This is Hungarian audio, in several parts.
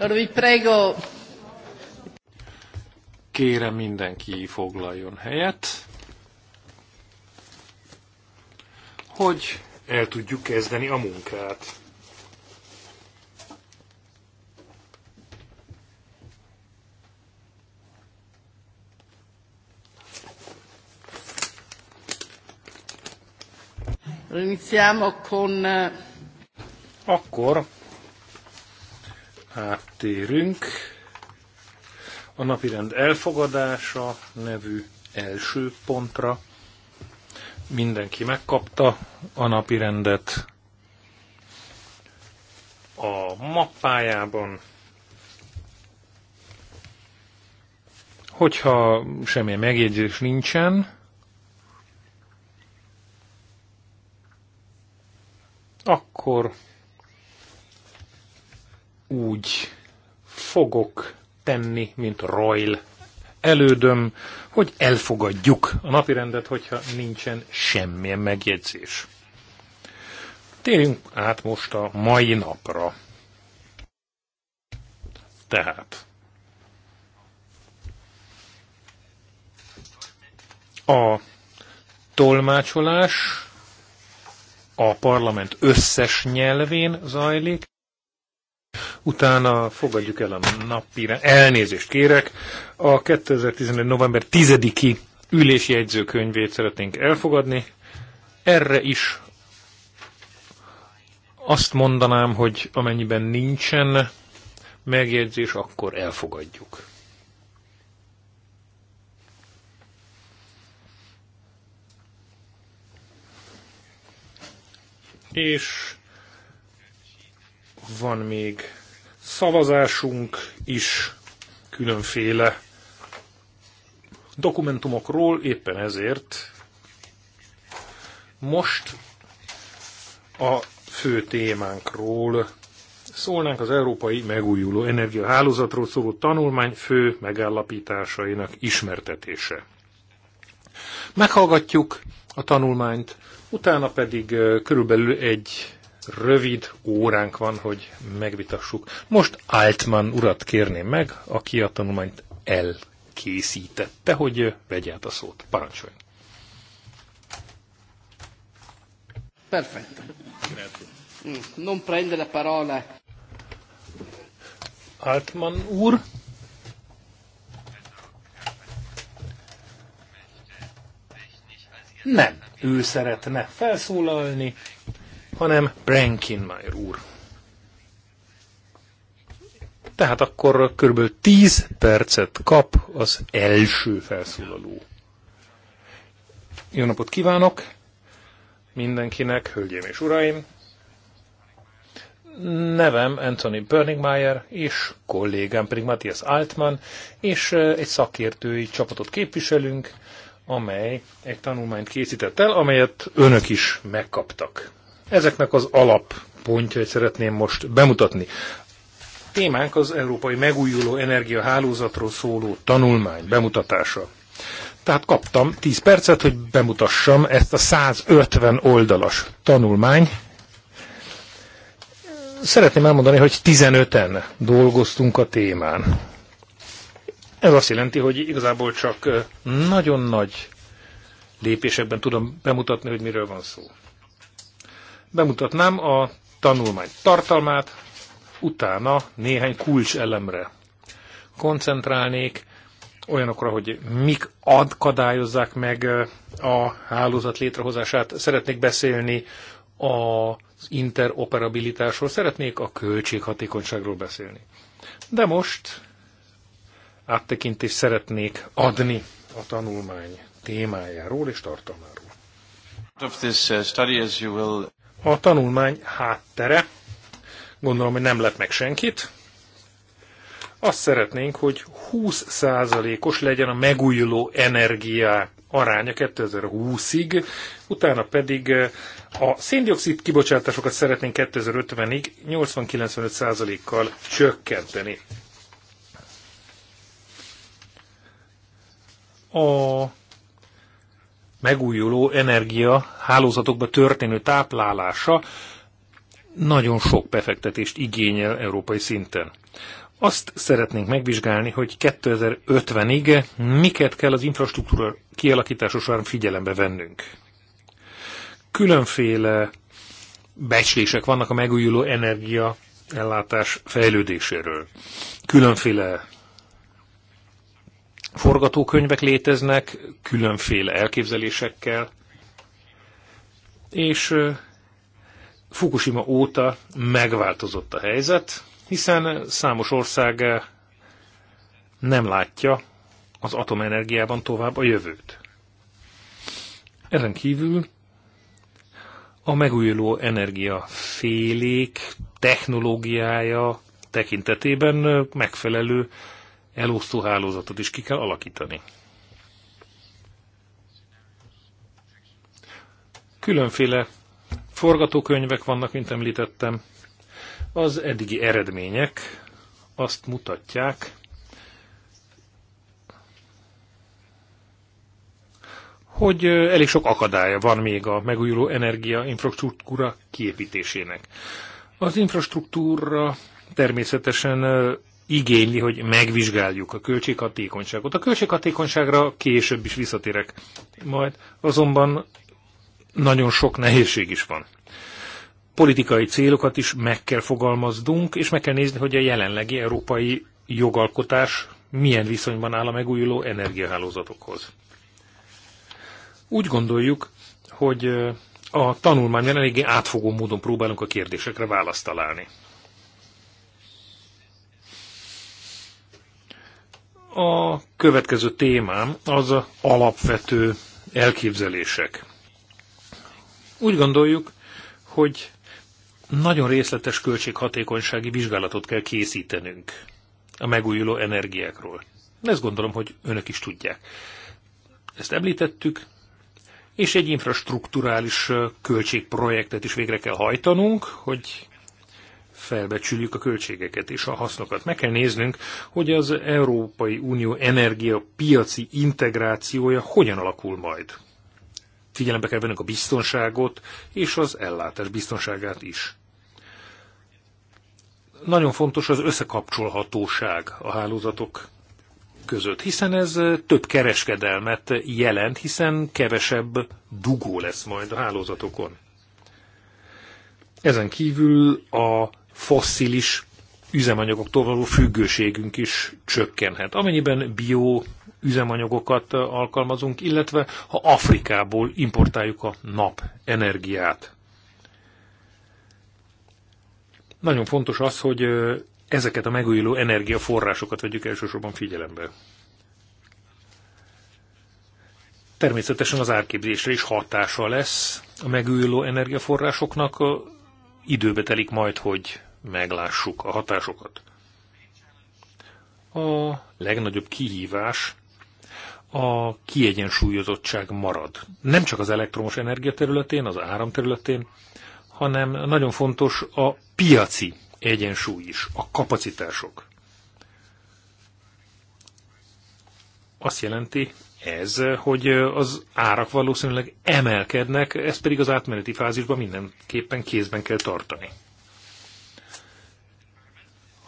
Allora vi prego. Kérem mindenki foglaljon helyet, hogy el tudjuk kezdeni a munkát. Iniziamo con... Eh, Akkor áttérünk a napirend elfogadása nevű első pontra. Mindenki megkapta a napirendet. A mappájában hogyha semmilyen megjegyzés nincsen, akkor úgy fogok tenni, mint Royal elődöm, hogy elfogadjuk a napirendet, hogyha nincsen semmilyen megjegyzés. Térjünk át most a mai napra. Tehát. A tolmácsolás a parlament összes nyelvén zajlik, utána fogadjuk el a napi Elnézést kérek, a 2011. november 10-i ülési jegyzőkönyvét szeretnénk elfogadni. Erre is azt mondanám, hogy amennyiben nincsen megjegyzés, akkor elfogadjuk. És van még szavazásunk is különféle dokumentumokról, éppen ezért most a fő témánkról szólnánk az Európai Megújuló Energiahálózatról szóló tanulmány fő megállapításainak ismertetése. Meghallgatjuk a tanulmányt, utána pedig körülbelül egy rövid óránk van, hogy megvitassuk. Most Altman urat kérném meg, aki a tanulmányt elkészítette, hogy vegye át a szót. Parancsoljon! Perfetto. Non prendere la parola. Altman úr. Nem, ő szeretne felszólalni, hanem Brankinmeier úr. Tehát akkor kb. 10 percet kap az első felszólaló. Jó napot kívánok mindenkinek, hölgyeim és uraim! Nevem Anthony Bernigmeier, és kollégám pedig Matthias Altman, és egy szakértői csapatot képviselünk, amely egy tanulmányt készített el, amelyet önök is megkaptak. Ezeknek az alappontjait szeretném most bemutatni. A témánk az Európai Megújuló Energiahálózatról szóló tanulmány bemutatása. Tehát kaptam 10 percet, hogy bemutassam ezt a 150 oldalas tanulmány. Szeretném elmondani, hogy 15-en dolgoztunk a témán. Ez azt jelenti, hogy igazából csak nagyon nagy lépésekben tudom bemutatni, hogy miről van szó bemutatnám a tanulmány tartalmát, utána néhány kulcselemre koncentrálnék, olyanokra, hogy mik akadályozzák meg a hálózat létrehozását. Szeretnék beszélni az interoperabilitásról, szeretnék a költséghatékonyságról beszélni. De most áttekintést szeretnék adni a tanulmány témájáról és tartalmáról. Of this uh, study, as you will... A tanulmány háttere, gondolom, hogy nem lett meg senkit, azt szeretnénk, hogy 20%-os legyen a megújuló energia aránya 2020-ig, utána pedig eh, a széndiokszid kibocsátásokat szeretnénk 2050-ig 80-95%-kal csökkenteni. A megújuló energia hálózatokba történő táplálása nagyon sok befektetést igényel európai szinten. Azt szeretnénk megvizsgálni, hogy 2050-ig miket kell az infrastruktúra kialakítása során figyelembe vennünk. Különféle becslések vannak a megújuló energia ellátás fejlődéséről. Különféle forgatókönyvek léteznek, különféle elképzelésekkel, és Fukushima óta megváltozott a helyzet, hiszen számos ország nem látja az atomenergiában tovább a jövőt. Ezen kívül a megújuló energia félék technológiája tekintetében megfelelő elosztó hálózatot is ki kell alakítani. Különféle forgatókönyvek vannak, mint említettem. Az eddigi eredmények azt mutatják, hogy elég sok akadálya van még a megújuló energia infrastruktúra kiépítésének. Az infrastruktúra természetesen igényli, hogy megvizsgáljuk a költséghatékonyságot. A költséghatékonyságra később is visszatérek majd, azonban nagyon sok nehézség is van. Politikai célokat is meg kell fogalmaznunk, és meg kell nézni, hogy a jelenlegi európai jogalkotás milyen viszonyban áll a megújuló energiahálózatokhoz. Úgy gondoljuk, hogy a tanulmányon eléggé átfogó módon próbálunk a kérdésekre választ találni. A következő témám az alapvető elképzelések. Úgy gondoljuk, hogy nagyon részletes költséghatékonysági vizsgálatot kell készítenünk a megújuló energiákról. Ezt gondolom, hogy önök is tudják. Ezt említettük, és egy infrastruktúrális költségprojektet is végre kell hajtanunk, hogy felbecsüljük a költségeket és a hasznokat. Meg kell néznünk, hogy az Európai Unió energiapiaci integrációja hogyan alakul majd. Figyelembe kell vennünk a biztonságot és az ellátás biztonságát is. Nagyon fontos az összekapcsolhatóság a hálózatok között, hiszen ez több kereskedelmet jelent, hiszen kevesebb dugó lesz majd a hálózatokon. Ezen kívül a fosszilis üzemanyagoktól való függőségünk is csökkenhet, amennyiben bio üzemanyagokat alkalmazunk, illetve ha Afrikából importáljuk a nap energiát. Nagyon fontos az, hogy ezeket a megújuló energiaforrásokat vegyük elsősorban figyelembe. Természetesen az árképzésre is hatása lesz a megújuló energiaforrásoknak. Időbe telik majd, hogy meglássuk a hatásokat. A legnagyobb kihívás a kiegyensúlyozottság marad. Nem csak az elektromos energia területén, az áram területén, hanem nagyon fontos a piaci egyensúly is, a kapacitások. Azt jelenti ez, hogy az árak valószínűleg emelkednek, Ez pedig az átmeneti fázisban mindenképpen kézben kell tartani.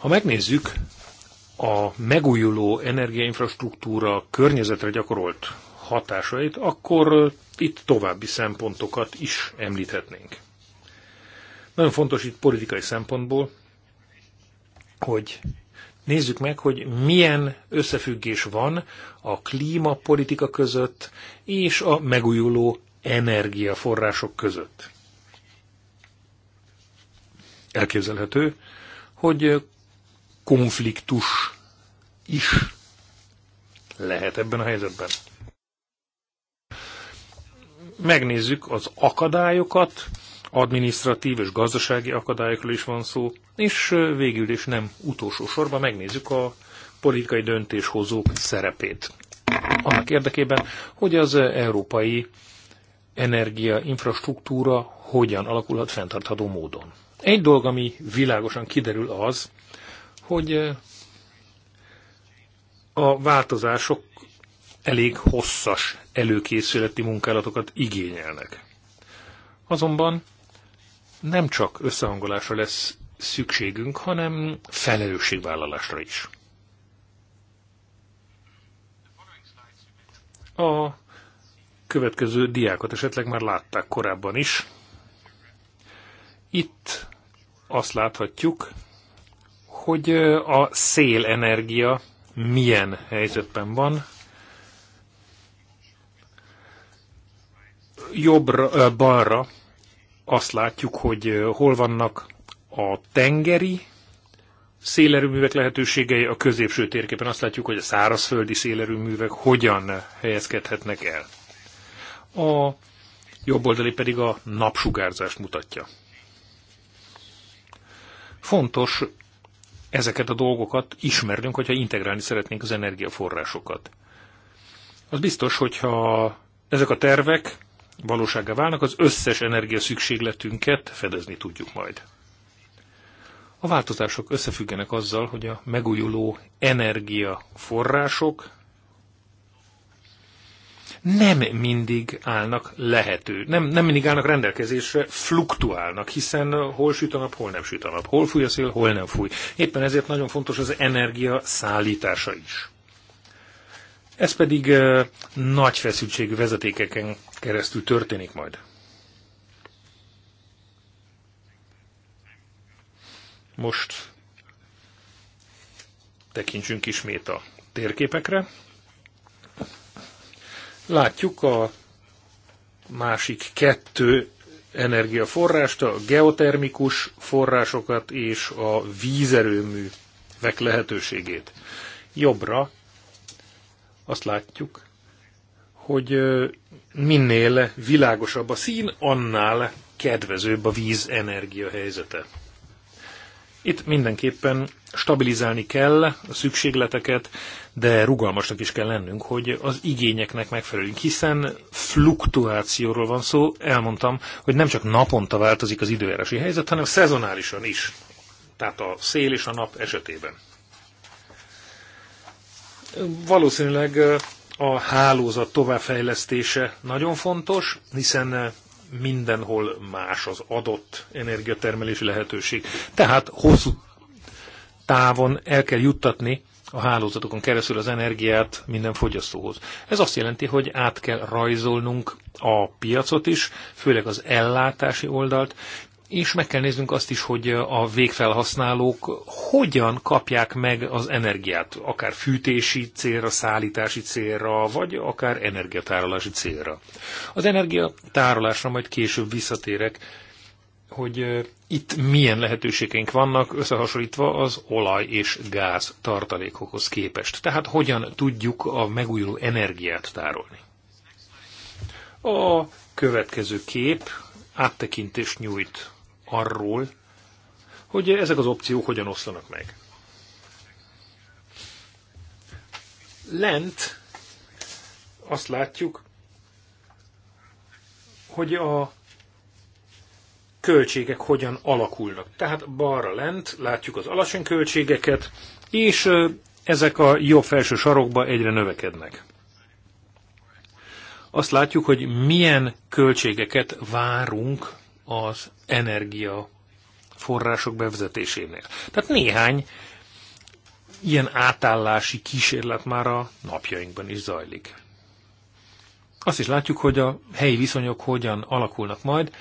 Ha megnézzük a megújuló energiainfrastruktúra környezetre gyakorolt hatásait, akkor itt további szempontokat is említhetnénk. Nagyon fontos itt politikai szempontból, hogy nézzük meg, hogy milyen összefüggés van a klímapolitika között és a megújuló energiaforrások között. Elképzelhető, hogy konfliktus is lehet ebben a helyzetben. Megnézzük az akadályokat, administratív és gazdasági akadályokról is van szó, és végül is nem utolsó sorban megnézzük a politikai döntéshozók szerepét. Annak érdekében, hogy az európai energiainfrastruktúra hogyan alakulhat fenntartható módon. Egy dolog, ami világosan kiderül az, hogy a változások elég hosszas előkészületi munkálatokat igényelnek. Azonban nem csak összehangolásra lesz szükségünk, hanem felelősségvállalásra is. A következő diákat esetleg már látták korábban is. Itt azt láthatjuk, hogy a szélenergia milyen helyzetben van. Jobbra, balra azt látjuk, hogy hol vannak a tengeri szélerőművek lehetőségei, a középső térképen azt látjuk, hogy a szárazföldi szélerőművek hogyan helyezkedhetnek el. A jobb oldali pedig a napsugárzást mutatja. Fontos ezeket a dolgokat ismernünk, hogyha integrálni szeretnénk az energiaforrásokat. Az biztos, hogyha ezek a tervek valósággá válnak, az összes energia szükségletünket fedezni tudjuk majd. A változások összefüggenek azzal, hogy a megújuló energiaforrások nem mindig állnak lehető, nem, nem mindig állnak rendelkezésre, fluktuálnak, hiszen hol süt a nap, hol nem süt a nap, hol fúj a szél, hol nem fúj. Éppen ezért nagyon fontos az energia szállítása is. Ez pedig uh, nagy feszültségű vezetékeken keresztül történik majd. Most tekintsünk ismét a térképekre. Látjuk a másik kettő energiaforrást, a geotermikus forrásokat és a vízerőművek lehetőségét. Jobbra azt látjuk, hogy minél világosabb a szín, annál kedvezőbb a vízenergia helyzete. Itt mindenképpen stabilizálni kell a szükségleteket, de rugalmasnak is kell lennünk, hogy az igényeknek megfelelünk, hiszen fluktuációról van szó, elmondtam, hogy nem csak naponta változik az időjárási helyzet, hanem szezonálisan is, tehát a szél és a nap esetében. Valószínűleg a hálózat továbbfejlesztése nagyon fontos, hiszen mindenhol más az adott energiatermelési lehetőség. Tehát hosszú távon el kell juttatni a hálózatokon keresztül az energiát minden fogyasztóhoz. Ez azt jelenti, hogy át kell rajzolnunk a piacot is, főleg az ellátási oldalt, és meg kell néznünk azt is, hogy a végfelhasználók hogyan kapják meg az energiát, akár fűtési célra, szállítási célra, vagy akár energiatárolási célra. Az energiatárolásra majd később visszatérek, hogy itt milyen lehetőségeink vannak összehasonlítva az olaj és gáz tartalékokhoz képest. Tehát hogyan tudjuk a megújuló energiát tárolni. A következő kép áttekintést nyújt arról, hogy ezek az opciók hogyan oszlanak meg. Lent azt látjuk, hogy a költségek hogyan alakulnak. Tehát balra lent látjuk az alacsony költségeket, és ezek a jobb felső sarokba egyre növekednek. Azt látjuk, hogy milyen költségeket várunk az energia források bevezetésénél. Tehát néhány ilyen átállási kísérlet már a napjainkban is zajlik. Azt is látjuk, hogy a helyi viszonyok hogyan alakulnak majd.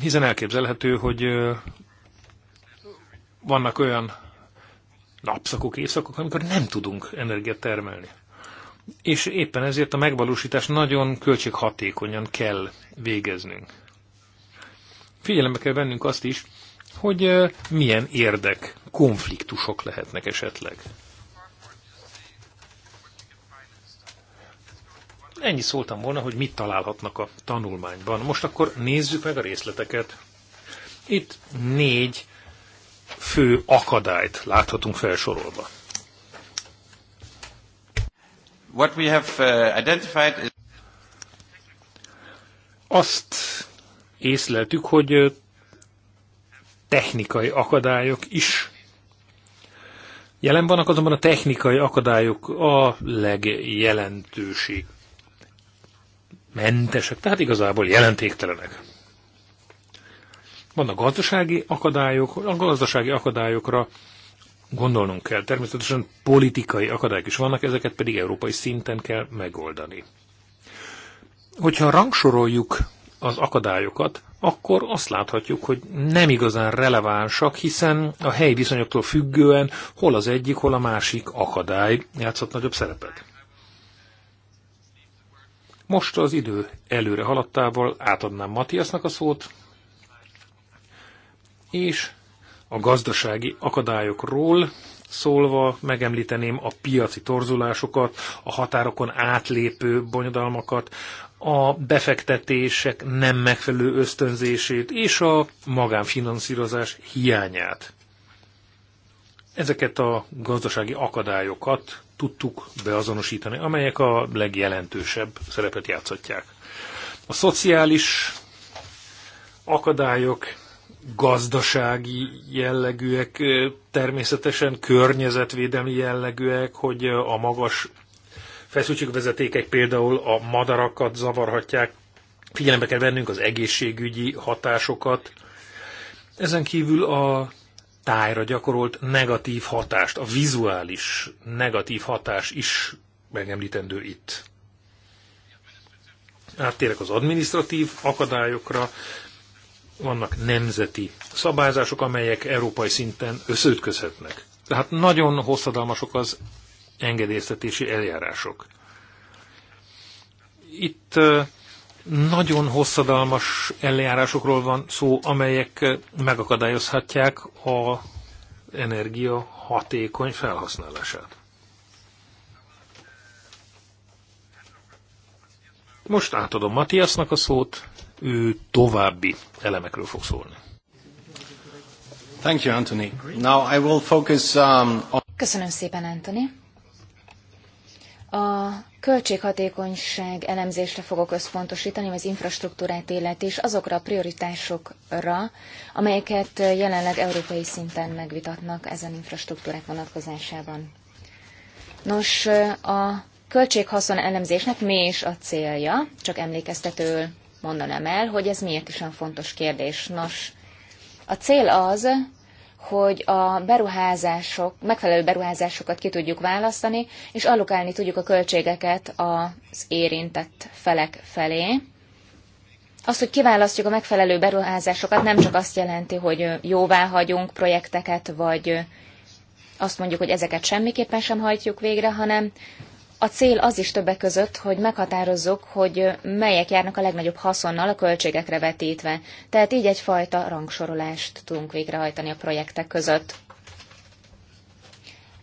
Hiszen elképzelhető, hogy vannak olyan napszakok, évszakok, amikor nem tudunk energiát termelni. És éppen ezért a megvalósítás nagyon költséghatékonyan kell végeznünk. Figyelembe kell vennünk azt is, hogy milyen érdek konfliktusok lehetnek esetleg. Ennyi szóltam volna, hogy mit találhatnak a tanulmányban. Most akkor nézzük meg a részleteket. Itt négy fő akadályt láthatunk felsorolva. What we have uh, identified is... Azt észleltük, hogy uh, technikai akadályok is Jelen vannak azonban a technikai akadályok a legjelentőség, mentesek, tehát igazából jelentéktelenek. Vannak gazdasági akadályok, a gazdasági akadályokra gondolnunk kell. Természetesen politikai akadályok is vannak, ezeket pedig európai szinten kell megoldani. Hogyha rangsoroljuk az akadályokat, akkor azt láthatjuk, hogy nem igazán relevánsak, hiszen a helyi viszonyoktól függően hol az egyik, hol a másik akadály játszott nagyobb szerepet. Most az idő előre haladtával átadnám Matiasnak a szót, és a gazdasági akadályokról szólva megemlíteném a piaci torzulásokat, a határokon átlépő bonyodalmakat, a befektetések nem megfelelő ösztönzését és a magánfinanszírozás hiányát. Ezeket a gazdasági akadályokat tudtuk beazonosítani, amelyek a legjelentősebb szerepet játszhatják. A szociális akadályok gazdasági jellegűek, természetesen környezetvédelmi jellegűek, hogy a magas feszültségvezetékek például a madarakat zavarhatják, figyelembe kell vennünk az egészségügyi hatásokat. Ezen kívül a tájra gyakorolt negatív hatást, a vizuális negatív hatás is megemlítendő itt. Áttérek az administratív akadályokra. Vannak nemzeti szabályzások, amelyek európai szinten összeütközhetnek. Tehát nagyon hosszadalmasok az engedélyeztetési eljárások. Itt nagyon hosszadalmas eljárásokról van szó, amelyek megakadályozhatják a energia hatékony felhasználását. Most átadom Matiasnak a szót, ő további elemekről fog szólni. Thank you, Anthony. Now I will focus, um, on... Köszönöm szépen, Anthony. A költséghatékonyság elemzésre fogok összpontosítani, az infrastruktúrát illeti, és azokra a prioritásokra, amelyeket jelenleg európai szinten megvitatnak ezen infrastruktúrák vonatkozásában. Nos, a költséghaszon elemzésnek mi is a célja? Csak emlékeztetőül mondanám el, hogy ez miért is olyan fontos kérdés. Nos, a cél az, hogy a beruházások, megfelelő beruházásokat ki tudjuk választani, és allokálni tudjuk a költségeket az érintett felek felé. Azt, hogy kiválasztjuk a megfelelő beruházásokat, nem csak azt jelenti, hogy jóvá hagyunk projekteket, vagy azt mondjuk, hogy ezeket semmiképpen sem hajtjuk végre, hanem a cél az is többek között, hogy meghatározzuk, hogy melyek járnak a legnagyobb haszonnal a költségekre vetítve. Tehát így egyfajta rangsorolást tudunk végrehajtani a projektek között.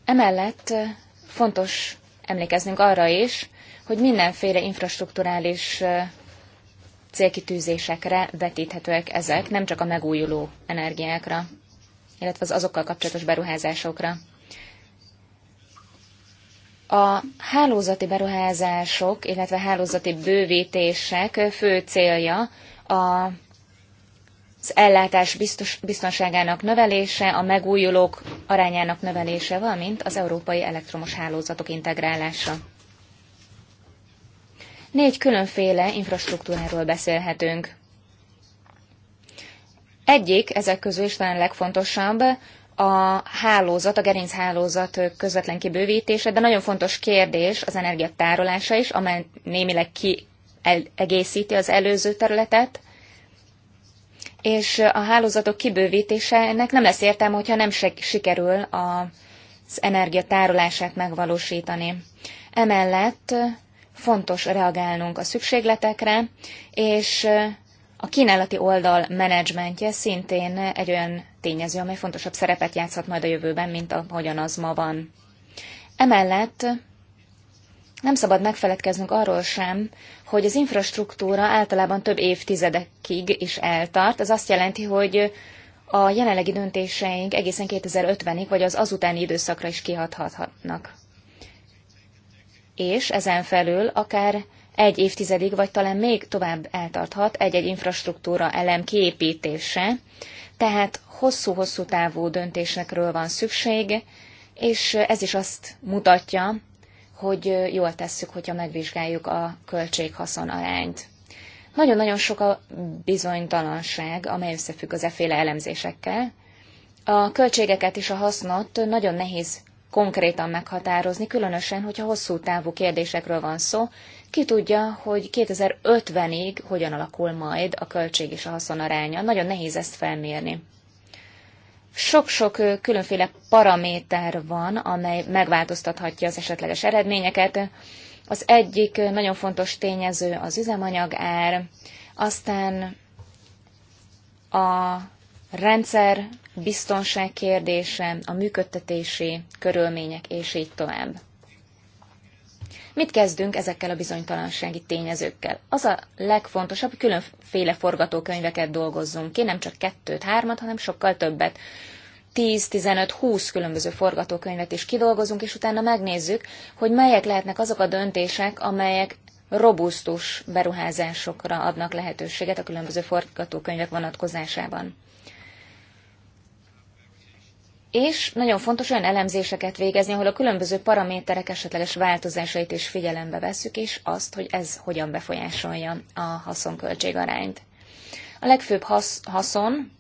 Emellett fontos emlékeznünk arra is, hogy mindenféle infrastruktúrális célkitűzésekre vetíthetőek ezek, nem csak a megújuló energiákra, illetve az azokkal kapcsolatos beruházásokra. A hálózati beruházások, illetve hálózati bővítések fő célja a az ellátás biztos, biztonságának növelése, a megújulók arányának növelése, valamint az európai elektromos hálózatok integrálása. Négy különféle infrastruktúráról beszélhetünk. Egyik ezek közül is talán legfontosabb a hálózat, a gerinchálózat közvetlen kibővítése, de nagyon fontos kérdés az energiatárolása is, amely némileg kiegészíti az előző területet, és a hálózatok kibővítése ennek nem lesz értelme, hogyha nem sikerül az energia tárolását megvalósítani. Emellett fontos reagálnunk a szükségletekre, és a kínálati oldal menedzsmentje szintén egy olyan tényező, amely fontosabb szerepet játszhat majd a jövőben, mint ahogyan az ma van. Emellett nem szabad megfeledkeznünk arról sem, hogy az infrastruktúra általában több évtizedekig is eltart. Ez azt jelenti, hogy a jelenlegi döntéseink egészen 2050-ig, vagy az azutáni időszakra is kihathatnak. És ezen felül akár egy évtizedig, vagy talán még tovább eltarthat egy-egy infrastruktúra elem kiépítése, tehát hosszú-hosszú távú döntésekről van szükség, és ez is azt mutatja, hogy jól tesszük, hogyha megvizsgáljuk a költség-haszon arányt. Nagyon-nagyon sok a bizonytalanság, amely összefügg az eféle elemzésekkel. A költségeket és a hasznot nagyon nehéz konkrétan meghatározni, különösen, hogyha hosszú távú kérdésekről van szó, ki tudja, hogy 2050-ig hogyan alakul majd a költség és a haszon aránya. Nagyon nehéz ezt felmérni. Sok-sok különféle paraméter van, amely megváltoztathatja az esetleges eredményeket. Az egyik nagyon fontos tényező az üzemanyag ár, aztán a rendszer biztonság kérdése, a működtetési körülmények, és így tovább. Mit kezdünk ezekkel a bizonytalansági tényezőkkel? Az a legfontosabb, hogy különféle forgatókönyveket dolgozzunk ki, nem csak kettőt, hármat, hanem sokkal többet. 10-15-20 különböző forgatókönyvet is kidolgozunk, és utána megnézzük, hogy melyek lehetnek azok a döntések, amelyek robusztus beruházásokra adnak lehetőséget a különböző forgatókönyvek vonatkozásában és nagyon fontos olyan elemzéseket végezni, ahol a különböző paraméterek esetleges változásait is figyelembe vesszük, és azt, hogy ez hogyan befolyásolja a haszonköltség arányt. A legfőbb hasz, haszon,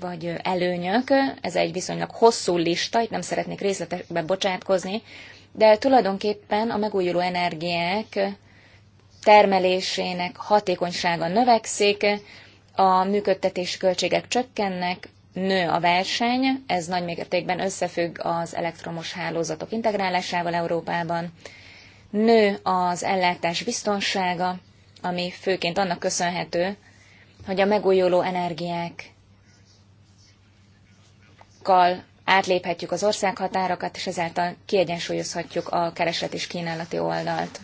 vagy előnyök, ez egy viszonylag hosszú lista, itt nem szeretnék részletekbe bocsátkozni, de tulajdonképpen a megújuló energiák termelésének hatékonysága növekszik, a működtetési költségek csökkennek, nő a verseny, ez nagy mértékben összefügg az elektromos hálózatok integrálásával Európában, nő az ellátás biztonsága, ami főként annak köszönhető, hogy a megújuló energiákkal átléphetjük az országhatárokat, és ezáltal kiegyensúlyozhatjuk a kereslet és kínálati oldalt.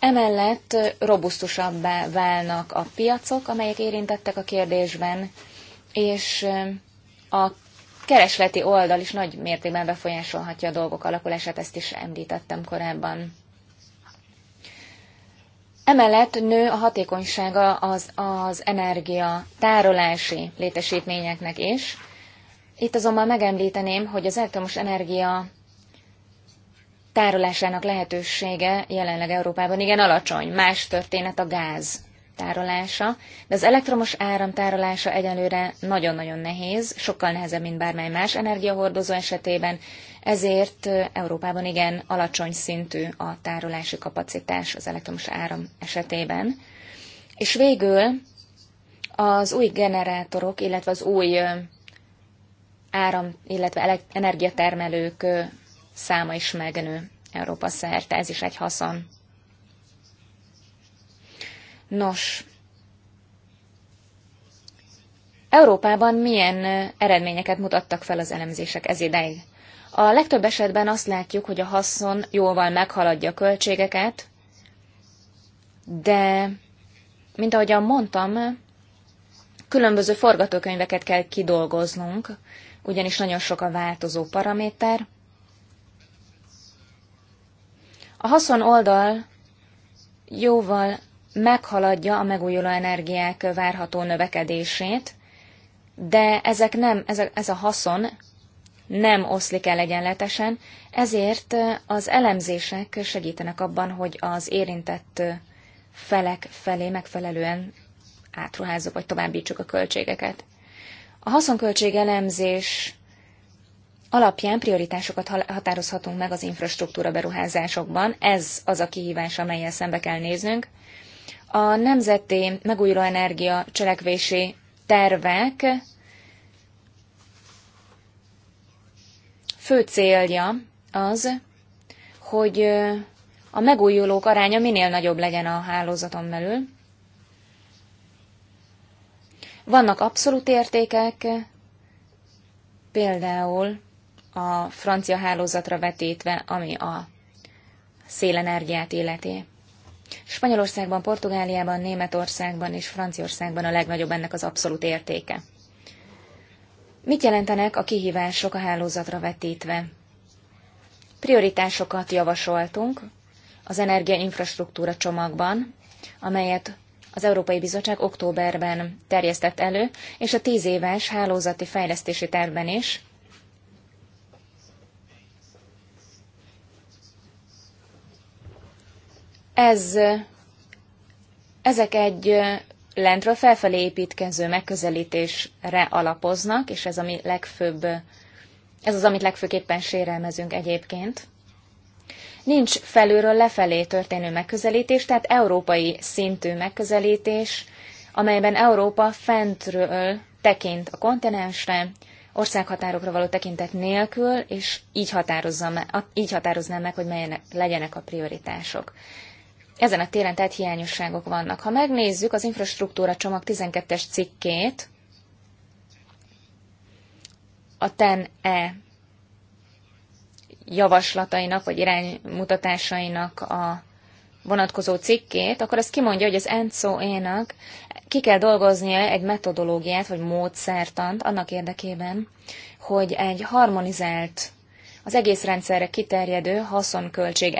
Emellett robusztusabbá válnak a piacok, amelyek érintettek a kérdésben, és a keresleti oldal is nagy mértékben befolyásolhatja a dolgok alakulását, ezt is említettem korábban. Emellett nő a hatékonysága az, az energia tárolási létesítményeknek is. Itt azonban megemlíteném, hogy az elektromos energia tárolásának lehetősége jelenleg Európában igen alacsony. Más történet a gáz tárolása, de az elektromos áram tárolása egyelőre nagyon-nagyon nehéz, sokkal nehezebb, mint bármely más energiahordozó esetében, ezért Európában igen alacsony szintű a tárolási kapacitás az elektromos áram esetében. És végül az új generátorok, illetve az új áram, illetve energiatermelők száma is megnő Európa szerte, ez is egy haszon Nos, Európában milyen eredményeket mutattak fel az elemzések ez ideig? A legtöbb esetben azt látjuk, hogy a haszon jóval meghaladja a költségeket, de, mint ahogyan mondtam, különböző forgatókönyveket kell kidolgoznunk, ugyanis nagyon sok a változó paraméter. A haszon oldal jóval meghaladja a megújuló energiák várható növekedését, de ezek nem, ez a, ez a haszon nem oszlik el egyenletesen, ezért az elemzések segítenek abban, hogy az érintett felek felé megfelelően átruházzuk vagy továbbítsuk a költségeket. A haszonköltség elemzés alapján prioritásokat határozhatunk meg az infrastruktúra beruházásokban. Ez az a kihívás, amelyel szembe kell néznünk. A Nemzeti Megújuló Energia Cselekvési Tervek fő célja az, hogy a megújulók aránya minél nagyobb legyen a hálózaton belül. Vannak abszolút értékek, például a francia hálózatra vetítve, ami a szélenergiát illeti. Spanyolországban, Portugáliában, Németországban és Franciaországban a legnagyobb ennek az abszolút értéke. Mit jelentenek a kihívások a hálózatra vetítve? Prioritásokat javasoltunk az energiainfrastruktúra csomagban, amelyet az Európai Bizottság októberben terjesztett elő, és a tíz éves hálózati fejlesztési tervben is, Ez, ezek egy lentről felfelé építkező megközelítésre alapoznak, és ez, ami legfőbb, ez az, amit legfőképpen sérelmezünk egyébként. Nincs felülről lefelé történő megközelítés, tehát európai szintű megközelítés, amelyben Európa fentről tekint a kontinensre, országhatárokra való tekintet nélkül, és így, határozza, így határozná meg, hogy melyenek legyenek a prioritások ezen a téren tehát hiányosságok vannak. Ha megnézzük az infrastruktúra csomag 12-es cikkét, a TEN-E javaslatainak vagy iránymutatásainak a vonatkozó cikkét, akkor az kimondja, hogy az ENCO-énak ki kell dolgoznia egy metodológiát vagy módszertant annak érdekében, hogy egy harmonizált az egész rendszerre kiterjedő haszonköltség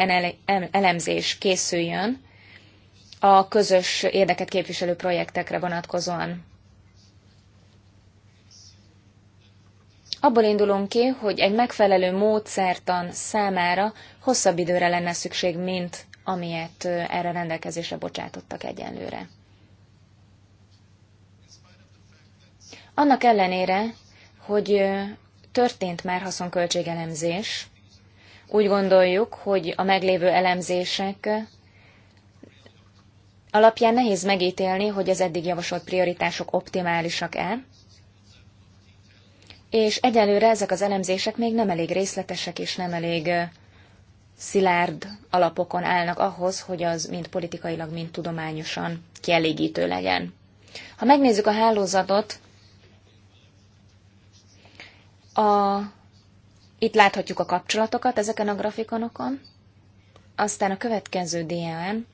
elemzés készüljön a közös érdeket képviselő projektekre vonatkozóan. Abból indulunk ki, hogy egy megfelelő módszertan számára hosszabb időre lenne szükség, mint amilyet erre rendelkezésre bocsátottak egyenlőre. Annak ellenére, hogy történt már haszonköltségelemzés. Úgy gondoljuk, hogy a meglévő elemzések alapján nehéz megítélni, hogy az eddig javasolt prioritások optimálisak-e, és egyelőre ezek az elemzések még nem elég részletesek és nem elég szilárd alapokon állnak ahhoz, hogy az mind politikailag, mind tudományosan kielégítő legyen. Ha megnézzük a hálózatot, a, itt láthatjuk a kapcsolatokat ezeken a grafikonokon. Aztán a következő DN,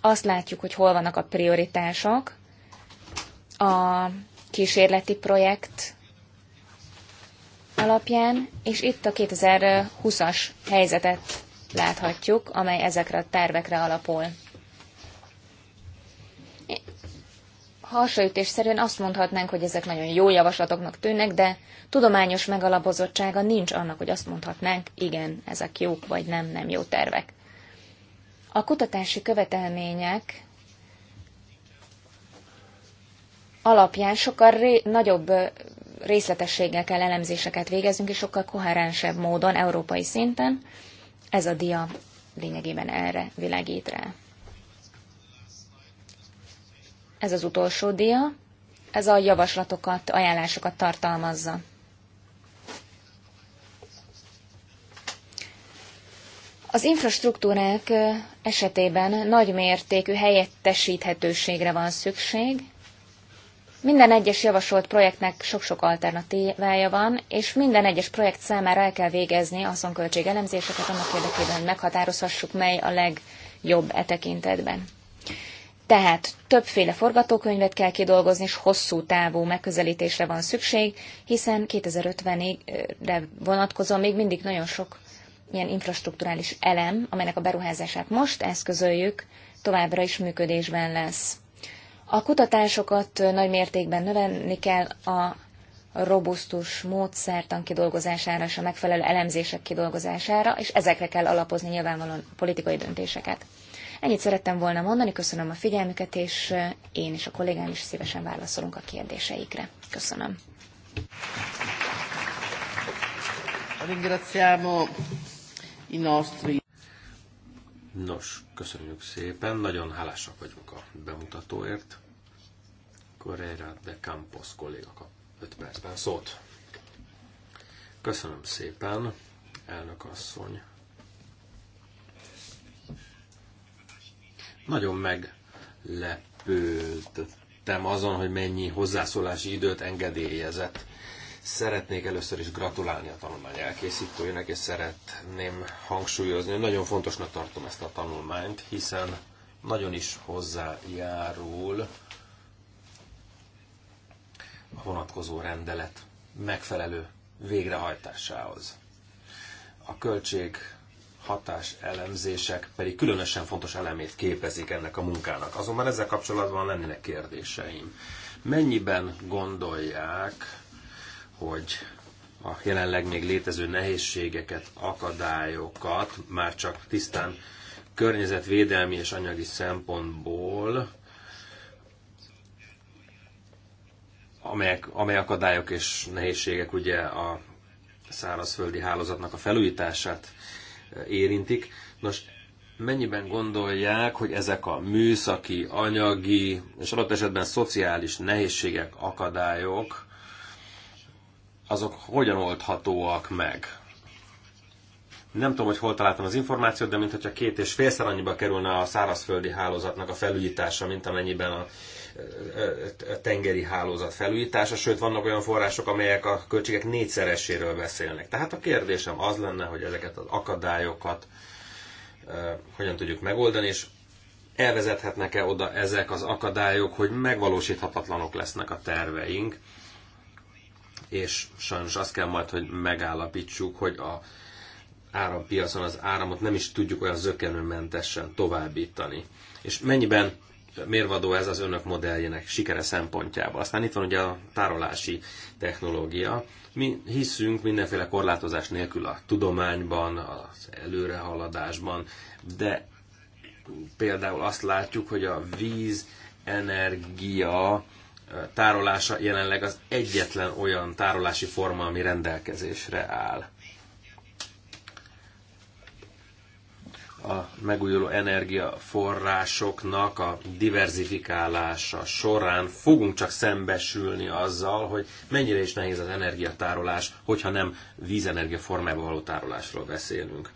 azt látjuk, hogy hol vannak a prioritások, a kísérleti projekt alapján, és itt a 2020-as helyzetet láthatjuk, amely ezekre a tervekre alapul. hasraütésszerűen azt mondhatnánk, hogy ezek nagyon jó javaslatoknak tűnnek, de tudományos megalapozottsága nincs annak, hogy azt mondhatnánk, igen, ezek jók vagy nem, nem jó tervek. A kutatási követelmények alapján sokkal ré- nagyobb részletességgel kell elemzéseket végezünk, és sokkal koherensebb módon európai szinten. Ez a dia lényegében erre világít rá. Ez az utolsó dia. Ez a javaslatokat, ajánlásokat tartalmazza. Az infrastruktúrák esetében nagy mértékű helyettesíthetőségre van szükség. Minden egyes javasolt projektnek sok-sok alternatívája van, és minden egyes projekt számára el kell végezni haszonköltség elemzéseket annak érdekében, hogy meghatározhassuk, mely a legjobb e tekintetben. Tehát többféle forgatókönyvet kell kidolgozni, és hosszú távú megközelítésre van szükség, hiszen 2050-re vonatkozóan még mindig nagyon sok ilyen infrastruktúrális elem, amelynek a beruházását most eszközöljük, továbbra is működésben lesz. A kutatásokat nagy mértékben növelni kell a robusztus módszertan kidolgozására és a megfelelő elemzések kidolgozására, és ezekre kell alapozni nyilvánvalóan politikai döntéseket. Ennyit szerettem volna mondani, köszönöm a figyelmüket, és én és a kollégám is szívesen válaszolunk a kérdéseikre. Köszönöm. Ringraziamo i nostri. Nos, köszönjük szépen, nagyon hálásak vagyunk a bemutatóért. Correira de Campos kolléga kap 5 percben szót. Köszönöm szépen, elnök asszony. Nagyon meglepődtem azon, hogy mennyi hozzászólási időt engedélyezett. Szeretnék először is gratulálni a tanulmány elkészítőjének, és szeretném hangsúlyozni, hogy nagyon fontosnak tartom ezt a tanulmányt, hiszen nagyon is hozzájárul a vonatkozó rendelet megfelelő végrehajtásához. A költség hatás elemzések pedig különösen fontos elemét képezik ennek a munkának. Azonban ezzel kapcsolatban lennének kérdéseim. Mennyiben gondolják, hogy a jelenleg még létező nehézségeket, akadályokat már csak tisztán környezetvédelmi és anyagi szempontból, amelyek, amely akadályok és nehézségek ugye a szárazföldi hálózatnak a felújítását érintik. Nos, mennyiben gondolják, hogy ezek a műszaki, anyagi és adott esetben szociális nehézségek, akadályok, azok hogyan oldhatóak meg? Nem tudom, hogy hol találtam az információt, de mintha két és félszer annyiba kerülne a szárazföldi hálózatnak a felújítása, mint amennyiben a tengeri hálózat felújítása, sőt vannak olyan források, amelyek a költségek négyszereséről beszélnek. Tehát a kérdésem az lenne, hogy ezeket az akadályokat hogyan tudjuk megoldani, és elvezethetnek-e oda ezek az akadályok, hogy megvalósíthatatlanok lesznek a terveink, és sajnos azt kell majd, hogy megállapítsuk, hogy a árampiacon az áramot nem is tudjuk olyan zökenőmentesen továbbítani. És mennyiben mérvadó ez az önök modelljének sikere szempontjából. Aztán itt van ugye a tárolási technológia. Mi hiszünk mindenféle korlátozás nélkül a tudományban, az előrehaladásban, de például azt látjuk, hogy a víz, energia tárolása jelenleg az egyetlen olyan tárolási forma, ami rendelkezésre áll. a megújuló energiaforrásoknak a diverzifikálása során fogunk csak szembesülni azzal, hogy mennyire is nehéz az energiatárolás, hogyha nem vízenergia formában való tárolásról beszélünk.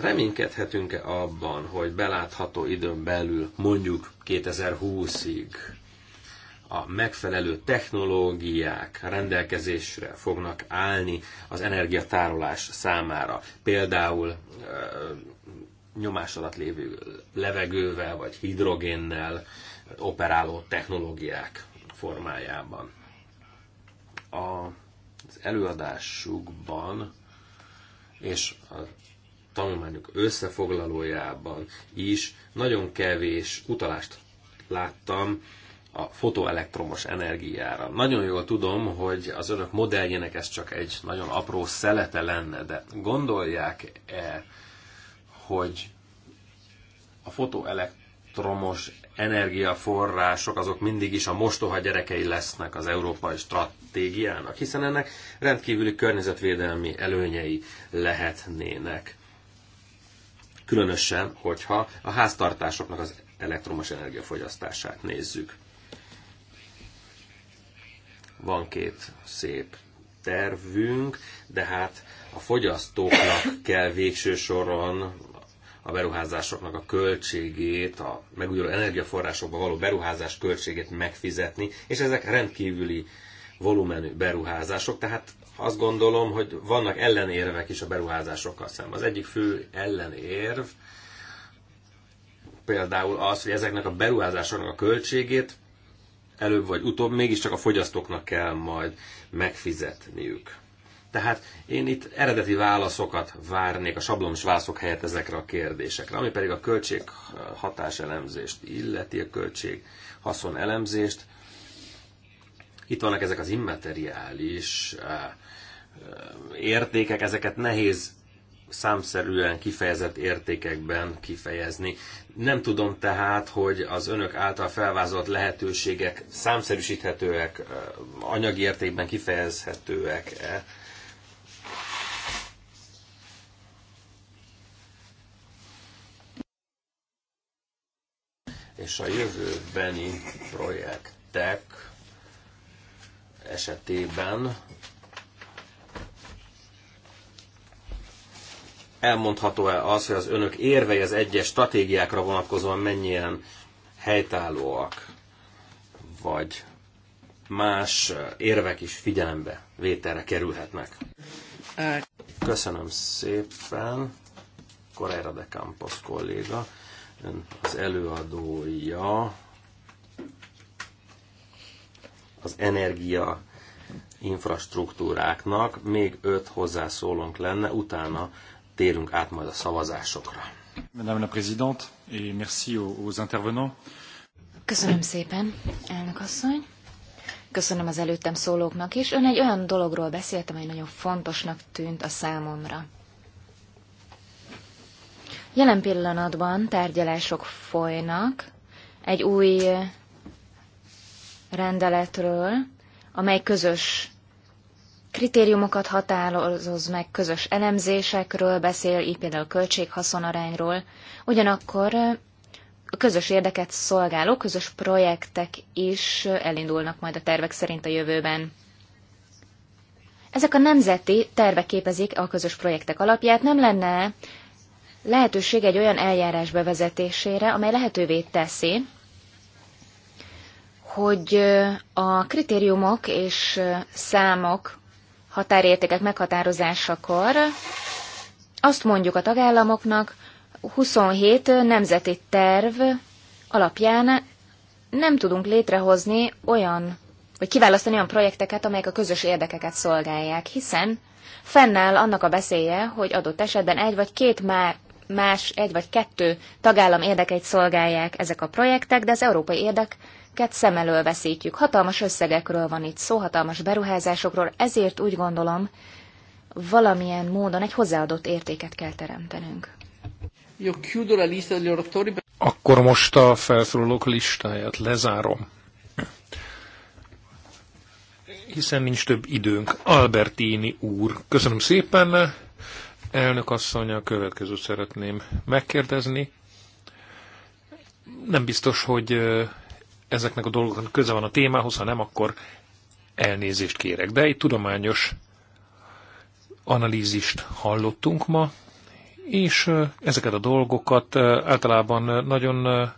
Reménykedhetünk-e abban, hogy belátható időn belül, mondjuk 2020-ig a megfelelő technológiák rendelkezésre fognak állni az energiatárolás számára. Például nyomás alatt lévő levegővel vagy hidrogénnel operáló technológiák formájában. A, az előadásukban és a tanulmányok összefoglalójában is nagyon kevés utalást láttam a fotoelektromos energiára. Nagyon jól tudom, hogy az önök modelljének ez csak egy nagyon apró szelete lenne, de gondolják-e hogy a fotoelektromos energiaforrások azok mindig is a mostoha gyerekei lesznek az európai stratégiának, hiszen ennek rendkívüli környezetvédelmi előnyei lehetnének. Különösen, hogyha a háztartásoknak az elektromos energiafogyasztását nézzük. Van két szép tervünk, de hát a fogyasztóknak kell végső soron a beruházásoknak a költségét, a megújuló energiaforrásokba való beruházás költségét megfizetni, és ezek rendkívüli volumenű beruházások, tehát azt gondolom, hogy vannak ellenérvek is a beruházásokkal szemben. Az egyik fő ellenérv például az, hogy ezeknek a beruházásoknak a költségét előbb vagy utóbb mégiscsak a fogyasztóknak kell majd megfizetniük. Tehát én itt eredeti válaszokat várnék a sablonos válaszok helyett ezekre a kérdésekre, ami pedig a költség hatás elemzést illeti, a költség haszon elemzést. Itt vannak ezek az immateriális eh, eh, értékek, ezeket nehéz számszerűen kifejezett értékekben kifejezni. Nem tudom tehát, hogy az önök által felvázolt lehetőségek számszerűsíthetőek, eh, anyagi értékben kifejezhetőek-e és a jövőbeni projektek esetében elmondható-e az, hogy az önök érvei az egyes stratégiákra vonatkozóan mennyien helytállóak, vagy más érvek is figyelembe vételre kerülhetnek? Köszönöm szépen, Correira de Campos kolléga az előadója az energia infrastruktúráknak. Még öt hozzászólónk lenne, utána térünk át majd a szavazásokra. Madame la Présidente, et merci aux intervenants. Köszönöm szépen, elnök asszony. Köszönöm az előttem szólóknak is. Ön egy olyan dologról beszélt, amely nagyon fontosnak tűnt a számomra. Jelen pillanatban tárgyalások folynak egy új rendeletről, amely közös kritériumokat határoz meg, közös elemzésekről beszél, így például költséghaszonarányról, ugyanakkor a közös érdeket szolgáló közös projektek is elindulnak majd a tervek szerint a jövőben. Ezek a nemzeti tervek képezik a közös projektek alapját. Nem lenne lehetőség egy olyan eljárás bevezetésére, amely lehetővé teszi, hogy a kritériumok és számok határértékek meghatározásakor azt mondjuk a tagállamoknak, 27 nemzeti terv alapján nem tudunk létrehozni olyan, vagy kiválasztani olyan projekteket, amelyek a közös érdekeket szolgálják, hiszen fennáll annak a beszélje, hogy adott esetben egy vagy két már más egy vagy kettő tagállam érdekeit szolgálják ezek a projektek, de az európai érdeket szem elől veszítjük. Hatalmas összegekről van itt szó, hatalmas beruházásokról, ezért úgy gondolom, valamilyen módon egy hozzáadott értéket kell teremtenünk. Akkor most a felszólalók listáját lezárom. Hiszen nincs több időnk. Albertini úr, köszönöm szépen. Elnök asszony, a következőt szeretném megkérdezni. Nem biztos, hogy ezeknek a dolgoknak köze van a témához, ha nem, akkor elnézést kérek. De egy tudományos analízist hallottunk ma, és ezeket a dolgokat általában nagyon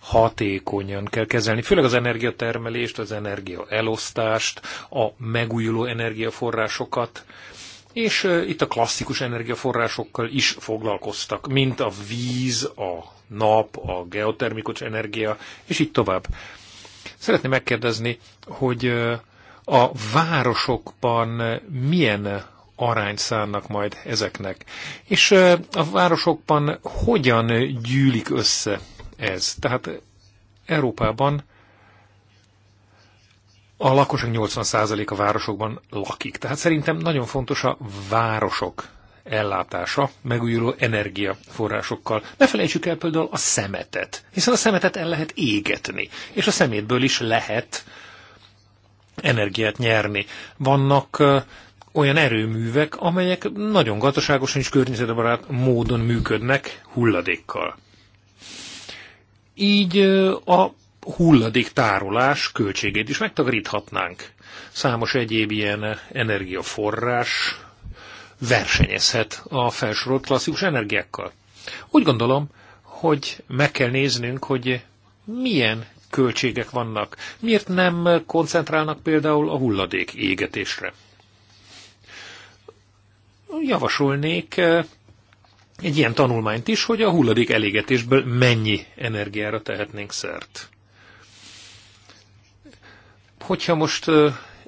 hatékonyan kell kezelni, főleg az energiatermelést, az energiaelosztást, a megújuló energiaforrásokat, és itt a klasszikus energiaforrásokkal is foglalkoztak, mint a víz, a nap, a geotermikus energia, és így tovább. Szeretném megkérdezni, hogy a városokban milyen arányt szállnak majd ezeknek, és a városokban hogyan gyűlik össze ez? Tehát Európában a lakosok 80% a városokban lakik. Tehát szerintem nagyon fontos a városok ellátása megújuló energiaforrásokkal. Ne felejtsük el például a szemetet, hiszen a szemetet el lehet égetni, és a szemétből is lehet energiát nyerni. Vannak olyan erőművek, amelyek nagyon gazdaságosan és környezetbarát módon működnek hulladékkal. Így a hulladéktárolás költségét is megtakaríthatnánk. Számos egyéb ilyen energiaforrás versenyezhet a felsorolt klasszikus energiákkal. Úgy gondolom, hogy meg kell néznünk, hogy milyen költségek vannak. Miért nem koncentrálnak például a hulladék égetésre? Javasolnék eh, egy ilyen tanulmányt is, hogy a hulladék elégetésből mennyi energiára tehetnénk szert. Hogyha most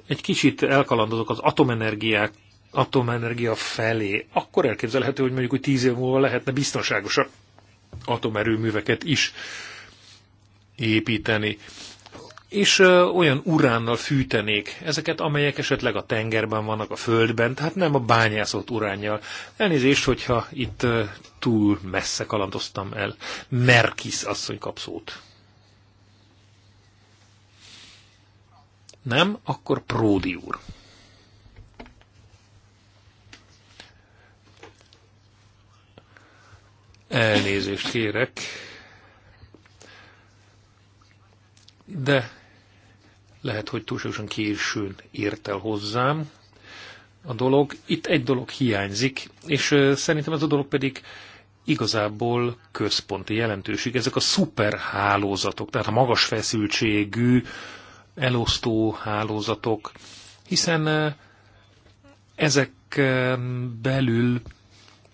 egy kicsit elkalandozok az atomenergiák, atomenergia felé, akkor elképzelhető, hogy mondjuk, hogy tíz év múlva lehetne biztonságosabb atomerőműveket is építeni. És olyan uránnal fűtenék ezeket, amelyek esetleg a tengerben vannak, a földben, tehát nem a bányászott uránnyal. Elnézést, hogyha itt túl messze kalandoztam el. Merkis asszony kapszót. Nem, akkor Pródi úr. Elnézést kérek, de lehet, hogy túlságosan későn ért el hozzám a dolog. Itt egy dolog hiányzik, és szerintem ez a dolog pedig igazából központi jelentőség. Ezek a szuperhálózatok, tehát a magas feszültségű elosztó hálózatok, hiszen ezek belül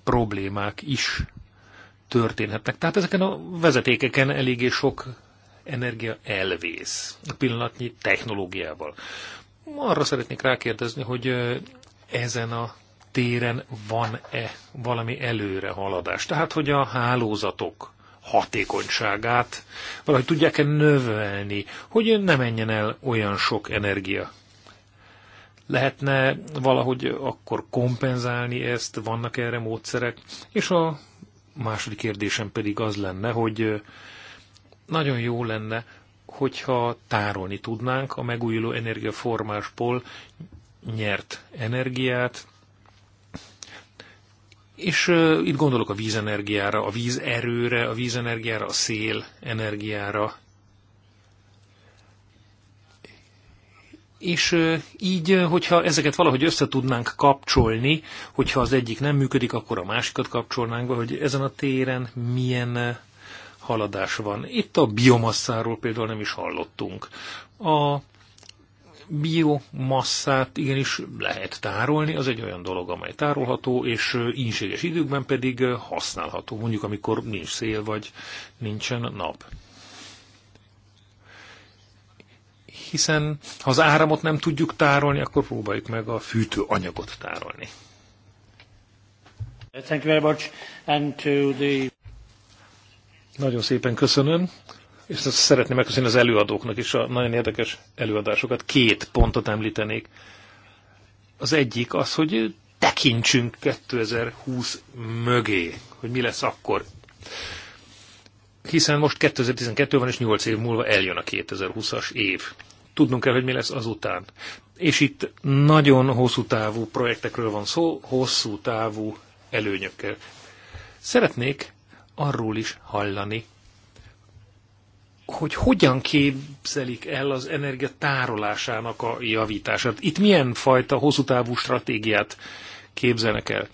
problémák is történhetnek. Tehát ezeken a vezetékeken eléggé sok energia elvész a pillanatnyi technológiával. Arra szeretnék rákérdezni, hogy ezen a téren van-e valami előrehaladás? Tehát, hogy a hálózatok hatékonyságát valahogy tudják-e növelni, hogy ne menjen el olyan sok energia. Lehetne valahogy akkor kompenzálni ezt, vannak erre módszerek? És a második kérdésem pedig az lenne, hogy nagyon jó lenne, hogyha tárolni tudnánk a megújuló energiaformásból nyert energiát, és uh, itt gondolok a vízenergiára, a vízerőre, a vízenergiára, a szél energiára. És uh, így, hogyha ezeket valahogy össze tudnánk kapcsolni, hogyha az egyik nem működik, akkor a másikat kapcsolnánk be, hogy ezen a téren milyen haladás van. Itt a biomasszáról például nem is hallottunk. A biomasszát igenis lehet tárolni, az egy olyan dolog, amely tárolható, és ínséges időkben pedig használható, mondjuk amikor nincs szél, vagy nincsen nap. Hiszen ha az áramot nem tudjuk tárolni, akkor próbáljuk meg a fűtőanyagot tárolni. Thank you very much. And to the... Nagyon szépen köszönöm és ezt szeretném megköszönni az előadóknak is a nagyon érdekes előadásokat. Két pontot említenék. Az egyik az, hogy tekintsünk 2020 mögé, hogy mi lesz akkor. Hiszen most 2012 van, és 8 év múlva eljön a 2020-as év. Tudnunk kell, hogy mi lesz azután. És itt nagyon hosszú távú projektekről van szó, hosszú távú előnyökkel. Szeretnék arról is hallani, hogy hogyan képzelik el az energia tárolásának a javítását. Itt milyen fajta hosszú távú stratégiát képzelnek el?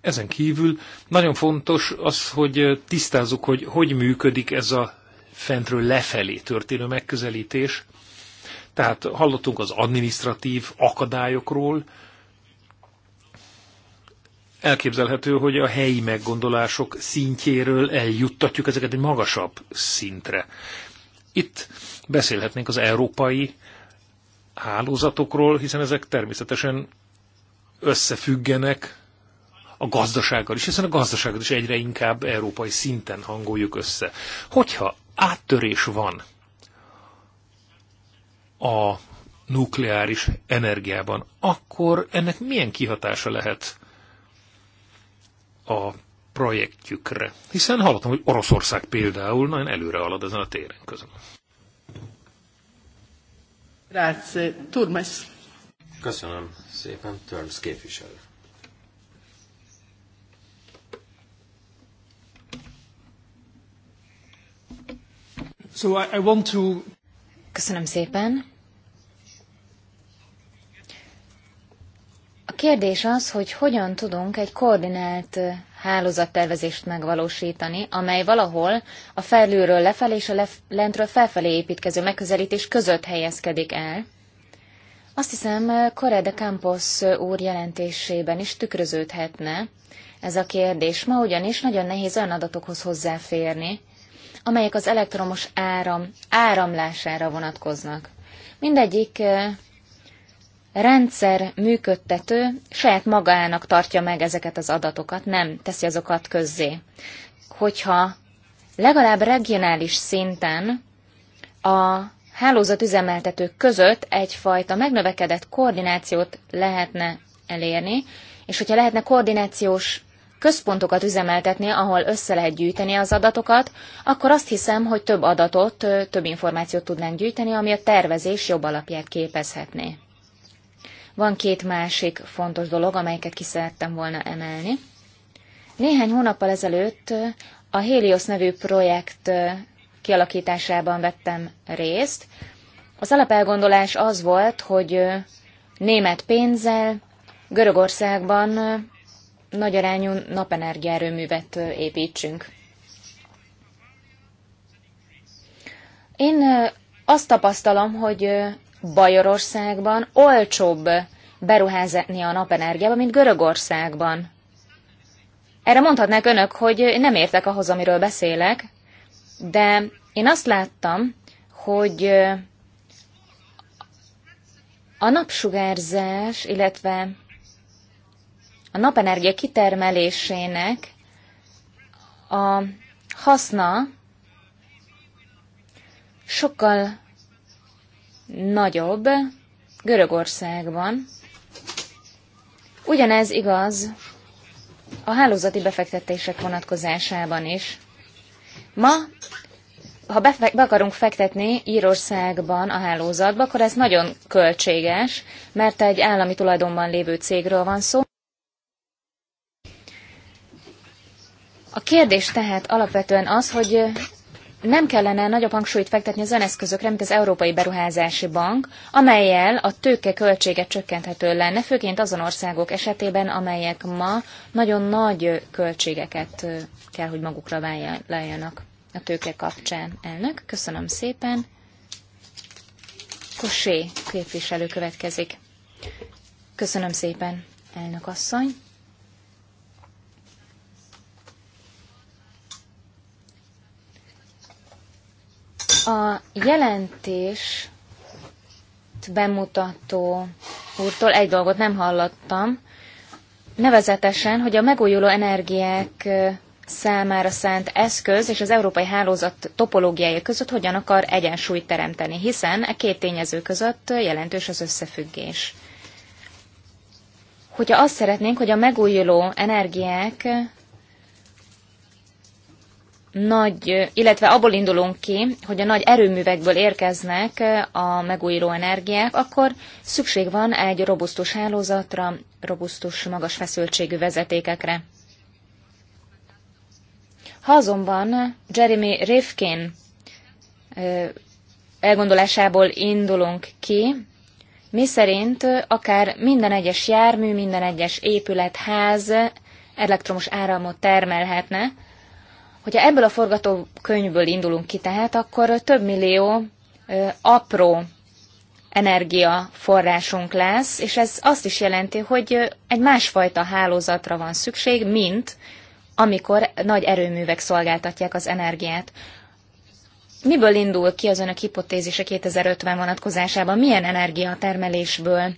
Ezen kívül nagyon fontos az, hogy tisztázzuk, hogy hogy működik ez a fentről lefelé történő megközelítés. Tehát hallottunk az administratív akadályokról, elképzelhető, hogy a helyi meggondolások szintjéről eljuttatjuk ezeket egy magasabb szintre. Itt beszélhetnénk az európai hálózatokról, hiszen ezek természetesen összefüggenek a gazdasággal is, hiszen a gazdaságot is egyre inkább európai szinten hangoljuk össze. Hogyha áttörés van a nukleáris energiában, akkor ennek milyen kihatása lehet a projektjükre. Hiszen hallottam, hogy Oroszország például nagyon előre halad ezen a téren. közön. Grazie. Turmes. Köszönöm szépen, Turmes képviselő. So I, I want to... Köszönöm szépen. kérdés az, hogy hogyan tudunk egy koordinált hálózattervezést megvalósítani, amely valahol a felülről lefelé és a lef- lentről felfelé építkező megközelítés között helyezkedik el. Azt hiszem, Correa de Campos úr jelentésében is tükröződhetne ez a kérdés. Ma ugyanis nagyon nehéz olyan adatokhoz hozzáférni, amelyek az elektromos áram áramlására vonatkoznak. Mindegyik rendszer működtető saját magának tartja meg ezeket az adatokat, nem teszi azokat közzé. Hogyha legalább regionális szinten a üzemeltetők között egyfajta megnövekedett koordinációt lehetne elérni, és hogyha lehetne koordinációs központokat üzemeltetni, ahol össze lehet gyűjteni az adatokat, akkor azt hiszem, hogy több adatot, több információt tudnánk gyűjteni, ami a tervezés jobb alapját képezhetné. Van két másik fontos dolog, amelyeket ki szerettem volna emelni. Néhány hónappal ezelőtt a Helios nevű projekt kialakításában vettem részt. Az alapelgondolás az volt, hogy német pénzzel Görögországban nagy arányú napenergiaerőművet építsünk. Én azt tapasztalom, hogy Bajorországban olcsóbb beruházni a napenergiába, mint Görögországban. Erre mondhatnák önök, hogy nem értek ahhoz, amiről beszélek, de én azt láttam, hogy a napsugárzás, illetve a napenergia kitermelésének a haszna sokkal nagyobb Görögországban. Ugyanez igaz a hálózati befektetések vonatkozásában is. Ma, ha be, akarunk fektetni Írországban a hálózatba, akkor ez nagyon költséges, mert egy állami tulajdonban lévő cégről van szó. A kérdés tehát alapvetően az, hogy nem kellene nagyobb hangsúlyt fektetni az öneszközökre, mint az Európai Beruházási Bank, amelyel a tőke költsége csökkenthető lenne, főként azon országok esetében, amelyek ma nagyon nagy költségeket kell, hogy magukra váljanak a tőke kapcsán. Elnök, köszönöm szépen. Kosé képviselő következik. Köszönöm szépen, elnök asszony. A jelentés bemutató úrtól egy dolgot nem hallottam, nevezetesen, hogy a megújuló energiák számára szánt eszköz és az európai hálózat topológiája között hogyan akar egyensúlyt teremteni, hiszen e két tényező között jelentős az összefüggés. Hogyha azt szeretnénk, hogy a megújuló energiák nagy, illetve abból indulunk ki, hogy a nagy erőművekből érkeznek a megújuló energiák, akkor szükség van egy robusztus hálózatra, robusztus magas feszültségű vezetékekre. Ha azonban Jeremy Rifkin elgondolásából indulunk ki, mi szerint akár minden egyes jármű, minden egyes épület, ház elektromos áramot termelhetne, Hogyha ebből a forgatókönyvből indulunk ki tehát, akkor több millió apró energiaforrásunk lesz, és ez azt is jelenti, hogy egy másfajta hálózatra van szükség, mint amikor nagy erőművek szolgáltatják az energiát. Miből indul ki az önök hipotézise 2050 vonatkozásában? Milyen energiatermelésből?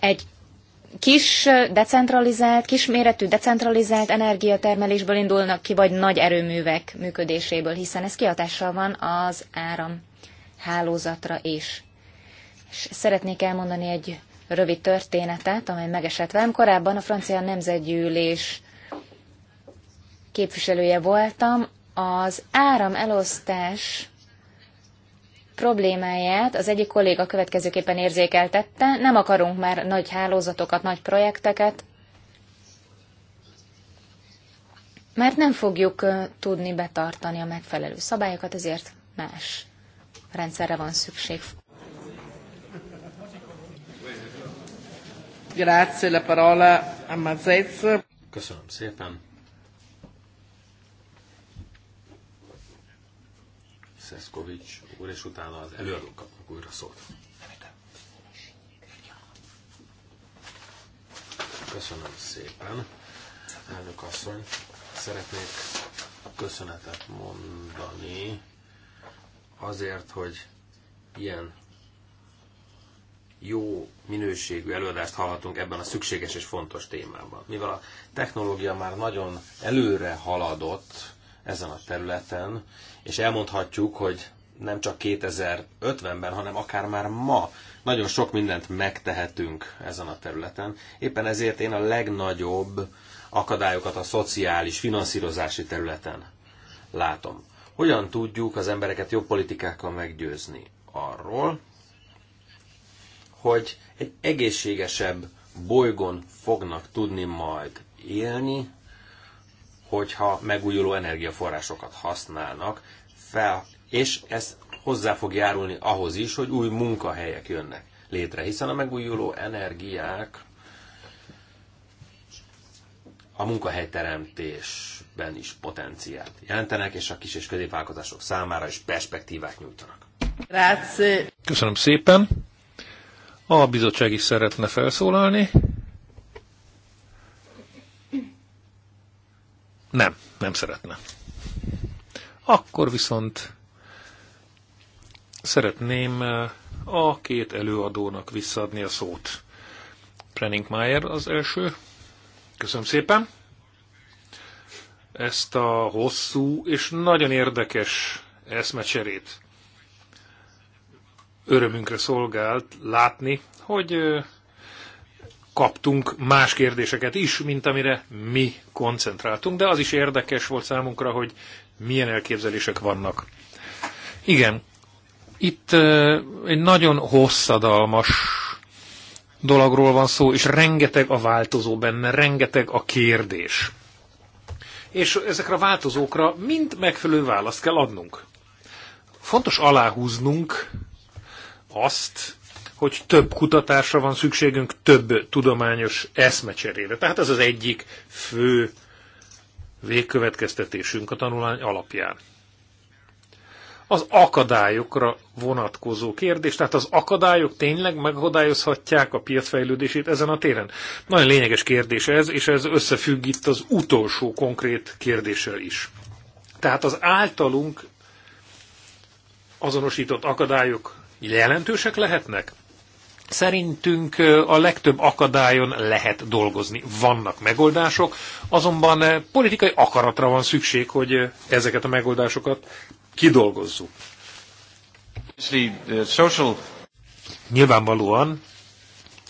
Egy kis decentralizált, kisméretű decentralizált energiatermelésből indulnak ki, vagy nagy erőművek működéséből, hiszen ez kihatással van az áram hálózatra is. És szeretnék elmondani egy rövid történetet, amely megesett velem. Korábban a francia nemzetgyűlés képviselője voltam. Az áram elosztás problémáját az egyik kolléga következőképpen érzékeltette, nem akarunk már nagy hálózatokat, nagy projekteket, mert nem fogjuk tudni betartani a megfelelő szabályokat, ezért más rendszerre van szükség. parola Köszönöm szépen. Szeszkovics úr, és utána az előadók kapnak újra szót. Köszönöm szépen, elnök asszony. Szeretnék köszönetet mondani azért, hogy ilyen jó minőségű előadást hallhatunk ebben a szükséges és fontos témában. Mivel a technológia már nagyon előre haladott ezen a területen, és elmondhatjuk, hogy nem csak 2050-ben, hanem akár már ma nagyon sok mindent megtehetünk ezen a területen. Éppen ezért én a legnagyobb akadályokat a szociális, finanszírozási területen látom. Hogyan tudjuk az embereket jobb politikákkal meggyőzni arról, hogy egy egészségesebb bolygón fognak tudni majd élni, hogyha megújuló energiaforrásokat használnak, fel és ez hozzá fog járulni ahhoz is, hogy új munkahelyek jönnek létre, hiszen a megújuló energiák a munkahelyteremtésben is potenciált jelentenek, és a kis és középvállalkozások számára is perspektívák nyújtanak. Grazie. Köszönöm szépen. A bizottság is szeretne felszólalni. Nem, nem szeretne. Akkor viszont Szeretném eh, a két előadónak visszaadni a szót. Prenning Mayer az első. Köszönöm szépen. Ezt a hosszú és nagyon érdekes eszmecserét örömünkre szolgált látni, hogy eh, kaptunk más kérdéseket is, mint amire mi koncentráltunk, de az is érdekes volt számunkra, hogy milyen elképzelések vannak. Igen, itt egy nagyon hosszadalmas dologról van szó, és rengeteg a változó benne, rengeteg a kérdés. És ezekre a változókra mind megfelelő választ kell adnunk. Fontos aláhúznunk azt, hogy több kutatásra van szükségünk, több tudományos eszmecserére. Tehát ez az egyik fő végkövetkeztetésünk a tanulmány alapján az akadályokra vonatkozó kérdés. Tehát az akadályok tényleg megakadályozhatják a piacfejlődését ezen a téren? Nagyon lényeges kérdés ez, és ez összefügg itt az utolsó konkrét kérdéssel is. Tehát az általunk azonosított akadályok jelentősek lehetnek? Szerintünk a legtöbb akadályon lehet dolgozni. Vannak megoldások, azonban politikai akaratra van szükség, hogy ezeket a megoldásokat kidolgozzuk. Nyilvánvalóan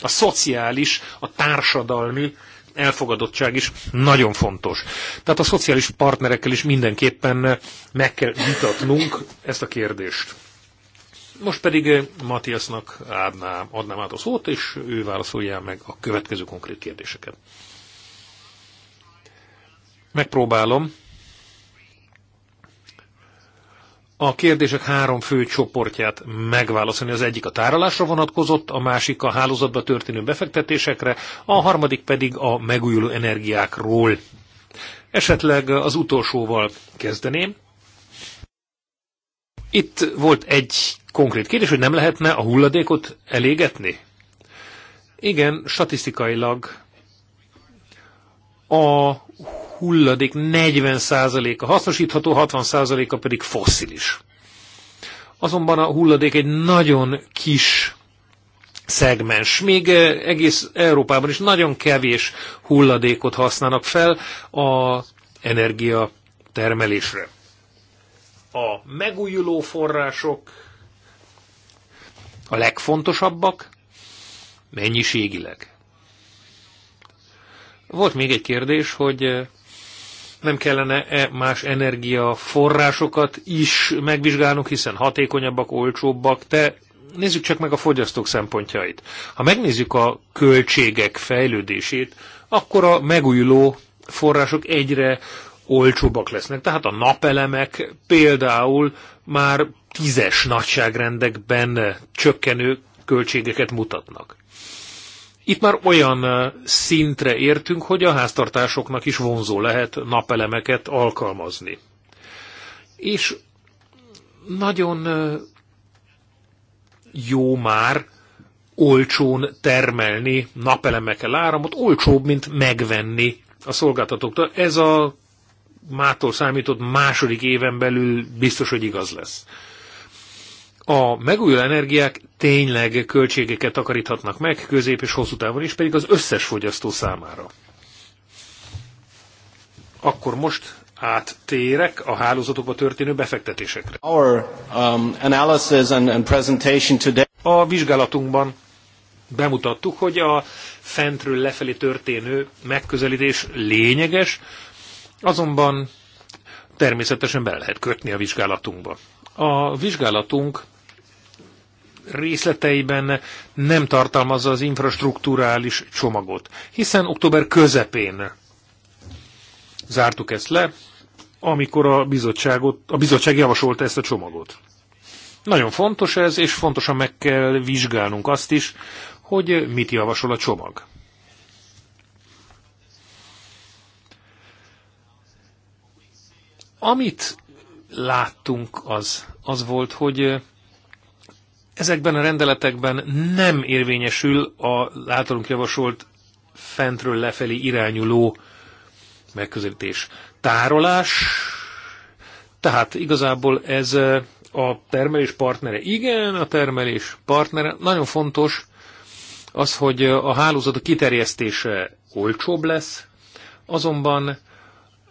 a szociális, a társadalmi elfogadottság is nagyon fontos. Tehát a szociális partnerekkel is mindenképpen meg kell vitatnunk ezt a kérdést. Most pedig eh, Matthiasnak adnám, adnám át a szót, és ő válaszolja meg a következő konkrét kérdéseket. Megpróbálom a kérdések három fő csoportját megválaszolni. Az egyik a tárolásra vonatkozott, a másik a hálózatba történő befektetésekre, a harmadik pedig a megújuló energiákról. Esetleg az utolsóval kezdeném. Itt volt egy konkrét kérdés, hogy nem lehetne a hulladékot elégetni? Igen, statisztikailag a hulladék 40%-a hasznosítható, 60%-a pedig fosszilis. Azonban a hulladék egy nagyon kis szegmens. Még eh, egész Európában is nagyon kevés hulladékot használnak fel a energia termelésre. A megújuló források a legfontosabbak mennyiségileg. Volt még egy kérdés, hogy eh, nem kellene-e más energiaforrásokat is megvizsgálnunk, hiszen hatékonyabbak, olcsóbbak, de nézzük csak meg a fogyasztók szempontjait. Ha megnézzük a költségek fejlődését, akkor a megújuló források egyre olcsóbbak lesznek. Tehát a napelemek például már tízes nagyságrendekben csökkenő költségeket mutatnak. Itt már olyan szintre értünk, hogy a háztartásoknak is vonzó lehet napelemeket alkalmazni. És nagyon jó már olcsón termelni napelemekkel áramot, olcsóbb, mint megvenni a szolgáltatóktól. Ez a mától számított második éven belül biztos, hogy igaz lesz a megújuló energiák tényleg költségeket takaríthatnak meg közép és hosszú távon is, pedig az összes fogyasztó számára. Akkor most áttérek a hálózatokba történő befektetésekre. Our, um, analysis and, and presentation today... A vizsgálatunkban bemutattuk, hogy a fentről lefelé történő megközelítés lényeges, azonban természetesen bele lehet kötni a vizsgálatunkba. A vizsgálatunk részleteiben nem tartalmazza az infrastruktúrális csomagot, hiszen október közepén zártuk ezt le, amikor a, bizottságot, a bizottság javasolta ezt a csomagot. Nagyon fontos ez, és fontosan meg kell vizsgálnunk azt is, hogy mit javasol a csomag. Amit láttunk az, az volt, hogy ezekben a rendeletekben nem érvényesül a általunk javasolt fentről lefelé irányuló megközelítés. Tárolás, tehát igazából ez a termelés partnere. Igen, a termelés partnere. Nagyon fontos az, hogy a a kiterjesztése olcsóbb lesz, azonban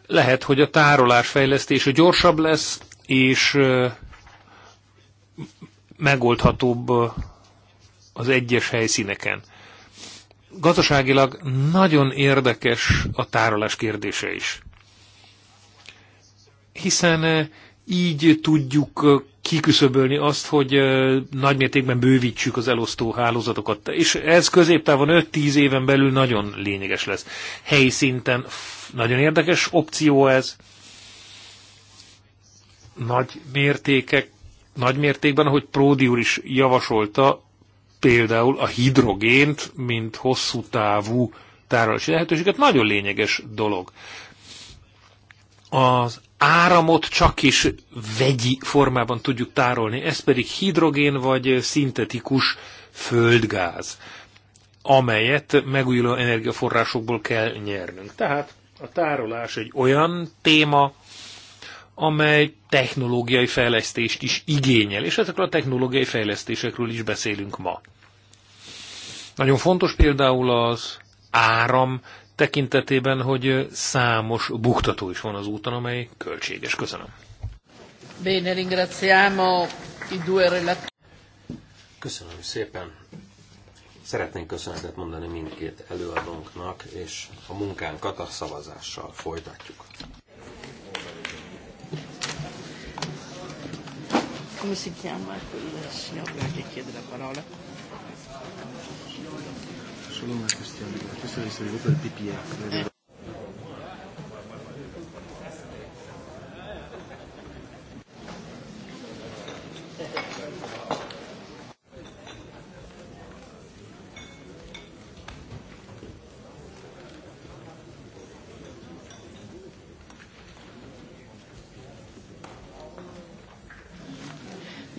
lehet, hogy a tárolás fejlesztése gyorsabb lesz, és megoldhatóbb az egyes helyszíneken. Gazdaságilag nagyon érdekes a tárolás kérdése is. Hiszen így tudjuk kiküszöbölni azt, hogy nagymértékben bővítsük az elosztó hálózatokat. És ez középtávon 5-10 éven belül nagyon lényeges lesz. Helyi szinten nagyon érdekes opció ez. Nagy mértékek nagy mértékben, ahogy Pródi úr is javasolta, például a hidrogént, mint hosszú távú tárolási lehetőséget, nagyon lényeges dolog. Az áramot csak is vegyi formában tudjuk tárolni, ez pedig hidrogén vagy szintetikus földgáz, amelyet megújuló energiaforrásokból kell nyernünk. Tehát a tárolás egy olyan téma, amely technológiai fejlesztést is igényel, és ezekről a technológiai fejlesztésekről is beszélünk ma. Nagyon fontos például az áram tekintetében, hogy számos buktató is van az úton, amely költséges. Köszönöm. Bene, ringraziamo i due relatori. Köszönöm szépen. Szeretnénk köszönetet mondani mindkét előadónknak, és a munkánkat a szavazással folytatjuk. Come si chiama quel signore che chiede la parola? Solo una questione, questo è il servizio del PPA. E.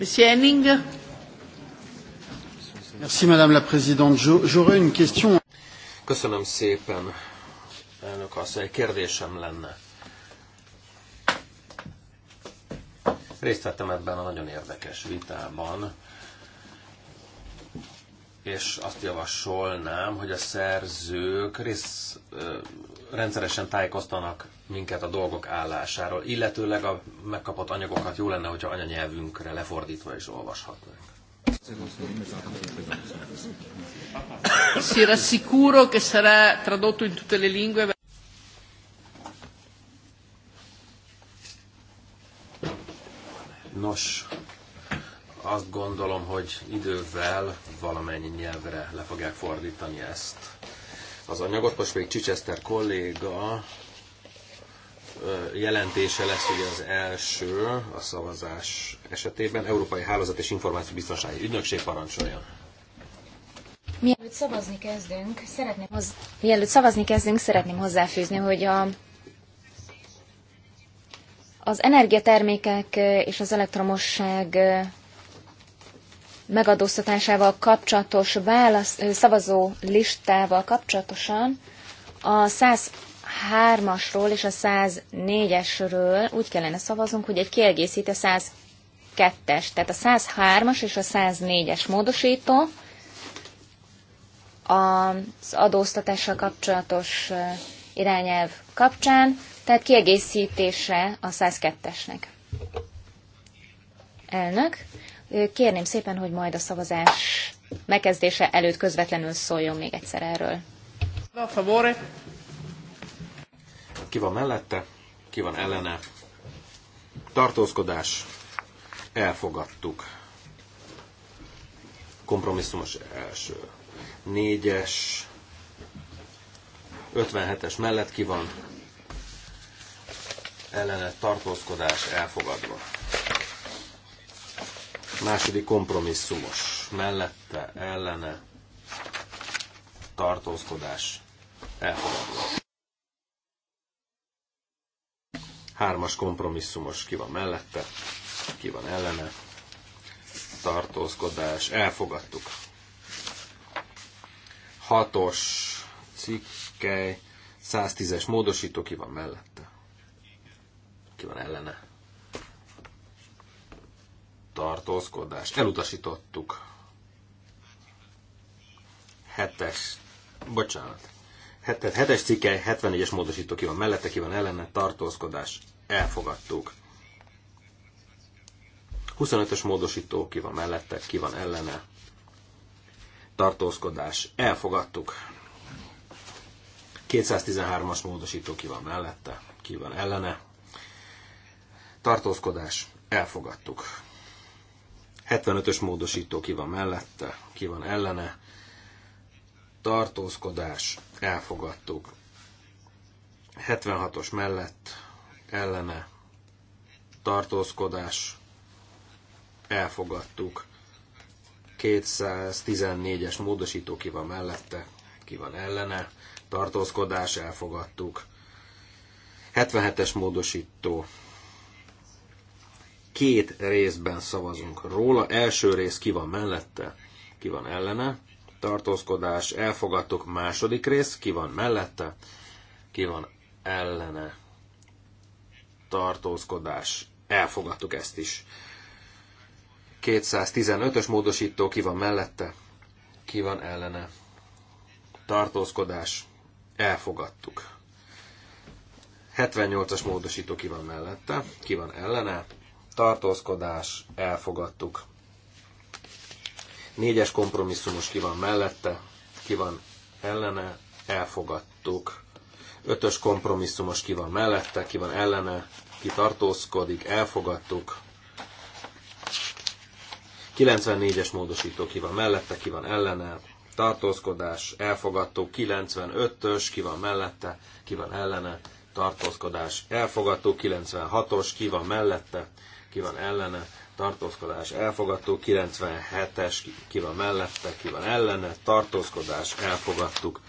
Henning. Merci Madame la Présidente. J'aurais une question. Köszönöm szépen, elnök asszony. Egy kérdésem lenne. Részt vettem ebben a nagyon érdekes vitában, és azt javasolnám, hogy a szerzők rész, rendszeresen tájékoztanak minket a dolgok állásáról, illetőleg a megkapott anyagokat jó lenne, hogyha anyanyelvünkre lefordítva is olvashatnánk. Si rassicuro che sarà tradotto in tutte le lingue. Nos, azt gondolom, hogy idővel valamennyi nyelvre le fogják fordítani ezt az anyagot. Most még Csicseszter kolléga jelentése lesz ugye az első a szavazás esetében. Európai Hálózat és Biztonsági Ügynökség parancsolja. Mielőtt szavazni kezdünk, szeretném, hoz... Mielőtt szavazni kezdünk, szeretném hozzáfűzni, hogy a az energiatermékek és az elektromosság megadóztatásával kapcsolatos válasz, szavazó listával kapcsolatosan a 103-asról és a 104-esről úgy kellene szavaznunk, hogy egy kiegészít a 102-es, tehát a 103-as és a 104-es módosító az adóztatással kapcsolatos irányelv kapcsán, tehát kiegészítése a 102-esnek. Elnök, Kérném szépen, hogy majd a szavazás megkezdése előtt közvetlenül szóljon még egyszer erről. A favore. Ki van mellette? Ki van ellene? Tartózkodás. Elfogadtuk. Kompromisszumos első. Négyes. 57-es mellett ki van ellene tartózkodás elfogadva. Második kompromisszumos. Mellette, ellene, tartózkodás, elfogadva. Hármas kompromisszumos, ki van mellette, ki van ellene, tartózkodás, elfogadtuk. Hatos cikkely, 110-es módosító, ki van mellette, ki van ellene tartózkodás. Elutasítottuk. Hetes, bocsánat. Hetes, hetes cikke, 74-es módosító ki van mellette, ki van ellene, tartózkodás. Elfogadtuk. 25-ös módosító ki van mellette, ki van ellene, tartózkodás. Elfogadtuk. 213-as módosító ki van mellette, ki van ellene. Tartózkodás. Elfogadtuk. 75-ös módosító ki van mellette, ki van ellene. Tartózkodás, elfogadtuk. 76-os mellett, ellene. Tartózkodás, elfogadtuk. 214-es módosító ki van mellette, ki van ellene. Tartózkodás, elfogadtuk. 77-es módosító két részben szavazunk róla. Első rész ki van mellette, ki van ellene. Tartózkodás, elfogadtuk második rész, ki van mellette, ki van ellene. Tartózkodás, elfogadtuk ezt is. 215-ös módosító ki van mellette, ki van ellene. Tartózkodás, elfogadtuk. 78-as módosító ki van mellette, ki van ellene, tartózkodás, elfogadtuk. Négyes kompromisszumos ki van mellette, ki van ellene, elfogadtuk. Ötös kompromisszumos ki van mellette, ki van ellene, ki tartózkodik, elfogadtuk. 94-es módosító ki van mellette, ki van ellene, tartózkodás, elfogadtuk. 95-ös ki van mellette, ki van ellene, tartózkodás, elfogadtuk. 96-os ki van mellette, ki van ellene, tartózkodás, elfogadtuk, 97-es, ki van mellette, ki van ellene, tartózkodás, elfogadtuk.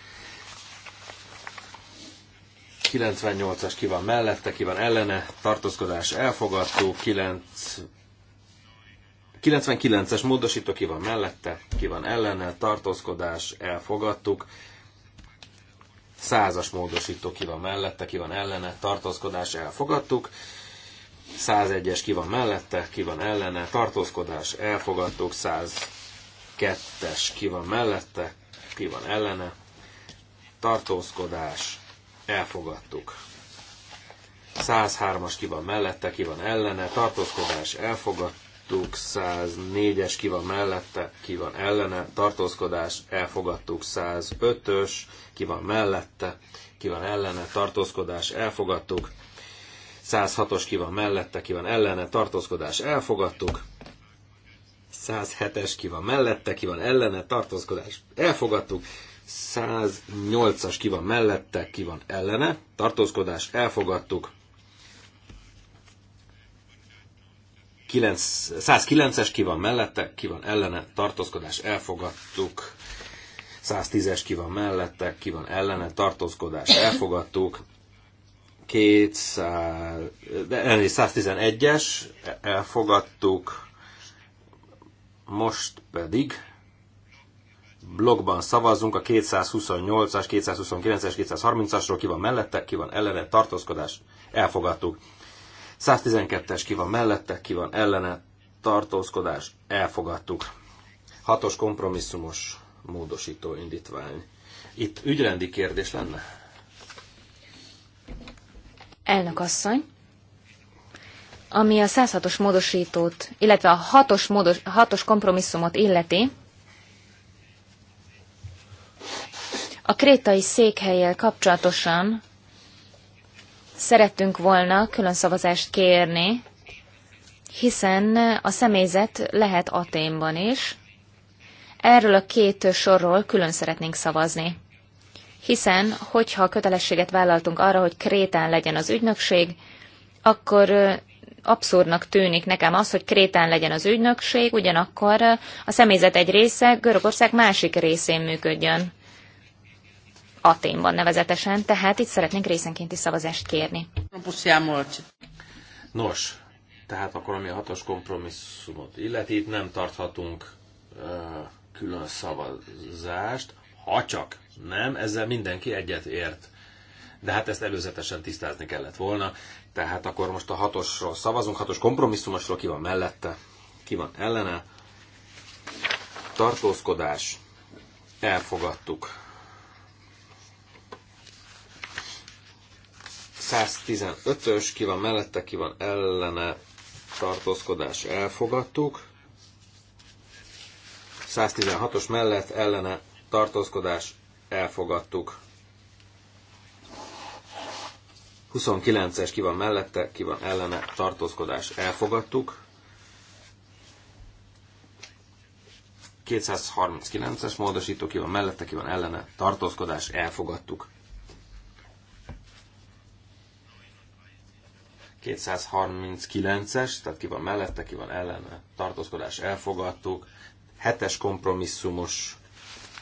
98-as ki van mellette, ki van ellene, tartózkodás elfogadtó, 9... 99-es módosító ki van mellette, ki van ellene, tartózkodás elfogadtuk, 100-as módosító ki van mellette, ki van ellene, tartózkodás elfogadtuk, 101-es ki van mellette, ki van ellene, tartózkodás, elfogadtuk, 102-es ki van mellette, ki van ellene, tartózkodás, elfogadtuk. 103-as ki van mellette, ki van ellene, tartózkodás, elfogadtuk, 104-es ki van mellette, ki van ellene, tartózkodás, elfogadtuk, 105-ös ki van mellette, ki van ellene, tartózkodás, elfogadtuk, 106-os ki van mellette, ki van ellene, tartózkodás elfogadtuk. 107-es ki van mellette, ki van ellene, tartózkodás elfogadtuk. 108-as ki van mellette, ki van ellene, tartózkodás elfogadtuk. 109-es ki van mellette, ki van ellene, tartózkodás elfogadtuk. 110-es ki van mellette, ki van ellene, tartózkodás elfogadtuk. 200, 111-es, elfogadtuk, most pedig blogban szavazunk a 228-as, 229-es, 230-asról, ki van mellette, ki van ellene, tartózkodás, elfogadtuk. 112-es ki van mellette, ki van ellene, tartózkodás, elfogadtuk. Hatos kompromisszumos módosító indítvány. Itt ügyrendi kérdés lenne? Elnök asszony, ami a 106-os módosítót, illetve a 6-os, módos, 6-os kompromisszumot illeti, a krétai székhelyel kapcsolatosan szerettünk volna külön szavazást kérni, hiszen a személyzet lehet Aténban is. Erről a két sorról külön szeretnénk szavazni hiszen hogyha kötelességet vállaltunk arra, hogy Krétán legyen az ügynökség, akkor abszurdnak tűnik nekem az, hogy Krétán legyen az ügynökség, ugyanakkor a személyzet egy része Görögország másik részén működjön. Aténban nevezetesen, tehát itt szeretnénk részenkénti szavazást kérni. Nos, tehát akkor ami a hatos kompromisszumot illeti, itt nem tarthatunk uh, külön szavazást. Ha csak nem, ezzel mindenki egyet ért. De hát ezt előzetesen tisztázni kellett volna. Tehát akkor most a hatosról szavazunk, hatos kompromisszumosról ki van mellette, ki van ellene. Tartózkodás. Elfogadtuk. 115-ös, ki van mellette, ki van ellene, tartózkodás elfogadtuk. 116-os mellett ellene tartózkodás, elfogadtuk. 29-es ki van mellette, ki van ellene, tartózkodás, elfogadtuk. 239-es módosító, ki van mellette, ki van ellene, tartózkodás, elfogadtuk. 239-es, tehát ki van mellette, ki van ellene, tartózkodás, elfogadtuk. 7-es kompromisszumos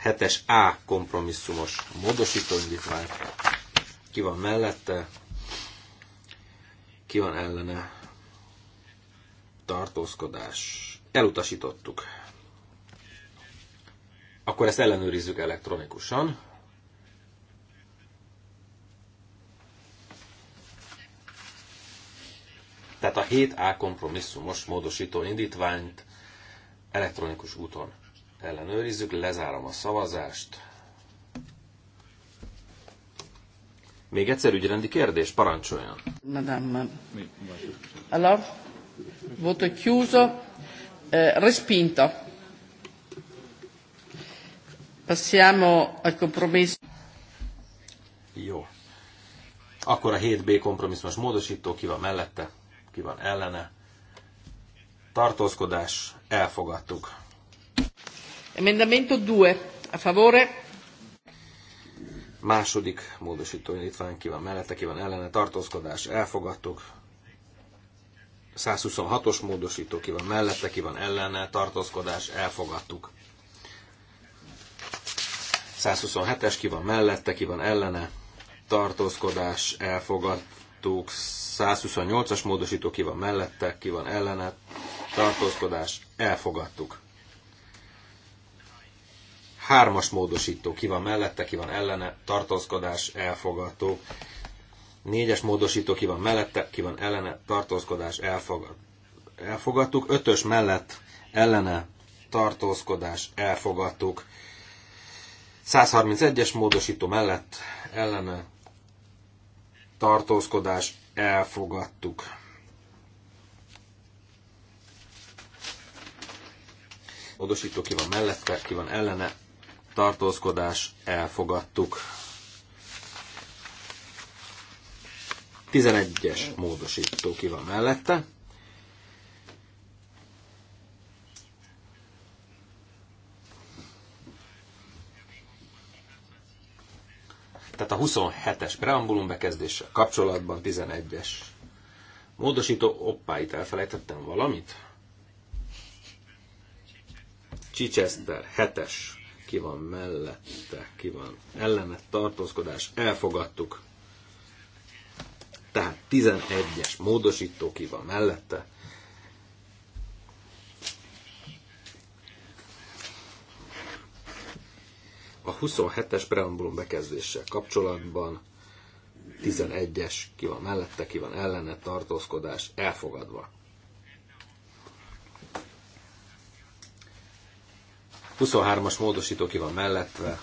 7-es A kompromisszumos módosító indítvány. Ki van mellette? Ki van ellene? Tartózkodás. Elutasítottuk. Akkor ezt ellenőrizzük elektronikusan. Tehát a 7A kompromisszumos módosító indítványt elektronikus úton ellenőrizzük, lezárom a szavazást. Még egyszer ügyrendi kérdés, parancsoljon. Madame. Allora, voto chiuso, eh, respinto. Passiamo al compromesso. Jó. Akkor a 7B kompromisszumos módosító, ki van mellette, ki van ellene. Tartózkodás, elfogadtuk. Emendamento 2. A favore. Második módosító indítvány ki van mellette, ki van ellene, tartózkodás, elfogadtuk. 126-os módosító ki van mellette, ki van ellene, tartózkodás, elfogadtuk. 127-es ki van mellette, ki van ellene, tartózkodás, elfogadtuk. 128-as módosító ki van mellette, ki van ellene, tartózkodás, elfogadtuk. Hármas módosító, ki van mellette, ki van ellene, tartózkodás, elfogadó. Négyes módosító, ki van mellette, ki van ellene, tartózkodás, elfogad. elfogadtuk. Ötös mellett, ellene, tartózkodás, elfogadtuk. 131-es módosító mellett, ellene, tartózkodás, elfogadtuk. Módosító ki van mellette, ki van ellene, tartózkodás elfogadtuk. 11-es módosító ki van mellette. Tehát a 27-es preambulum bekezdéssel kapcsolatban 11-es módosító, oppá, itt elfelejtettem valamit. Chichester 7-es ki van mellette, ki van ellenet tartózkodás, elfogadtuk. Tehát 11-es módosító ki van mellette. A 27-es preambulum bekezdéssel kapcsolatban 11-es ki van mellette, ki van ellene, tartózkodás, elfogadva. 23-as módosító ki van mellette,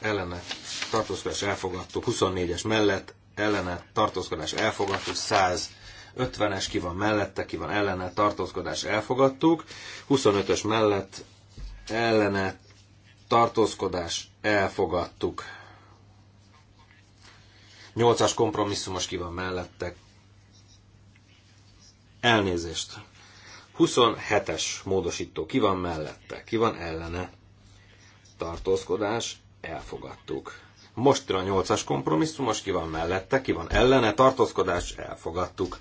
ellene tartózkodás elfogadtuk, 24-es mellett ellene tartózkodás elfogadtuk, 150-es ki van mellette, ki van ellene tartózkodás elfogadtuk, 25-ös mellett ellene tartózkodás elfogadtuk. 8-as kompromisszumos ki van mellette. Elnézést. 27-es módosító ki van mellette, ki van ellene. Tartózkodás, elfogadtuk. Most jön a 8-as most ki van mellette, ki van ellene, tartózkodás, elfogadtuk.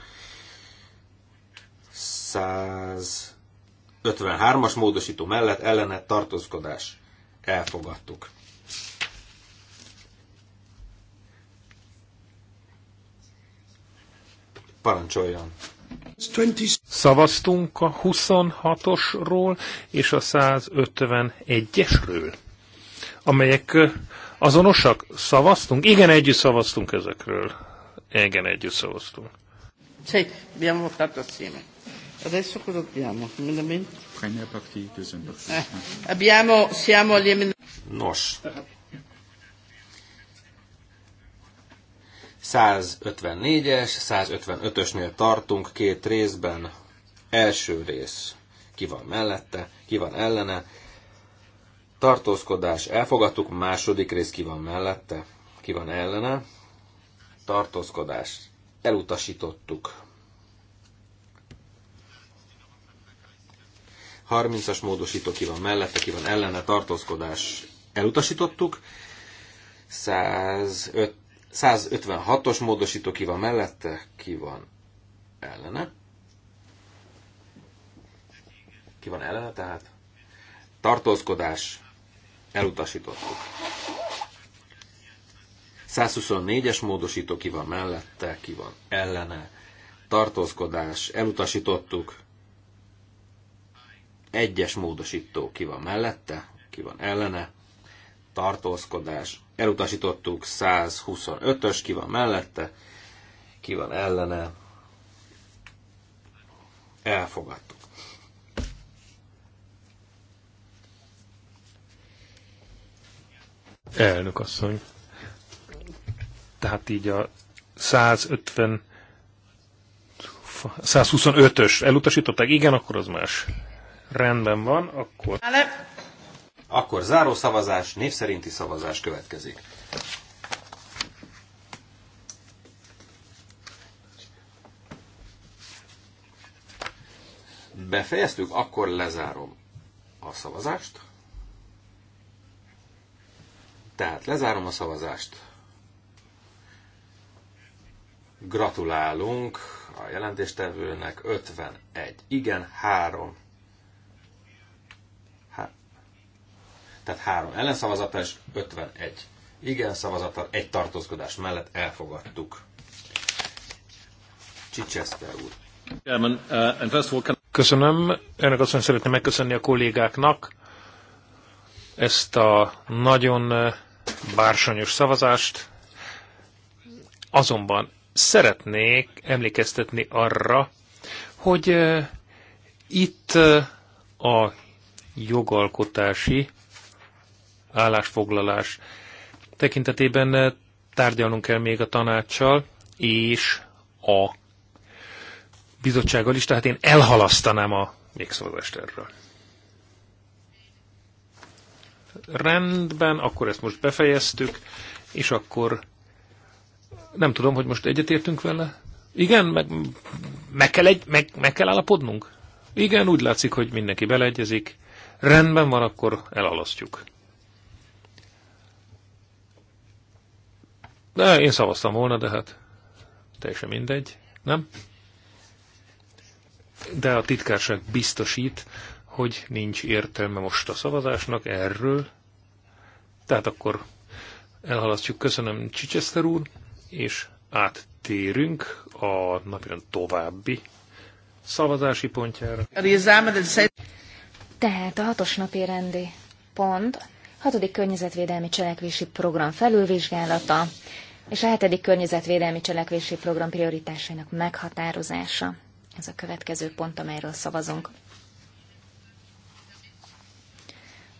153-as módosító mellett ellene tartózkodás, elfogadtuk. Parancsoljon! Szavaztunk a 26-osról és a 151-esről, amelyek azonosak? Szavaztunk? Igen, együtt szavaztunk ezekről. Igen, együtt szavaztunk. abbiamo votato assieme. Adesso cosa abbiamo? Emendamenti? Eh, abbiamo, siamo gli emendamenti. Nos, 154-es, 155-ösnél tartunk két részben. Első rész ki van mellette, ki van ellene. Tartózkodás elfogadtuk, második rész ki van mellette, ki van ellene. Tartózkodás elutasítottuk. 30-as módosító ki van mellette, ki van ellene, tartózkodás elutasítottuk. 105 156-os módosító ki van mellette, ki van ellene. Ki van ellene, tehát tartózkodás elutasítottuk. 124-es módosító ki van mellette, ki van ellene, tartózkodás elutasítottuk. Egyes módosító ki van mellette, ki van ellene, tartózkodás elutasítottuk 125-ös, ki van mellette, ki van ellene, elfogadtuk. Elnök asszony. Tehát így a 150 125-ös elutasították, igen, akkor az más. Rendben van, akkor... Akkor záró szavazás, név szerinti szavazás következik. Befejeztük, akkor lezárom a szavazást. Tehát lezárom a szavazást. Gratulálunk a jelentéstevőnek 51. Igen, 3 tehát három ellenszavazattal és 51 igen szavazattal egy tartózkodás mellett elfogadtuk. Csicseszter úr. Uh, Köszönöm. Önök azt szeretném megköszönni a kollégáknak ezt a nagyon uh, bársonyos szavazást. Azonban szeretnék emlékeztetni arra, hogy uh, itt a jogalkotási állásfoglalás tekintetében eh, tárgyalnunk kell még a tanácssal és a bizottsággal is, tehát én elhalasztanám a végszavazást erről. Rendben, akkor ezt most befejeztük, és akkor nem tudom, hogy most egyetértünk vele. Igen, meg, meg, kell, egy, meg, meg kell állapodnunk. Igen, úgy látszik, hogy mindenki beleegyezik. Rendben van, akkor elalasztjuk. De én szavaztam volna, de hát teljesen mindegy, nem? De a titkárság biztosít, hogy nincs értelme most a szavazásnak erről. Tehát akkor elhalasztjuk. Köszönöm Csicseszter úr, és áttérünk a napjön további szavazási pontjára. Tehát a hatos napi rendi pont, hatodik környezetvédelmi cselekvési program felülvizsgálata, és a hetedik környezetvédelmi cselekvési program prioritásainak meghatározása. Ez a következő pont, amelyről szavazunk.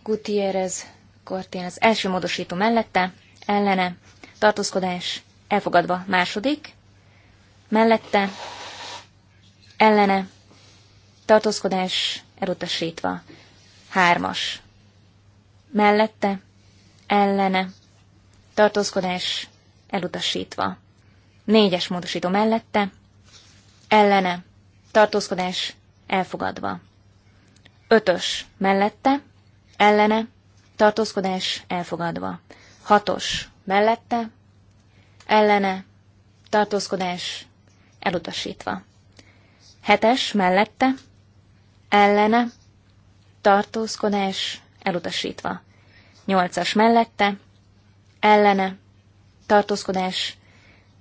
Gutierrez Kortén az első módosító mellette, ellene, tartózkodás elfogadva második, mellette, ellene, tartózkodás elutasítva hármas, mellette, ellene, tartózkodás elutasítva. Négyes módosító mellette, ellene, tartózkodás elfogadva. Ötös mellette, ellene, tartózkodás elfogadva. Hatos mellette, ellene, tartózkodás elutasítva. Hetes mellette, ellene, tartózkodás elutasítva. Nyolcas mellette, ellene, tartózkodás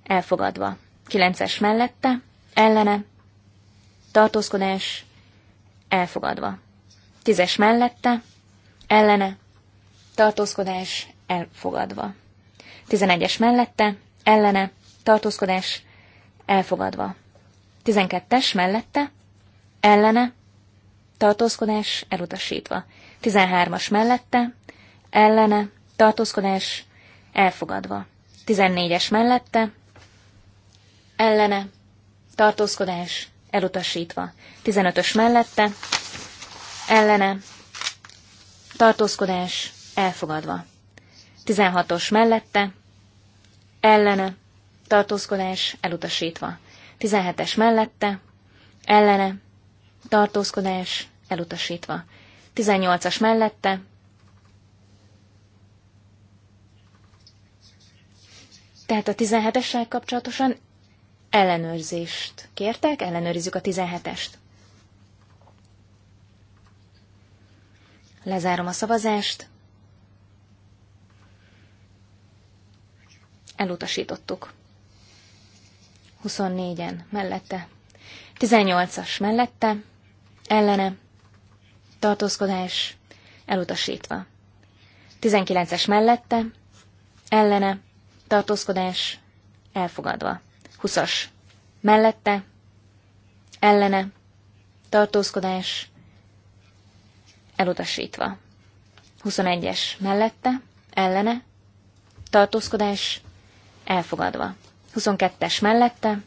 elfogadva. kilences mellette, ellene, tartózkodás elfogadva. Tízes mellette, ellene, tartózkodás elfogadva. tizenegyes mellette, ellene, tartózkodás elfogadva. tizenkettes mellette, ellene, tartózkodás elutasítva. tizenhármas mellette, ellene, tartózkodás elfogadva. 14-es mellette, ellene, tartózkodás, elutasítva. 15-ös mellette, ellene, tartózkodás, elfogadva. 16-os mellette, ellene, tartózkodás, elutasítva. 17-es mellette, ellene, tartózkodás, elutasítva. 18-as mellette, Tehát a 17-essel kapcsolatosan ellenőrzést kértek, ellenőrizzük a 17-est. Lezárom a szavazást. Elutasítottuk. 24-en mellette. 18-as mellette. Ellene. Tartózkodás. Elutasítva. 19-es mellette. Ellene tartózkodás elfogadva. 20-as mellette, ellene, tartózkodás elutasítva. 21-es mellette, ellene, tartózkodás elfogadva. 22-es mellette,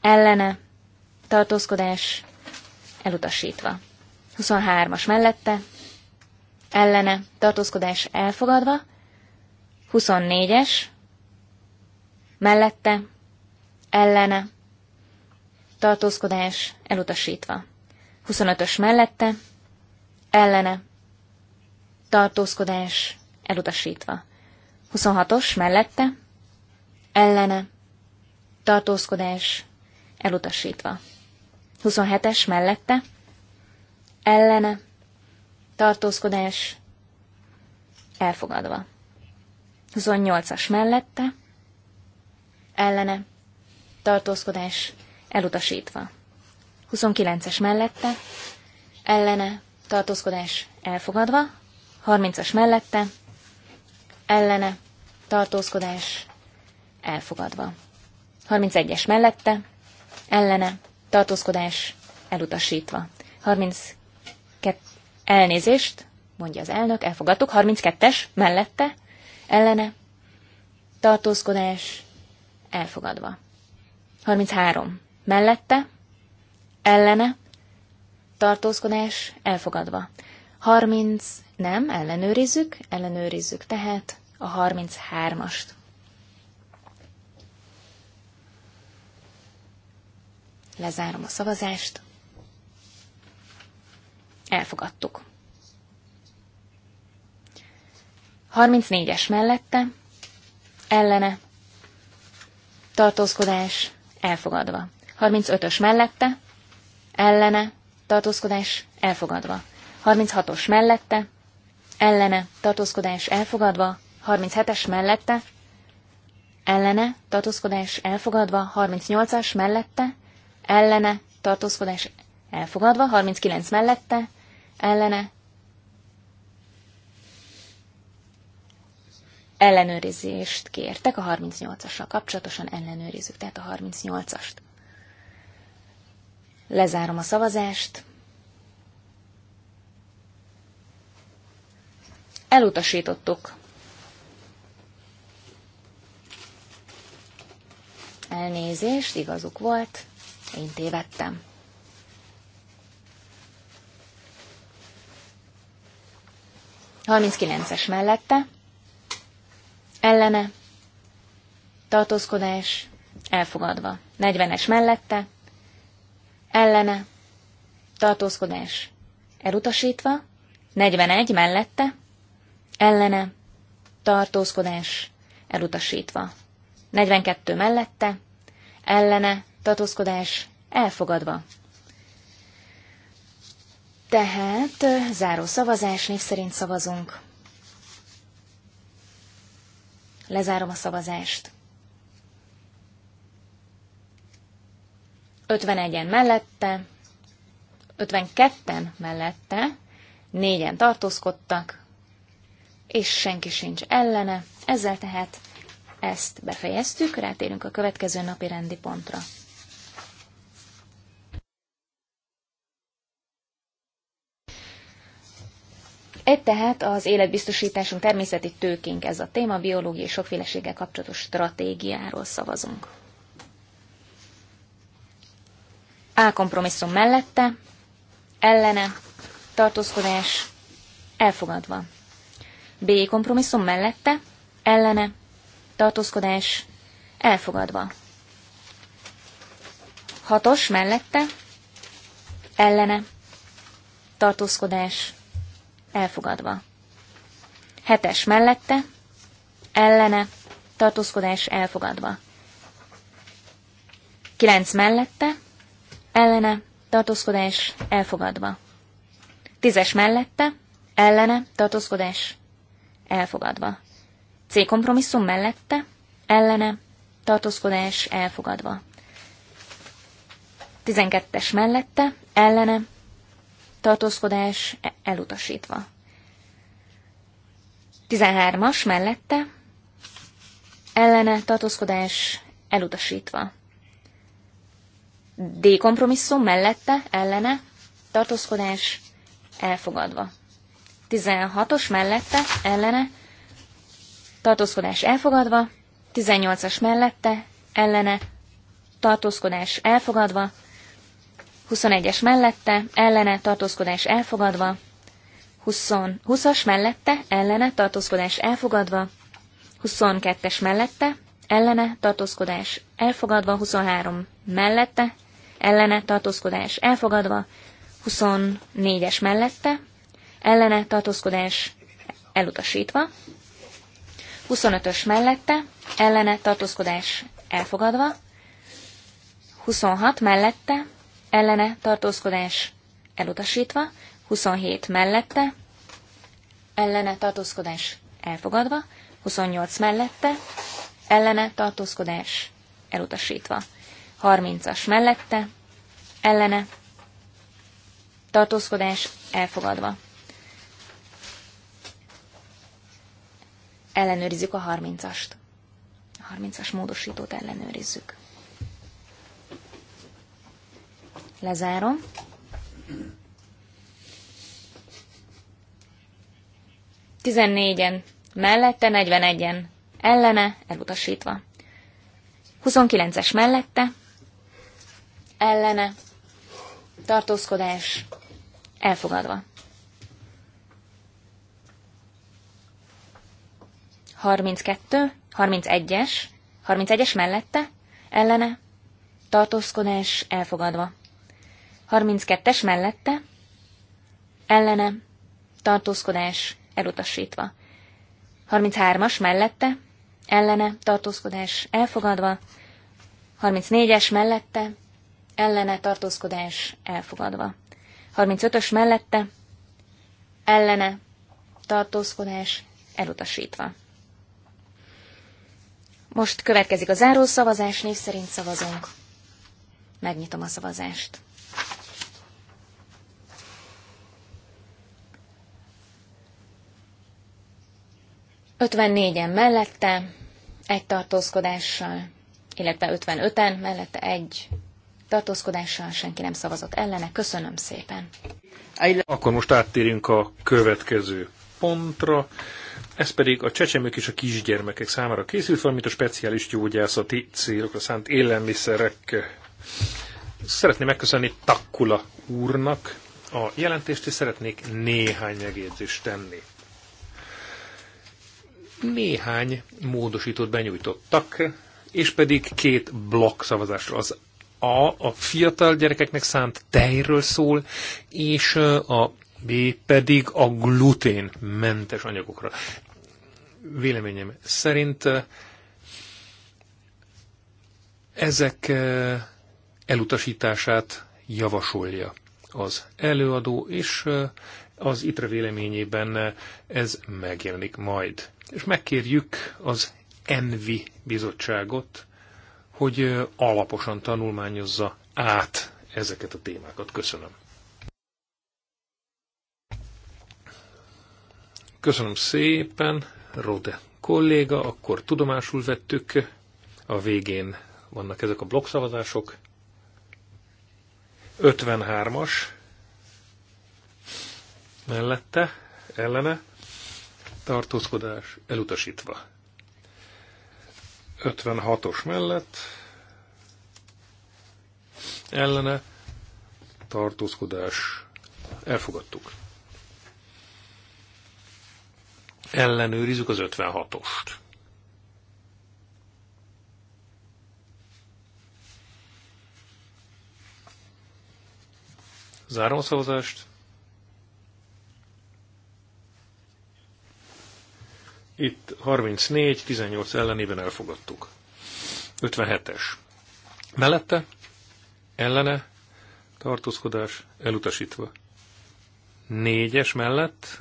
ellene, tartózkodás elutasítva. 23-as mellette, ellene, tartózkodás elfogadva, 24-es, mellette, ellene, tartózkodás elutasítva. 25-ös mellette, ellene, tartózkodás elutasítva. 26-os mellette, ellene, tartózkodás elutasítva. 27-es mellette, ellene, tartózkodás elfogadva. 28-as mellette, ellene, tartózkodás elutasítva. 29-es mellette, ellene, tartózkodás elfogadva, 30-as mellette, ellene, tartózkodás elfogadva. 31-es mellette, ellene, tartózkodás elutasítva. 32 elnézést, mondja az elnök, elfogadtuk, 32-es mellette, ellene, tartózkodás, elfogadva. 33. Mellette, ellene, tartózkodás, elfogadva. 30. Nem, ellenőrizzük, ellenőrizzük tehát a 33-ast. Lezárom a szavazást. Elfogadtuk. 34-es mellette, ellene, tartózkodás, elfogadva. 35-ös mellette, ellene, tartózkodás, elfogadva. 36-os mellette, ellene, tartózkodás, elfogadva. 37-es mellette, ellene, tartózkodás, elfogadva. 38-as mellette, ellene, tartózkodás, elfogadva. 39 mellette, ellene, ellenőrizést kértek a 38-assal kapcsolatosan, ellenőrizzük tehát a 38-ast. Lezárom a szavazást. Elutasítottuk. Elnézést, igazuk volt, én tévedtem. Harminckilences mellette, ellene, tartózkodás, elfogadva. 40-es mellette, ellene, tartózkodás, elutasítva, 41 mellette, ellene, tartózkodás, elutasítva. 42 mellette, ellene, tartózkodás, elfogadva. Tehát záró szavazás, név szerint szavazunk. Lezárom a szavazást. 51-en mellette, 52-en mellette, négyen tartózkodtak, és senki sincs ellene, ezzel tehát ezt befejeztük, rátérünk a következő napi rendi pontra. Egy tehát az életbiztosításunk természeti tőkénk ez a téma, biológiai sokféleséggel kapcsolatos stratégiáról szavazunk. A kompromisszum mellette, ellene, tartózkodás, elfogadva. B kompromisszum mellette, ellene, tartózkodás, elfogadva. Hatos mellette, ellene, tartózkodás, elfogadva. Hetes mellette, ellene, tartózkodás elfogadva. Kilenc mellette, ellene, tartózkodás elfogadva. Tízes mellette, ellene, tartózkodás elfogadva. C kompromisszum mellette, ellene, tartózkodás elfogadva. tizenkettes mellette, ellene, tartózkodás e- elutasítva. 13-as mellette, ellene tartózkodás elutasítva. D kompromisszum mellette, ellene tartózkodás elfogadva. 16-os mellette, ellene tartózkodás elfogadva, 18-as mellette, ellene tartózkodás elfogadva, 21-es mellette, ellene tartózkodás elfogadva, 20, as mellette, ellene tartózkodás elfogadva, 22-es mellette, ellene tartózkodás elfogadva, 23 mellette, ellene tartózkodás elfogadva, 24-es mellette, ellene tartózkodás elutasítva, 25-ös mellette, ellene tartózkodás elfogadva, 26 mellette, ellene tartózkodás elutasítva, 27 mellette, ellene tartózkodás elfogadva, 28 mellette, ellene tartózkodás elutasítva, 30-as mellette, ellene tartózkodás elfogadva. Ellenőrizzük a 30-ast. A 30-as módosítót ellenőrizzük. Lezárom. Tizennégyen, mellette negyvenegyen, ellene, elutasítva. Huszonkilences mellette, ellene, tartózkodás, elfogadva. Harminckettő, harmincegyes, harmincegyes mellette, ellene, tartózkodás elfogadva. 32-es mellette, ellene, tartózkodás elutasítva. 33-as mellette, ellene, tartózkodás elfogadva. 34-es mellette, ellene, tartózkodás elfogadva. 35-ös mellette, ellene, tartózkodás elutasítva. Most következik a zárószavazás, név szerint szavazunk. Megnyitom a szavazást. 54-en mellette, egy tartózkodással, illetve 55-en mellette egy tartózkodással, senki nem szavazott ellene. Köszönöm szépen. Akkor most áttérünk a következő pontra. Ez pedig a csecsemők és a kisgyermekek számára készült, valamint a speciális gyógyászati célokra szánt élelmiszerek. Szeretném megköszönni Takkula úrnak a jelentést, és szeretnék néhány megjegyzést tenni. Néhány módosítót benyújtottak, és pedig két blokk szavazásra. Az A a fiatal gyerekeknek szánt tejről szól, és a B pedig a gluténmentes anyagokra. Véleményem szerint ezek elutasítását javasolja az előadó, és az ITRE véleményében ez megjelenik majd és megkérjük az Envi bizottságot, hogy alaposan tanulmányozza át ezeket a témákat. Köszönöm. Köszönöm szépen, Rode kolléga, akkor tudomásul vettük, a végén vannak ezek a blokkszavazások. 53-as mellette, ellene, tartózkodás elutasítva. 56-os mellett ellene tartózkodás elfogadtuk. Ellenőrizzük az 56-ost. Zárom a szavazást. Itt 34-18 ellenében elfogadtuk. 57-es. Mellette ellene tartózkodás elutasítva. 4-es mellett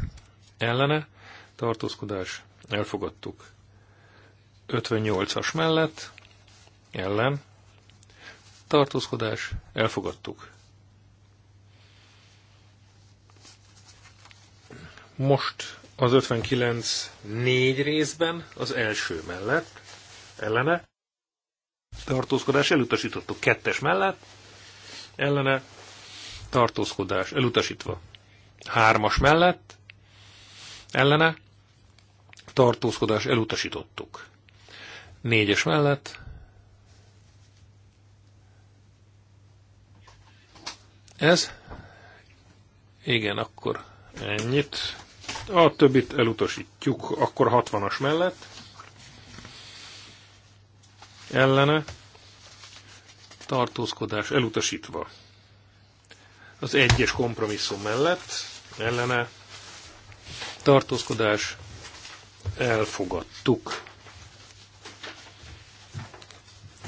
ellene tartózkodás elfogadtuk. 58-as mellett ellen tartózkodás elfogadtuk. Most az 59 négy részben az első mellett ellene tartózkodás elutasítottuk kettes mellett ellene tartózkodás elutasítva hármas mellett ellene tartózkodás elutasítottuk négyes mellett ez igen, akkor ennyit. A többit elutasítjuk, akkor 60-as mellett. Ellene. Tartózkodás elutasítva. Az egyes kompromisszum mellett. Ellene. Tartózkodás elfogadtuk.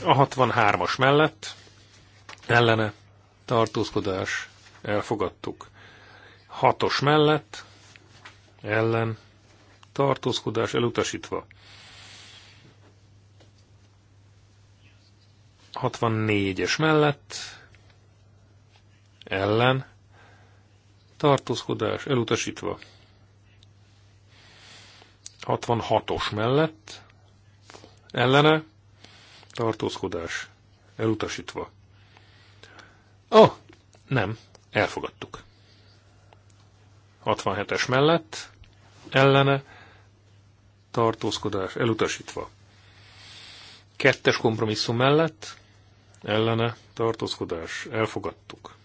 A 63-as mellett. Ellene. Tartózkodás elfogadtuk. Hatos mellett ellen tartózkodás elutasítva. 64-es mellett ellen tartózkodás elutasítva. 66-os mellett ellene tartózkodás elutasítva. Ó, oh, nem, elfogadtuk. 67-es mellett ellene tartózkodás elutasítva. Kettes kompromisszum mellett ellene tartózkodás elfogadtuk.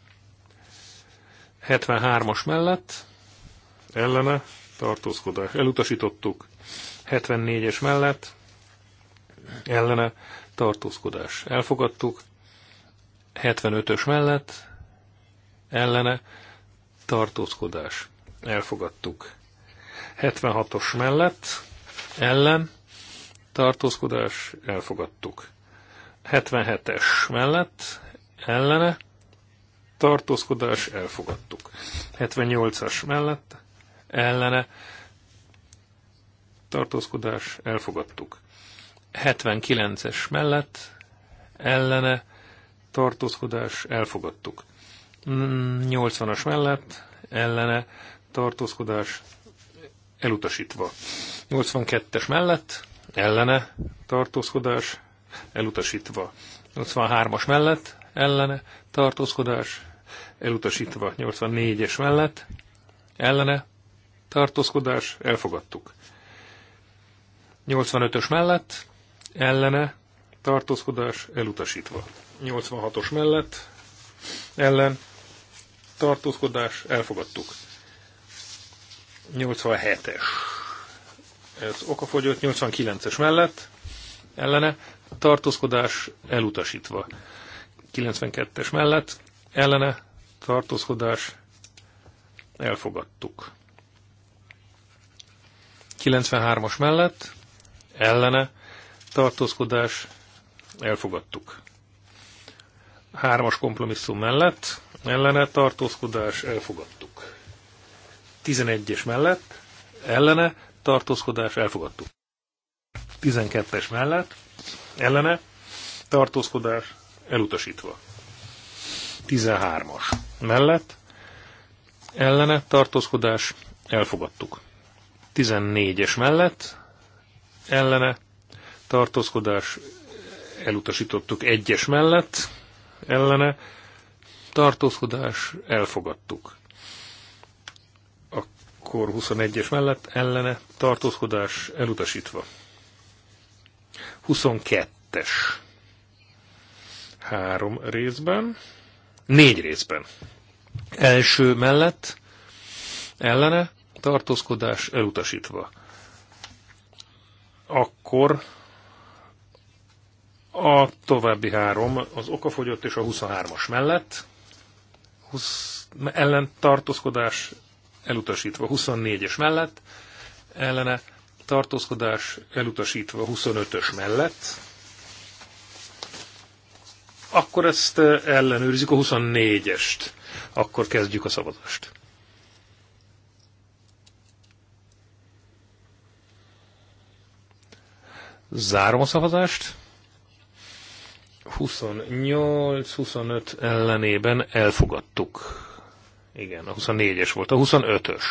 73-as mellett ellene tartózkodás elutasítottuk. 74-es mellett ellene tartózkodás elfogadtuk. 75-ös mellett ellene tartózkodás elfogadtuk. 76-os mellett ellen tartózkodás elfogadtuk. 77-es mellett ellene tartózkodás elfogadtuk. 78-as mellett ellene tartózkodás elfogadtuk. 79-es mellett ellene tartózkodás elfogadtuk. 80-as mellett ellene tartózkodás elutasítva. 82-es mellett ellene tartózkodás elutasítva. 83-as mellett ellene tartózkodás elutasítva. 84-es mellett ellene tartózkodás elfogadtuk. 85-ös mellett ellene tartózkodás elutasítva. 86-os mellett ellen tartózkodás elfogadtuk. 87-es. Ez okafogyott 89-es mellett ellene tartózkodás elutasítva. 92-es mellett ellene tartózkodás elfogadtuk. 93-as mellett ellene tartózkodás elfogadtuk. 3-as kompromisszum mellett ellene tartózkodás elfogadtuk. 11-es mellett, ellene, tartózkodás, elfogadtuk. 12-es mellett, ellene, tartózkodás, elutasítva. 13-as mellett, ellene, tartózkodás, elfogadtuk. 14-es mellett, ellene, tartózkodás, elutasítottuk. 1-es mellett, ellene, tartózkodás, elfogadtuk akkor 21-es mellett ellene tartózkodás elutasítva. 22-es. Három részben. Négy részben. Első mellett ellene tartózkodás elutasítva. Akkor a további három az okafogyott és a 23-as mellett ellen tartózkodás elutasítva 24-es mellett, ellene tartózkodás elutasítva 25-ös mellett, akkor ezt eh, ellenőrizik a 24-est, akkor kezdjük a szavazást. Zárom a szavazást. 28-25 ellenében elfogadtuk. Igen, a 24-es volt. A 25-ös.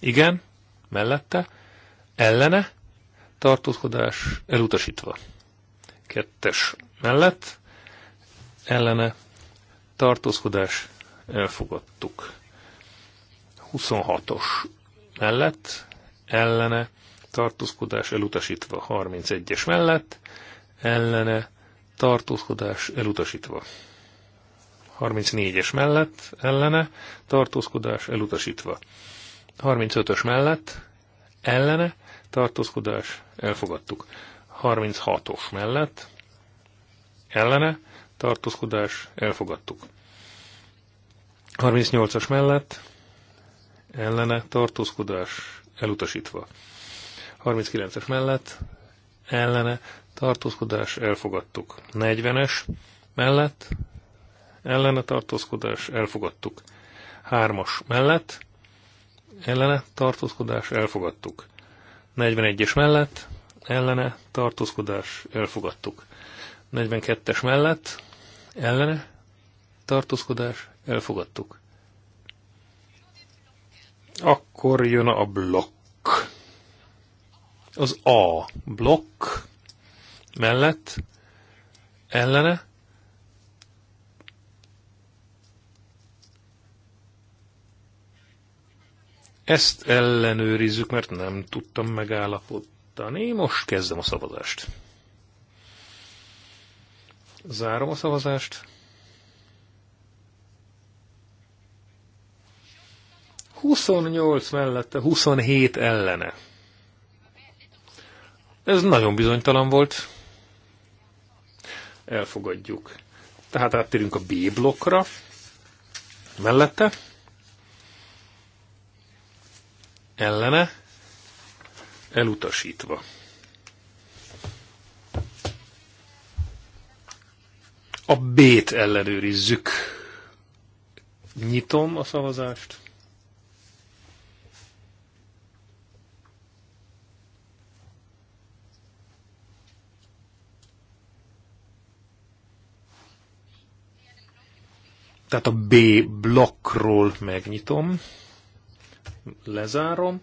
Igen, mellette. Ellene. Tartózkodás elutasítva. Kettes mellett. Ellene. Tartózkodás elfogadtuk. 26-os mellett. Ellene. Tartózkodás elutasítva. 31-es mellett. Ellene. Tartózkodás elutasítva. 34-es mellett ellene, tartózkodás elutasítva. 35-ös mellett ellene, tartózkodás elfogadtuk. 36-os mellett ellene, tartózkodás elfogadtuk. 38-as mellett ellene, tartózkodás elutasítva. 39-es mellett ellene, tartózkodás elfogadtuk. 40-es mellett ellene tartózkodás elfogadtuk. Hármas mellett ellene tartózkodás elfogadtuk. 41-es mellett ellene tartózkodás elfogadtuk. 42-es mellett ellene tartózkodás elfogadtuk. Akkor jön a blokk. Az A blokk mellett ellene Ezt ellenőrizzük, mert nem tudtam megállapodni. Most kezdem a szavazást. Zárom a szavazást. 28 mellette, 27 ellene. Ez nagyon bizonytalan volt. Elfogadjuk. Tehát áttérünk a B blokkra. Mellette. ellene elutasítva. A B-t ellenőrizzük. Nyitom a szavazást. Tehát a B blokkról megnyitom lezárom.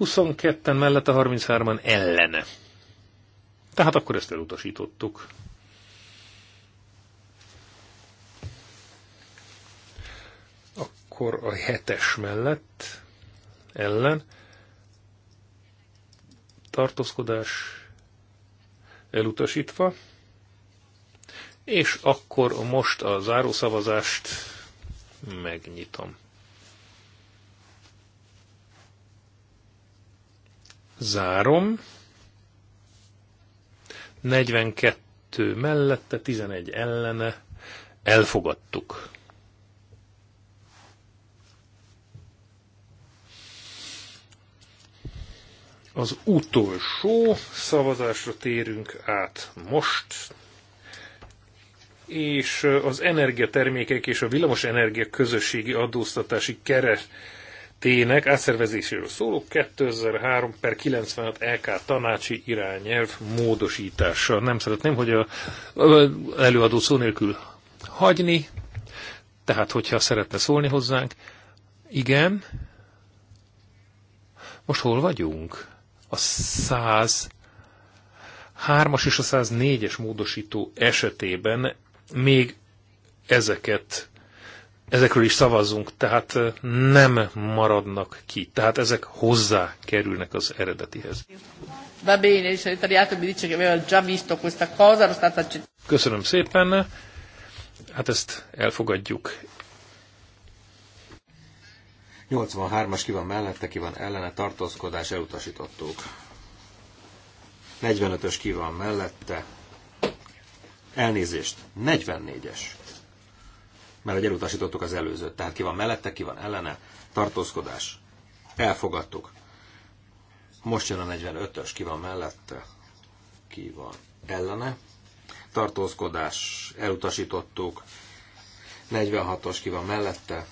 22-en mellette, 33-an ellene. Tehát akkor ezt elutasítottuk. Akkor a hetes mellett ellen tartózkodás elutasítva. És akkor most a zárószavazást megnyitom. Zárom. 42 mellette, 11 ellene. Elfogadtuk. Az utolsó szavazásra térünk át most, és az energiatermékek és a villamosenergia közösségi adóztatási keres T-nek átszervezéséről szóló 2003 per 96 LK e tanácsi irányelv módosítása. Nem szeretném, hogy a, a előadó szó nélkül hagyni, tehát hogyha szeretne szólni hozzánk, igen. Most hol vagyunk? A 103-as és a 104-es módosító esetében még ezeket ezekről is szavazzunk, tehát nem maradnak ki. Tehát ezek hozzá kerülnek az eredetihez. Köszönöm szépen. Hát ezt elfogadjuk. 83-as ki van mellette, ki van ellene, tartózkodás elutasítottuk. 45-ös ki van mellette. Elnézést, 44-es mert hogy elutasítottuk az előzőt. Tehát ki van mellette, ki van ellene, tartózkodás. Elfogadtuk. Most jön a 45-ös, ki van mellette, ki van ellene. Tartózkodás, elutasítottuk. 46-os, ki van mellette,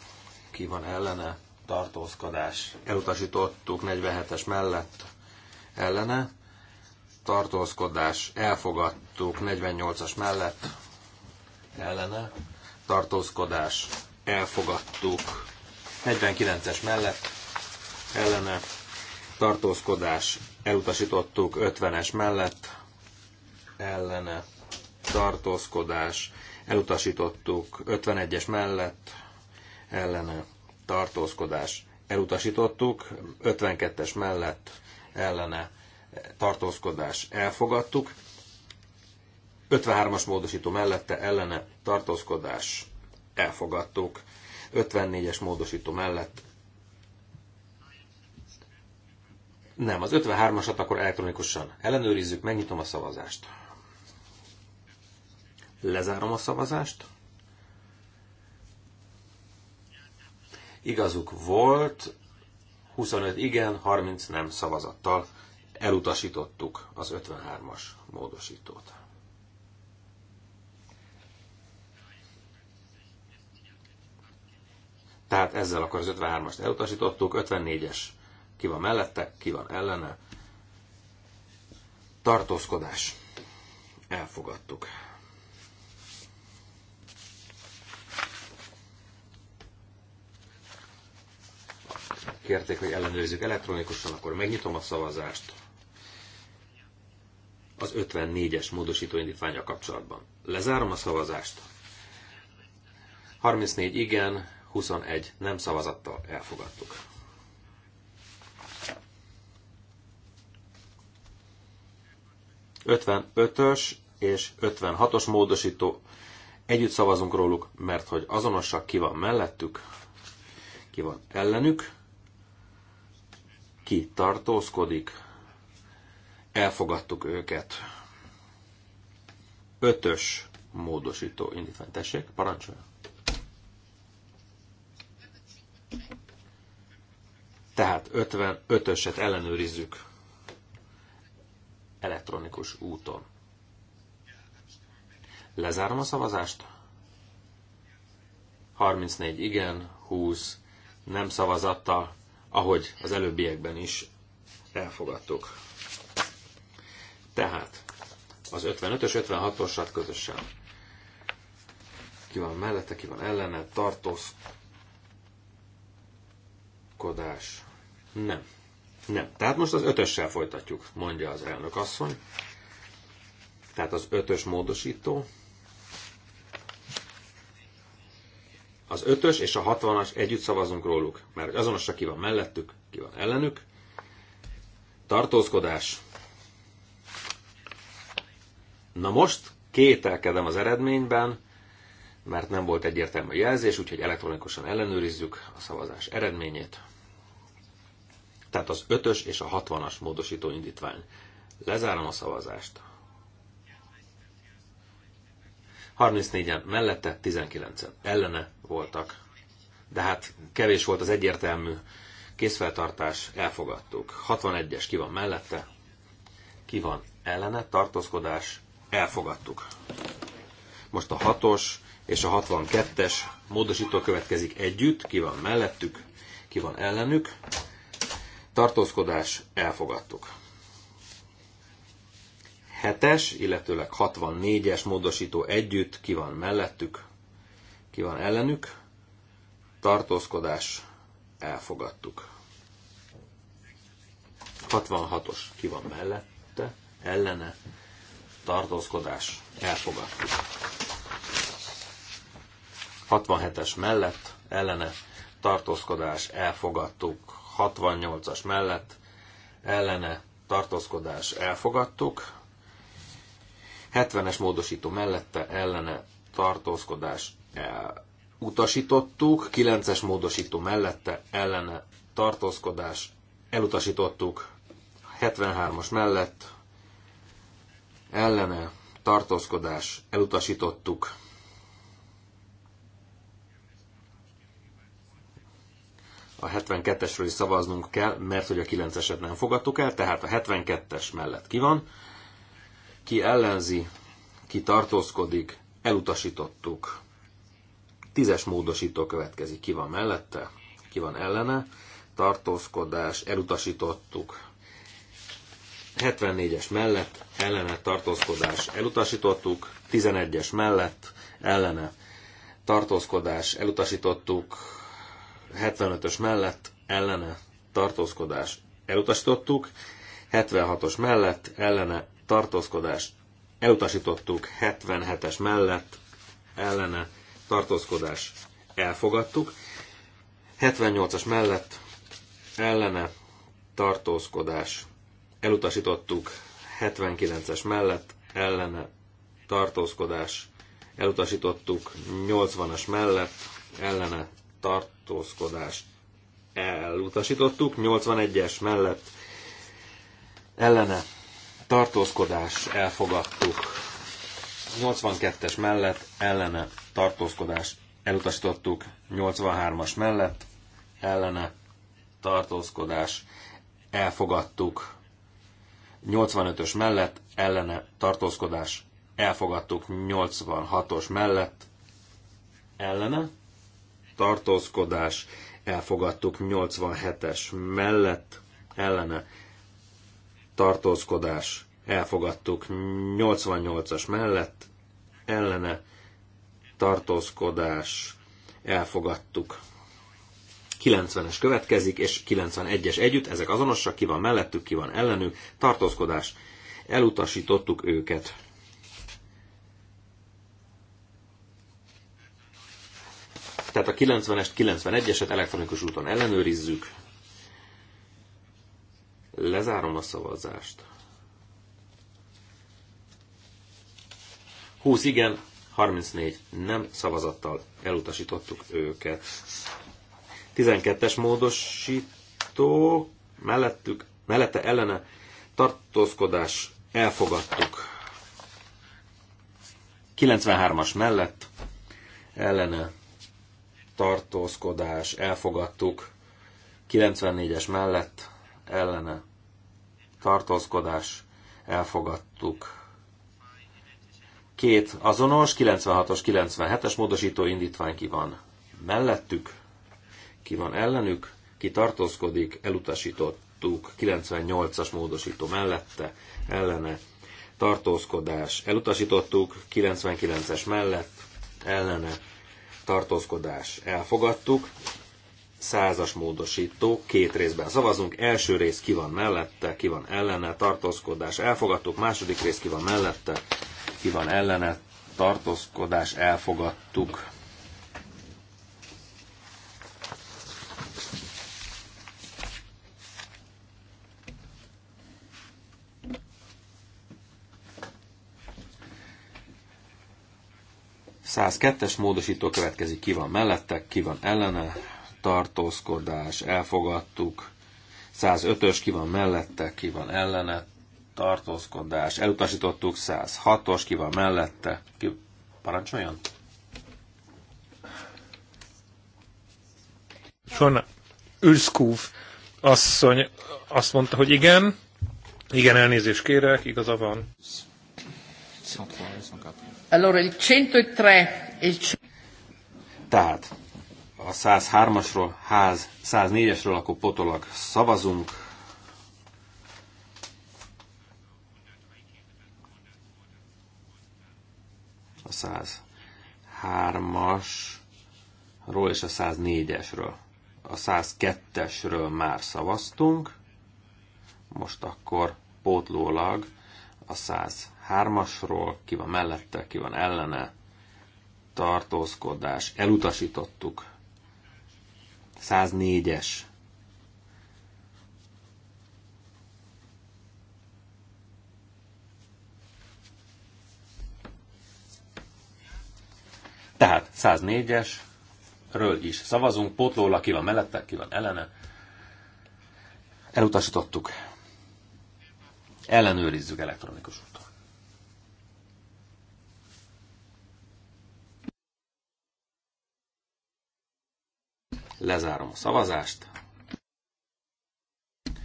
ki van ellene. Tartózkodás, elutasítottuk. 47-es mellett, ellene. Tartózkodás, elfogadtuk. 48-as mellett, ellene tartózkodás, elfogadtuk. 49-es mellett ellene tartózkodás, elutasítottuk 50-es mellett ellene tartózkodás, elutasítottuk 51-es mellett ellene tartózkodás, elutasítottuk 52-es mellett ellene tartózkodás, elfogadtuk 53-as módosító mellette ellene tartózkodás elfogadtuk. 54-es módosító mellett nem, az 53-asat akkor elektronikusan ellenőrizzük, megnyitom a szavazást. Lezárom a szavazást. Igazuk volt, 25 igen, 30 nem szavazattal elutasítottuk az 53-as módosítót. Tehát ezzel akkor az 53-ast elutasítottuk, 54-es ki van mellette, ki van ellene. Tartózkodás. Elfogadtuk. Kérték, hogy ellenőrizzük elektronikusan, akkor megnyitom a szavazást. Az 54-es módosító indítványa kapcsolatban. Lezárom a szavazást. 34 igen, 21 nem szavazattal elfogadtuk. ös és 56-os módosító. Együtt szavazunk róluk, mert hogy azonosak ki van mellettük, ki van ellenük, ki tartózkodik. Elfogadtuk őket. Ötös módosító indítvány. Tessék, tehát 55-öset ellenőrizzük elektronikus úton. Lezárom a szavazást. 34 igen, 20 nem szavazattal, ahogy az előbbiekben is elfogadtuk. Tehát az 55-ös, 56-osat közösen. Ki van mellette, ki van ellene, tartózkodik gondolkodás. Nem. Nem. Tehát most az ötössel folytatjuk, mondja az elnök asszony. Tehát az ötös módosító. Az ötös és a hatvanas együtt szavazunk róluk, mert azonos, ki van mellettük, ki van ellenük. Tartózkodás. Na most kételkedem az eredményben, mert nem volt egyértelmű jelzés, úgyhogy elektronikusan ellenőrizzük a szavazás eredményét. Tehát az 5-ös és a 60-as módosító indítvány. Lezárom a szavazást. 34-en mellette, 19-en ellene voltak. De hát kevés volt az egyértelmű készfeltartás, elfogadtuk. 61-es ki van mellette, ki van ellene, tartózkodás, elfogadtuk. Most a 6-os és a 62-es módosító következik együtt, ki van mellettük, ki van ellenük. Tartózkodás, elfogadtuk. 7-es, illetőleg 64-es módosító együtt, ki van mellettük, ki van ellenük. Tartózkodás, elfogadtuk. 66-os, ki van mellette, ellene. Tartózkodás, elfogadtuk. 67-es mellett ellene tartózkodás elfogadtuk. 68-as mellett ellene tartózkodás elfogadtuk. 70-es módosító mellette ellene tartózkodás utasítottuk, 9-es módosító mellette ellene tartózkodás elutasítottuk, 73-as mellett ellene tartózkodás elutasítottuk, a 72-esről is szavaznunk kell, mert hogy a 9-eset nem fogadtuk el, tehát a 72-es mellett ki van, ki ellenzi, ki tartózkodik, elutasítottuk. Tízes módosító következik, ki van mellette, ki van ellene, tartózkodás, elutasítottuk. 74-es mellett, ellene tartózkodás, elutasítottuk. 11-es mellett, ellene tartózkodás, elutasítottuk. 75-ös mellett ellene tartózkodás elutasítottuk, 76-os mellett ellene tartózkodás elutasítottuk, 77-es mellett ellene tartózkodás elfogadtuk, 78-as mellett ellene tartózkodás elutasítottuk, 79-es mellett ellene tartózkodás elutasítottuk, 80-as mellett ellene tartózkodást elutasítottuk, 81-es mellett ellene tartózkodás elfogadtuk, 82-es mellett ellene tartózkodás elutasítottuk, 83-as mellett ellene tartózkodás elfogadtuk, 85-ös mellett ellene tartózkodás elfogadtuk, 86-os mellett ellene tartózkodás, elfogadtuk 87-es mellett, ellene tartózkodás, elfogadtuk 88-as mellett, ellene tartózkodás, elfogadtuk 90-es következik, és 91-es együtt, ezek azonosak, ki van mellettük, ki van ellenük, tartózkodás, elutasítottuk őket. Tehát a 90-est, 91-eset elektronikus úton ellenőrizzük. Lezárom a szavazást. 20 igen, 34 nem szavazattal elutasítottuk őket. 12-es módosító mellettük, mellette ellene tartózkodás elfogadtuk. 93-as mellett ellene tartózkodás, elfogadtuk. 94-es mellett ellene tartózkodás, elfogadtuk. Két azonos, 96-os, 97-es módosító indítvány ki van mellettük, ki van ellenük, ki tartózkodik, elutasítottuk 98-as módosító mellette, ellene, tartózkodás, elutasítottuk 99-es mellett, ellene, tartózkodás elfogadtuk. Százas módosító, két részben szavazunk. Első rész ki van mellette, ki van ellene, tartózkodás elfogadtuk. Második rész ki van mellette, ki van ellene, tartózkodás elfogadtuk. 102-es módosító következik, ki van mellette, ki van ellene, tartózkodás, elfogadtuk. 105-ös ki van mellette, ki van ellene, tartózkodás, elutasítottuk. 106-os ki van mellette, ki parancsoljon? Sorna Ürszkúv asszony azt mondta, hogy igen, igen, elnézést kérek, igaza van. Allora, il 103 e il... Tehát a 103-asról, ház 104-esről, akkor potolag szavazunk. A 103-asról és a 104-esről. A 102-esről már szavaztunk, most akkor pótlólag a 100 hármasról, ki van mellette, ki van ellene, tartózkodás, elutasítottuk. 104-es. Tehát 104 esről ről is szavazunk, pótlóla ki van mellette, ki van ellene. Elutasítottuk. Ellenőrizzük elektronikus úton. Lezárom a szavazást.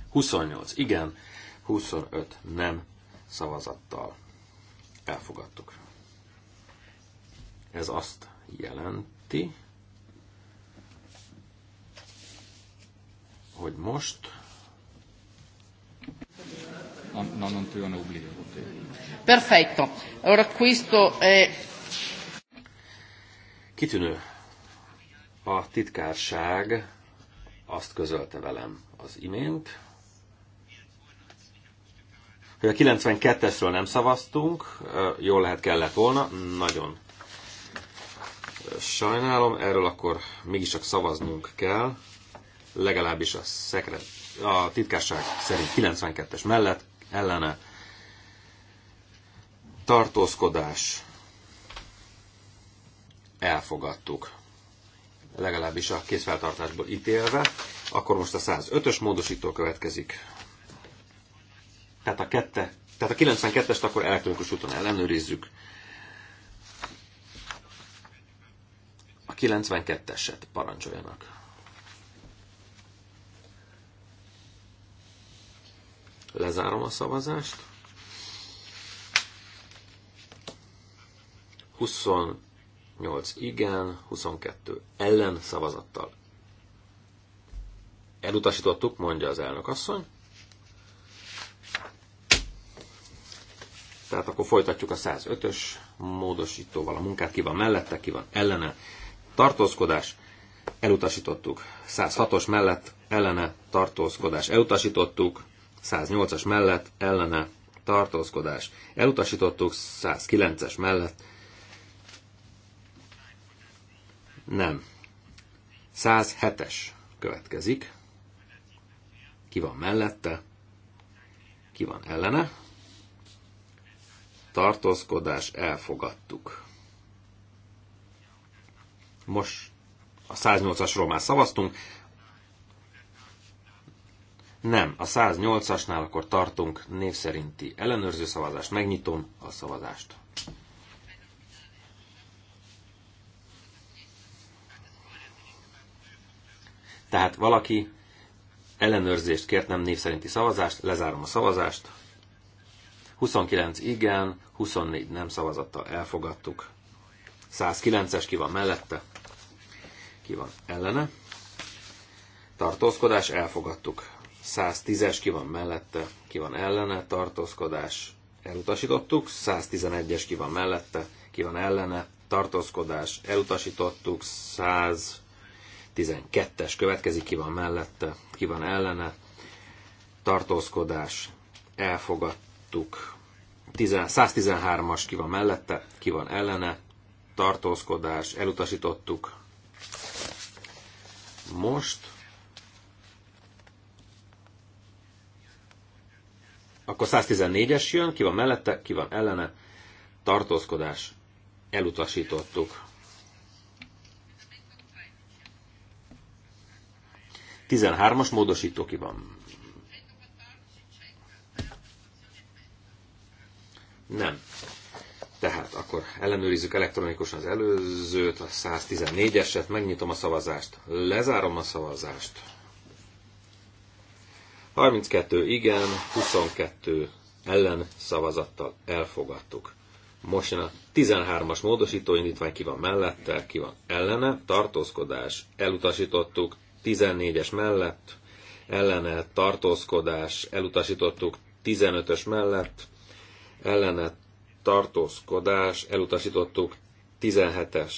28 igen, 25 nem szavazattal elfogadtuk. Ez azt jelenti, hogy most no, non Perfetto. Ora questo è... Kitűnő. A titkárság azt közölte velem az imént, hogy a 92-esről nem szavaztunk, jól lehet kellett volna, nagyon sajnálom, erről akkor mégiscsak szavaznunk kell, legalábbis a, szekre, a titkárság szerint 92-es mellett ellene tartózkodás elfogadtuk legalábbis a készfeltartásból ítélve. Akkor most a 105-ös módosító következik. Tehát a, kette, tehát a 92-est akkor elektronikus úton ellenőrizzük. A 92-eset parancsoljanak. Lezárom a szavazást. 20 8 igen, 22 ellen szavazattal. Elutasítottuk, mondja az elnök asszony. Tehát akkor folytatjuk a 105-ös módosítóval a munkát, ki van mellette, ki van ellene. Tartózkodás, elutasítottuk. 106-os mellett, ellene, tartózkodás, elutasítottuk. 108-as mellett, ellene, tartózkodás, elutasítottuk. 109-es mellett, Nem. 107-es következik. Ki van mellette? Ki van ellene? Tartózkodás elfogadtuk. Most a 108-asról már szavaztunk. Nem, a 108-asnál akkor tartunk név szerinti ellenőrző szavazást. Megnyitom a szavazást. Tehát valaki ellenőrzést kért, nem név szerinti szavazást, lezárom a szavazást. 29 igen, 24 nem szavazattal elfogadtuk. 109-es ki van mellette, ki van ellene. Tartózkodás, elfogadtuk. 110-es ki van mellette, ki van ellene, tartózkodás, elutasítottuk. 111-es ki van mellette, ki van ellene, tartózkodás, elutasítottuk. 100 12-es következik, ki van mellette, ki van ellene. Tartózkodás, elfogadtuk. 113-as ki van mellette, ki van ellene. Tartózkodás, elutasítottuk. Most Akkor 114-es jön, ki van mellette, ki van ellene, tartózkodás, elutasítottuk. 13-as módosító ki van. Nem. Tehát akkor ellenőrizzük elektronikusan az előzőt, a 114-eset, megnyitom a szavazást, lezárom a szavazást. 32 igen, 22 ellen szavazattal elfogadtuk. Most jön a 13-as módosító indítvány, ki van mellette, ki van ellene, tartózkodás, elutasítottuk, 14-es mellett, ellene tartózkodás elutasítottuk 15-ös mellett, ellene tartózkodás elutasítottuk 17-es,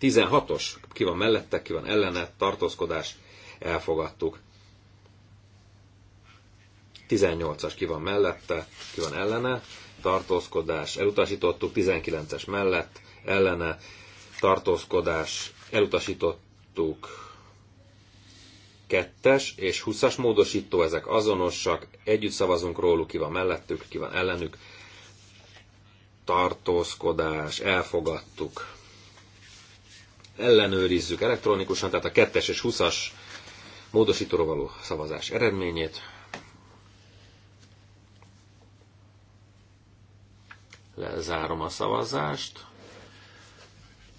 16-os, ki van mellette, ki van ellene, tartózkodás elfogadtuk. 18-as ki van mellette, ki van ellene, tartózkodás elutasítottuk, 19-es mellett, ellene, tartózkodás elutasítottuk, 22-es és 20-as módosító, ezek azonosak, együtt szavazunk róluk, ki van mellettük, ki van ellenük. Tartózkodás, elfogadtuk. Ellenőrizzük elektronikusan, tehát a 2-es és 20-as módosítóról való szavazás eredményét. Lezárom a szavazást.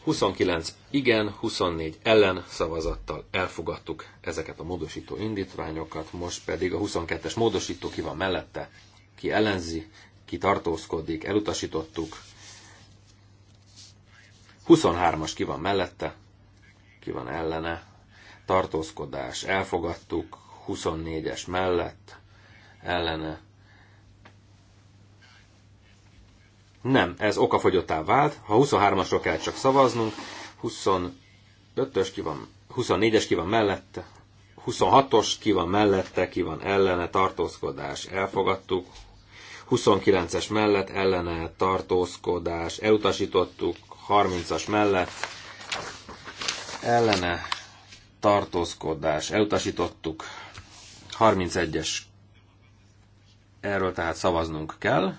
29 igen, 24 ellen szavazattal elfogadtuk ezeket a módosító indítványokat, most pedig a 22-es módosító ki van mellette, ki ellenzi, ki tartózkodik, elutasítottuk. 23-as ki van mellette, ki van ellene, tartózkodás, elfogadtuk, 24-es mellett, ellene, Nem, ez okafogyottá vált. Ha 23-asról kell csak szavaznunk, 25-ös ki van, 24-es ki van mellette, 26-os ki van mellette, ki van ellene, tartózkodás, elfogadtuk. 29-es mellett ellene, tartózkodás, elutasítottuk. 30-as mellett ellene, tartózkodás, elutasítottuk. 31-es erről tehát szavaznunk kell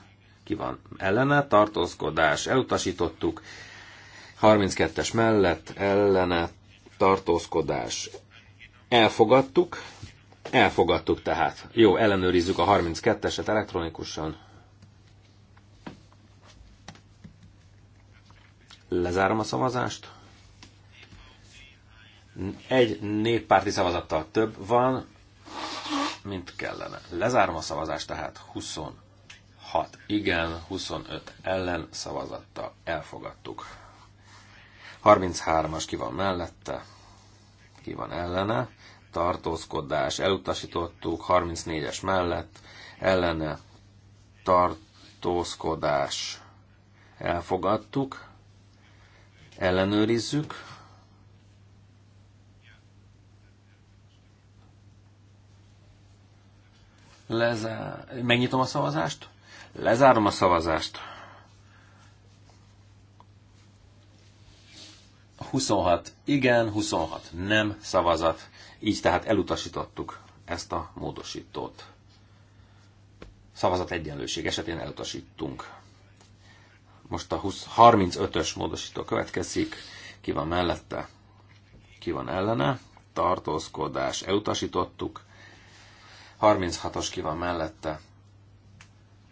ki van ellene, tartózkodás, elutasítottuk, 32-es mellett ellene, tartózkodás, elfogadtuk, elfogadtuk tehát. Jó, ellenőrizzük a 32-eset elektronikusan. Lezárom a szavazást. Egy néppárti szavazattal több van, mint kellene. Lezárom a szavazást tehát 20 6 igen, 25 ellen szavazattal elfogadtuk. 33-as ki van mellette, ki van ellene, tartózkodás elutasítottuk, 34-es mellett, ellene tartózkodás elfogadtuk, ellenőrizzük, Leze... Megnyitom a szavazást. Lezárom a szavazást. 26 igen, 26 nem szavazat. Így tehát elutasítottuk ezt a módosítót. Szavazat egyenlőség esetén elutasítunk. Most a 35-ös módosító következik. Ki van mellette? Ki van ellene? Tartózkodás. Elutasítottuk. 36-os ki van mellette?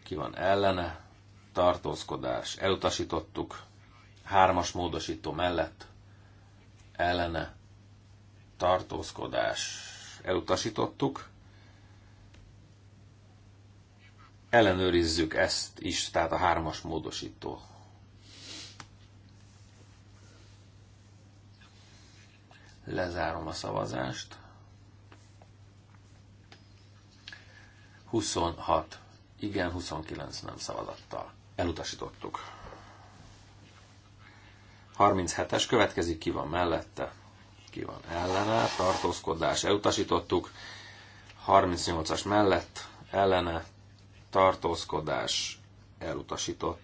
ki van ellene, tartózkodás, elutasítottuk, hármas módosító mellett, ellene, tartózkodás, elutasítottuk, ellenőrizzük ezt is, tehát a hármas módosító. Lezárom a szavazást. 26 igen, 29 nem szavazattal. Elutasítottuk. 37-es következik, ki van mellette, ki van ellene, tartózkodás, elutasítottuk. 38-as mellett, ellene, tartózkodás, elutasítottuk.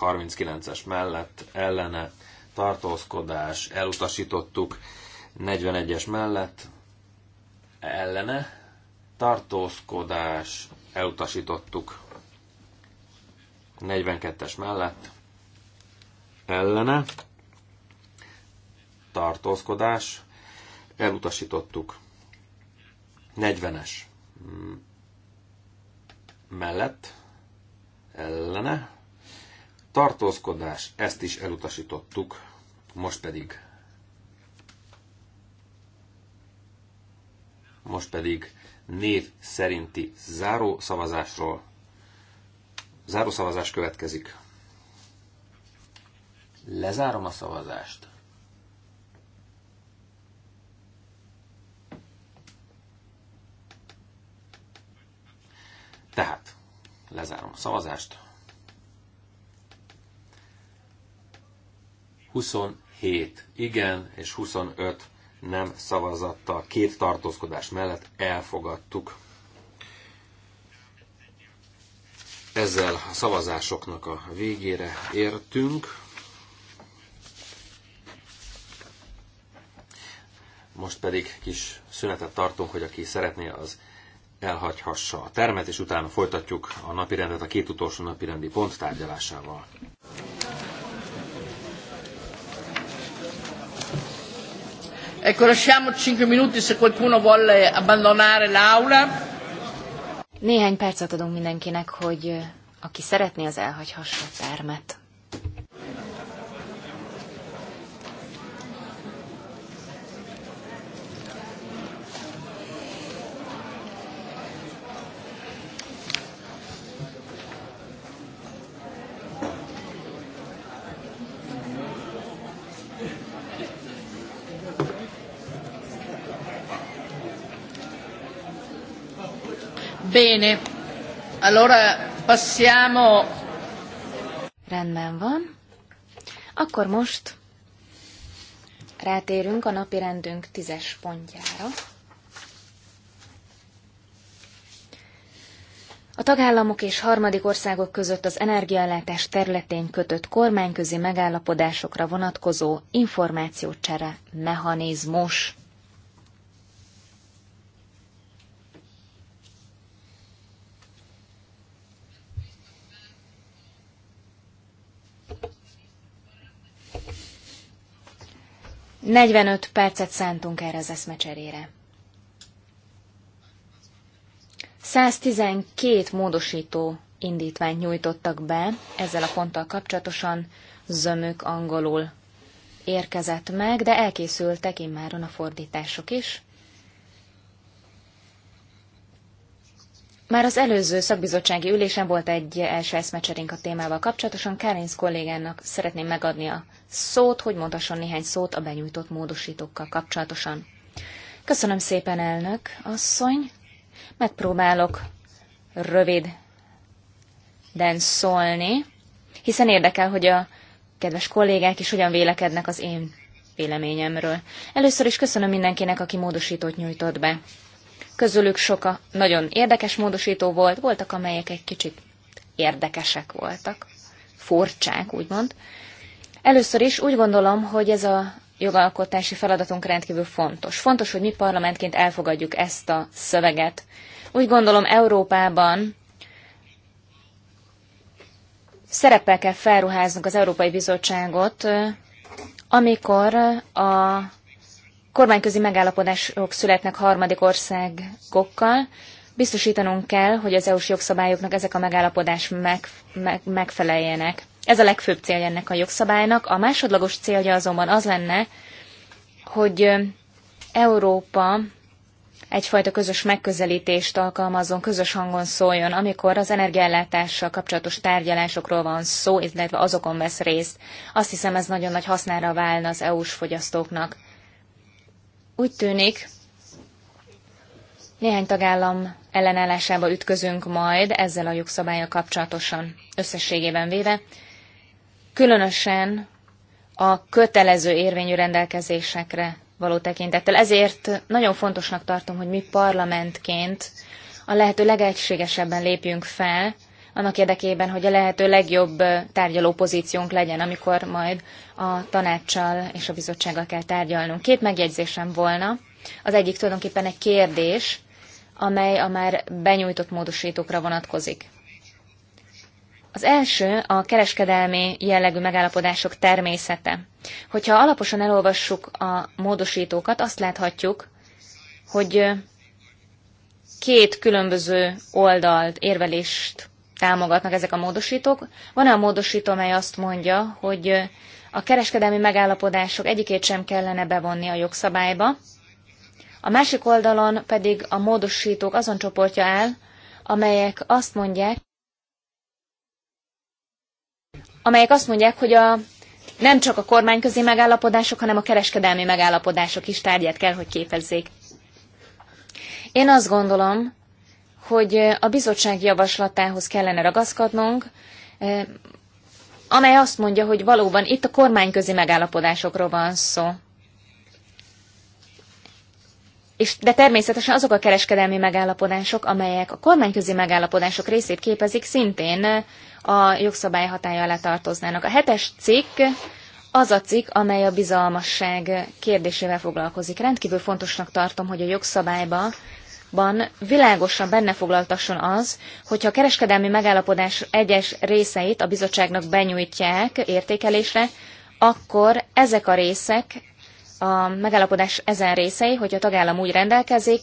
39-es mellett, ellene, tartózkodás, elutasítottuk. 41-es mellett, ellene, tartózkodás, elutasítottuk. 42-es mellett ellene tartózkodás elutasítottuk. 40-es mellett ellene tartózkodás, ezt is elutasítottuk, most pedig most pedig név szerinti záró szavazásról. Záró szavazás következik. Lezárom a szavazást. Tehát, lezárom a szavazást. 27 igen, és 25 nem szavazattal, két tartózkodás mellett elfogadtuk. Ezzel a szavazásoknak a végére értünk. Most pedig kis szünetet tartunk, hogy aki szeretné, az elhagyhassa a termet, és utána folytatjuk a napirendet a két utolsó napirendi pont tárgyalásával. Ecco, lasciamo 5 minuti se qualcuno vuole abbandonare l'aula. Néhány percet adunk mindenkinek, hogy eh, aki szeretné, az elhagyhassa a termet. Bene, allora passiamo. Rendben van. Akkor most rátérünk a napi rendünk tízes pontjára. A tagállamok és harmadik országok között az energiaellátás területén kötött kormányközi megállapodásokra vonatkozó információcsere mechanizmus. 45 percet szántunk erre az eszmecserére. 112 módosító indítványt nyújtottak be ezzel a ponttal kapcsolatosan, zömök angolul érkezett meg, de elkészültek immáron a fordítások is. Már az előző szakbizottsági ülésen volt egy első eszmecserénk a témával kapcsolatosan. Kárénz kollégának szeretném megadni a szót, hogy mondhasson néhány szót a benyújtott módosítókkal kapcsolatosan. Köszönöm szépen, elnök asszony. Megpróbálok rövid den szólni, hiszen érdekel, hogy a kedves kollégák is hogyan vélekednek az én véleményemről. Először is köszönöm mindenkinek, aki módosítót nyújtott be közülük sok a nagyon érdekes módosító volt, voltak, amelyek egy kicsit érdekesek voltak, furcsák, úgymond. Először is úgy gondolom, hogy ez a jogalkotási feladatunk rendkívül fontos. Fontos, hogy mi parlamentként elfogadjuk ezt a szöveget. Úgy gondolom, Európában szerepel kell felruháznunk az Európai Bizottságot, amikor a kormányközi megállapodások születnek harmadik országokkal, biztosítanunk kell, hogy az EU-s jogszabályoknak ezek a megállapodás meg, meg, megfeleljenek. Ez a legfőbb célja ennek a jogszabálynak. A másodlagos célja azonban az lenne, hogy Európa egyfajta közös megközelítést alkalmazzon, közös hangon szóljon, amikor az energiállátással kapcsolatos tárgyalásokról van szó, illetve azokon vesz részt. Azt hiszem, ez nagyon nagy hasznára válna az EU-s fogyasztóknak. Úgy tűnik, néhány tagállam ellenállásába ütközünk majd ezzel a jogszabályal kapcsolatosan összességében véve, különösen a kötelező érvényű rendelkezésekre való tekintettel. Ezért nagyon fontosnak tartom, hogy mi parlamentként a lehető legegységesebben lépjünk fel, annak érdekében, hogy a lehető legjobb tárgyaló pozíciónk legyen, amikor majd a tanácssal és a bizottsággal kell tárgyalnunk. Két megjegyzésem volna. Az egyik tulajdonképpen egy kérdés, amely a már benyújtott módosítókra vonatkozik. Az első a kereskedelmi jellegű megállapodások természete. Hogyha alaposan elolvassuk a módosítókat, azt láthatjuk, hogy két különböző oldalt, érvelést támogatnak ezek a módosítók. Van -e a módosító, amely azt mondja, hogy a kereskedelmi megállapodások egyikét sem kellene bevonni a jogszabályba, a másik oldalon pedig a módosítók azon csoportja áll, amelyek azt mondják, amelyek azt mondják, hogy a, nem csak a kormányközi megállapodások, hanem a kereskedelmi megállapodások is tárgyát kell, hogy képezzék. Én azt gondolom, hogy eh, a bizottság javaslatához kellene ragaszkodnunk, eh, amely azt mondja, hogy valóban itt a kormányközi megállapodásokról van szó. És, de természetesen azok a kereskedelmi megállapodások, amelyek a kormányközi megállapodások részét képezik, szintén eh, a jogszabály hatája alá tartoznának. A hetes cikk az a cikk, amely a bizalmasság kérdésével foglalkozik. Rendkívül fontosnak tartom, hogy a jogszabályba ban világosan benne foglaltasson az, hogyha a kereskedelmi megállapodás egyes részeit a bizottságnak benyújtják értékelésre, akkor ezek a részek, a megállapodás ezen részei, hogy a tagállam úgy rendelkezik,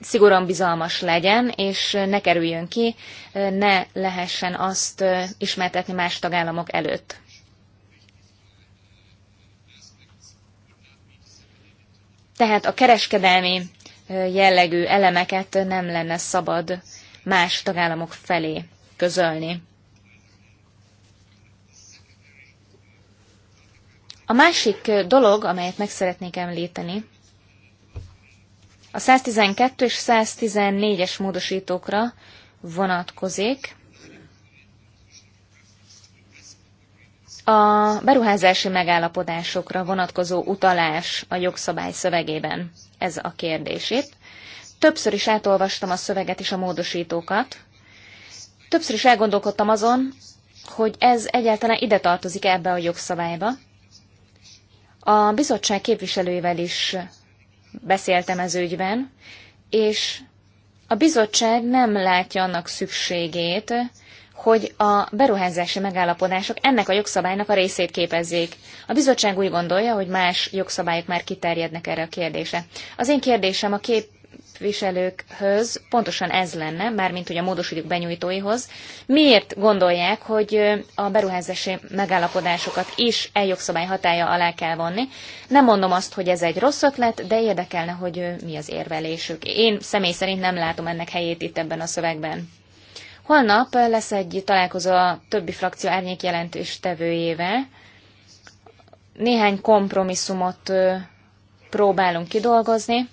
szigorúan bizalmas legyen, és ne kerüljön ki, ne lehessen azt ismertetni más tagállamok előtt. Tehát a kereskedelmi jellegű elemeket nem lenne szabad más tagállamok felé közölni. A másik dolog, amelyet meg szeretnék említeni, a 112 és 114-es módosítókra vonatkozik. A beruházási megállapodásokra vonatkozó utalás a jogszabály szövegében ez a kérdését. Többször is átolvastam a szöveget és a módosítókat. Többször is elgondolkodtam azon, hogy ez egyáltalán ide tartozik ebbe a jogszabályba. A bizottság képviselőivel is beszéltem ez ügyben, és a bizottság nem látja annak szükségét, hogy a beruházási megállapodások ennek a jogszabálynak a részét képezzék. A bizottság úgy gondolja, hogy más jogszabályok már kiterjednek erre a kérdésre. Az én kérdésem a kép viselőkhöz pontosan ez lenne, mármint hogy a módosítók benyújtóihoz. Miért gondolják, hogy a beruházási megállapodásokat is e jogszabály hatája alá kell vonni? Nem mondom azt, hogy ez egy rossz ötlet, de érdekelne, hogy mi az érvelésük. Én személy szerint nem látom ennek helyét itt ebben a szövegben. Holnap lesz egy találkozó a többi frakció árnyék jelentős tevőjével. Néhány kompromisszumot próbálunk kidolgozni,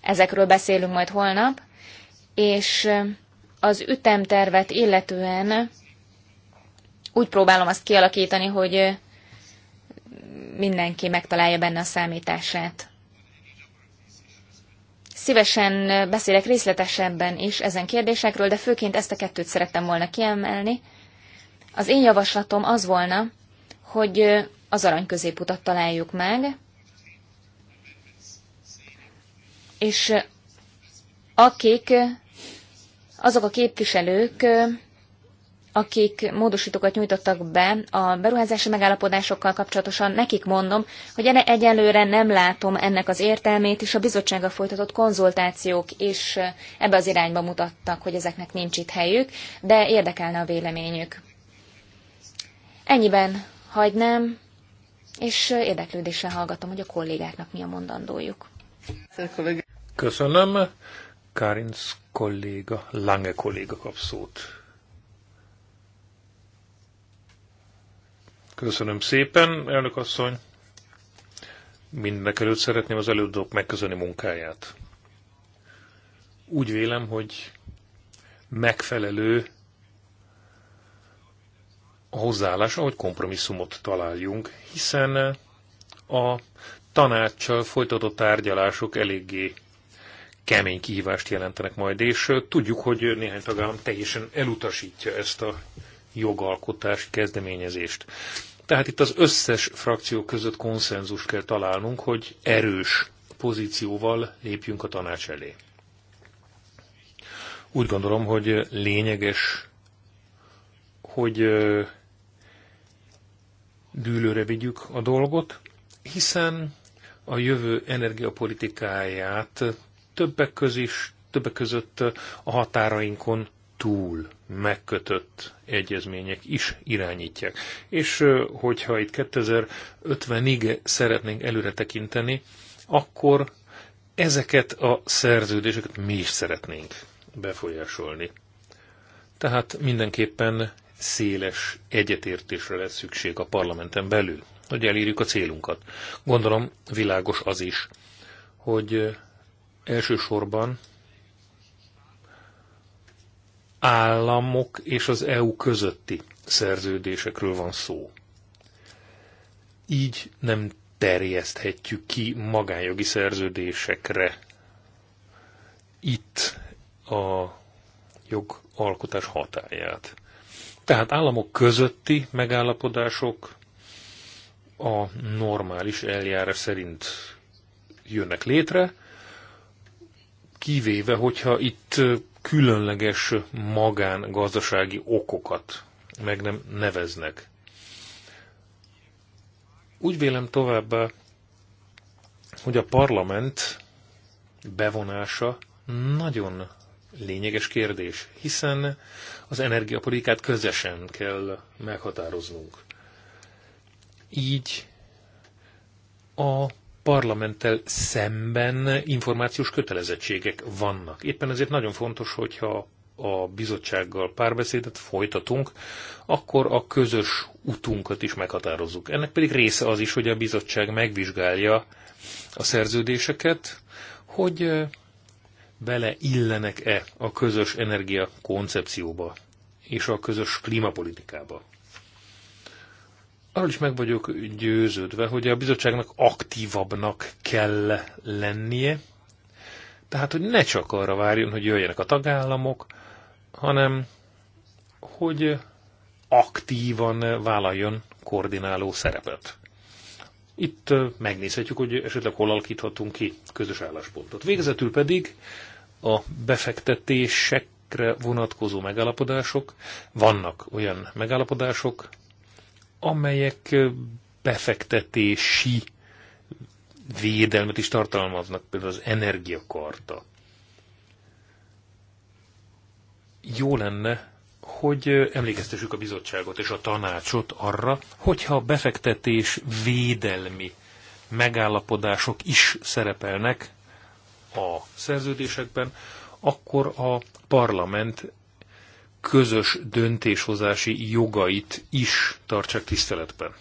ezekről beszélünk majd holnap, és az ütemtervet illetően úgy próbálom azt kialakítani, hogy mindenki megtalálja benne a számítását. Szívesen beszélek részletesebben is ezen kérdésekről, de főként ezt a kettőt szerettem volna kiemelni. Az én javaslatom az volna, hogy az arany középutat találjuk meg, és akik, azok a képviselők, akik módosítókat nyújtottak be a beruházási megállapodásokkal kapcsolatosan, nekik mondom, hogy egyelőre nem látom ennek az értelmét, és a bizottsága folytatott konzultációk is ebbe az irányba mutattak, hogy ezeknek nincs itt helyük, de érdekelne a véleményük. Ennyiben hagynám, és érdeklődéssel hallgatom, hogy a kollégáknak mi a mondandójuk. Köszönöm. Kárinc kolléga, Lange kolléga kap szót. Köszönöm szépen, elnök asszony. Mindenek előtt szeretném az előadók megköszönni munkáját. Úgy vélem, hogy megfelelő a hozzáállás, ahogy kompromisszumot találjunk, hiszen a tanácssal folytatott tárgyalások eléggé kemény kihívást jelentenek majd, és tudjuk, hogy néhány tagállam teljesen elutasítja ezt a jogalkotási kezdeményezést. Tehát itt az összes frakció között konszenzus kell találnunk, hogy erős pozícióval lépjünk a tanács elé. Úgy gondolom, hogy lényeges, hogy dűlőre vigyük a dolgot, hiszen a jövő energiapolitikáját többek, közis, többek között a határainkon túl megkötött egyezmények is irányítják. És hogyha itt 2050-ig szeretnénk előre tekinteni, akkor ezeket a szerződéseket mi is szeretnénk befolyásolni. Tehát mindenképpen széles egyetértésre lesz szükség a parlamenten belül, hogy elérjük a célunkat. Gondolom világos az is, hogy elsősorban államok és az EU közötti szerződésekről van szó. Így nem terjeszthetjük ki magánjogi szerződésekre itt a jogalkotás hatáját. Tehát államok közötti megállapodások a normális eljárás szerint jönnek létre, kivéve, hogyha itt különleges magángazdasági okokat meg nem neveznek. Úgy vélem továbbá, hogy a parlament bevonása nagyon lényeges kérdés, hiszen az energiapolitikát közösen kell meghatároznunk. Így a parlamenttel szemben információs kötelezettségek vannak. Éppen ezért nagyon fontos, hogyha a bizottsággal párbeszédet folytatunk, akkor a közös utunkat is meghatározzuk. Ennek pedig része az is, hogy a bizottság megvizsgálja a szerződéseket, hogy beleillenek-e a közös energia koncepcióba és a közös klímapolitikába. Arról is meg vagyok győződve, hogy a bizottságnak aktívabbnak kell lennie, tehát, hogy ne csak arra várjon, hogy jöjjenek a tagállamok, hanem hogy aktívan vállaljon koordináló szerepet. Itt megnézhetjük, hogy esetleg hol alakíthatunk ki közös álláspontot. Végezetül pedig a befektetésekre vonatkozó megállapodások. Vannak olyan megállapodások, amelyek befektetési védelmet is tartalmaznak, például az energiakarta. Jó lenne, hogy emlékeztessük a bizottságot és a tanácsot arra, hogyha a befektetés védelmi megállapodások is szerepelnek a szerződésekben, akkor a parlament közös döntéshozási jogait is tartsák tiszteletben.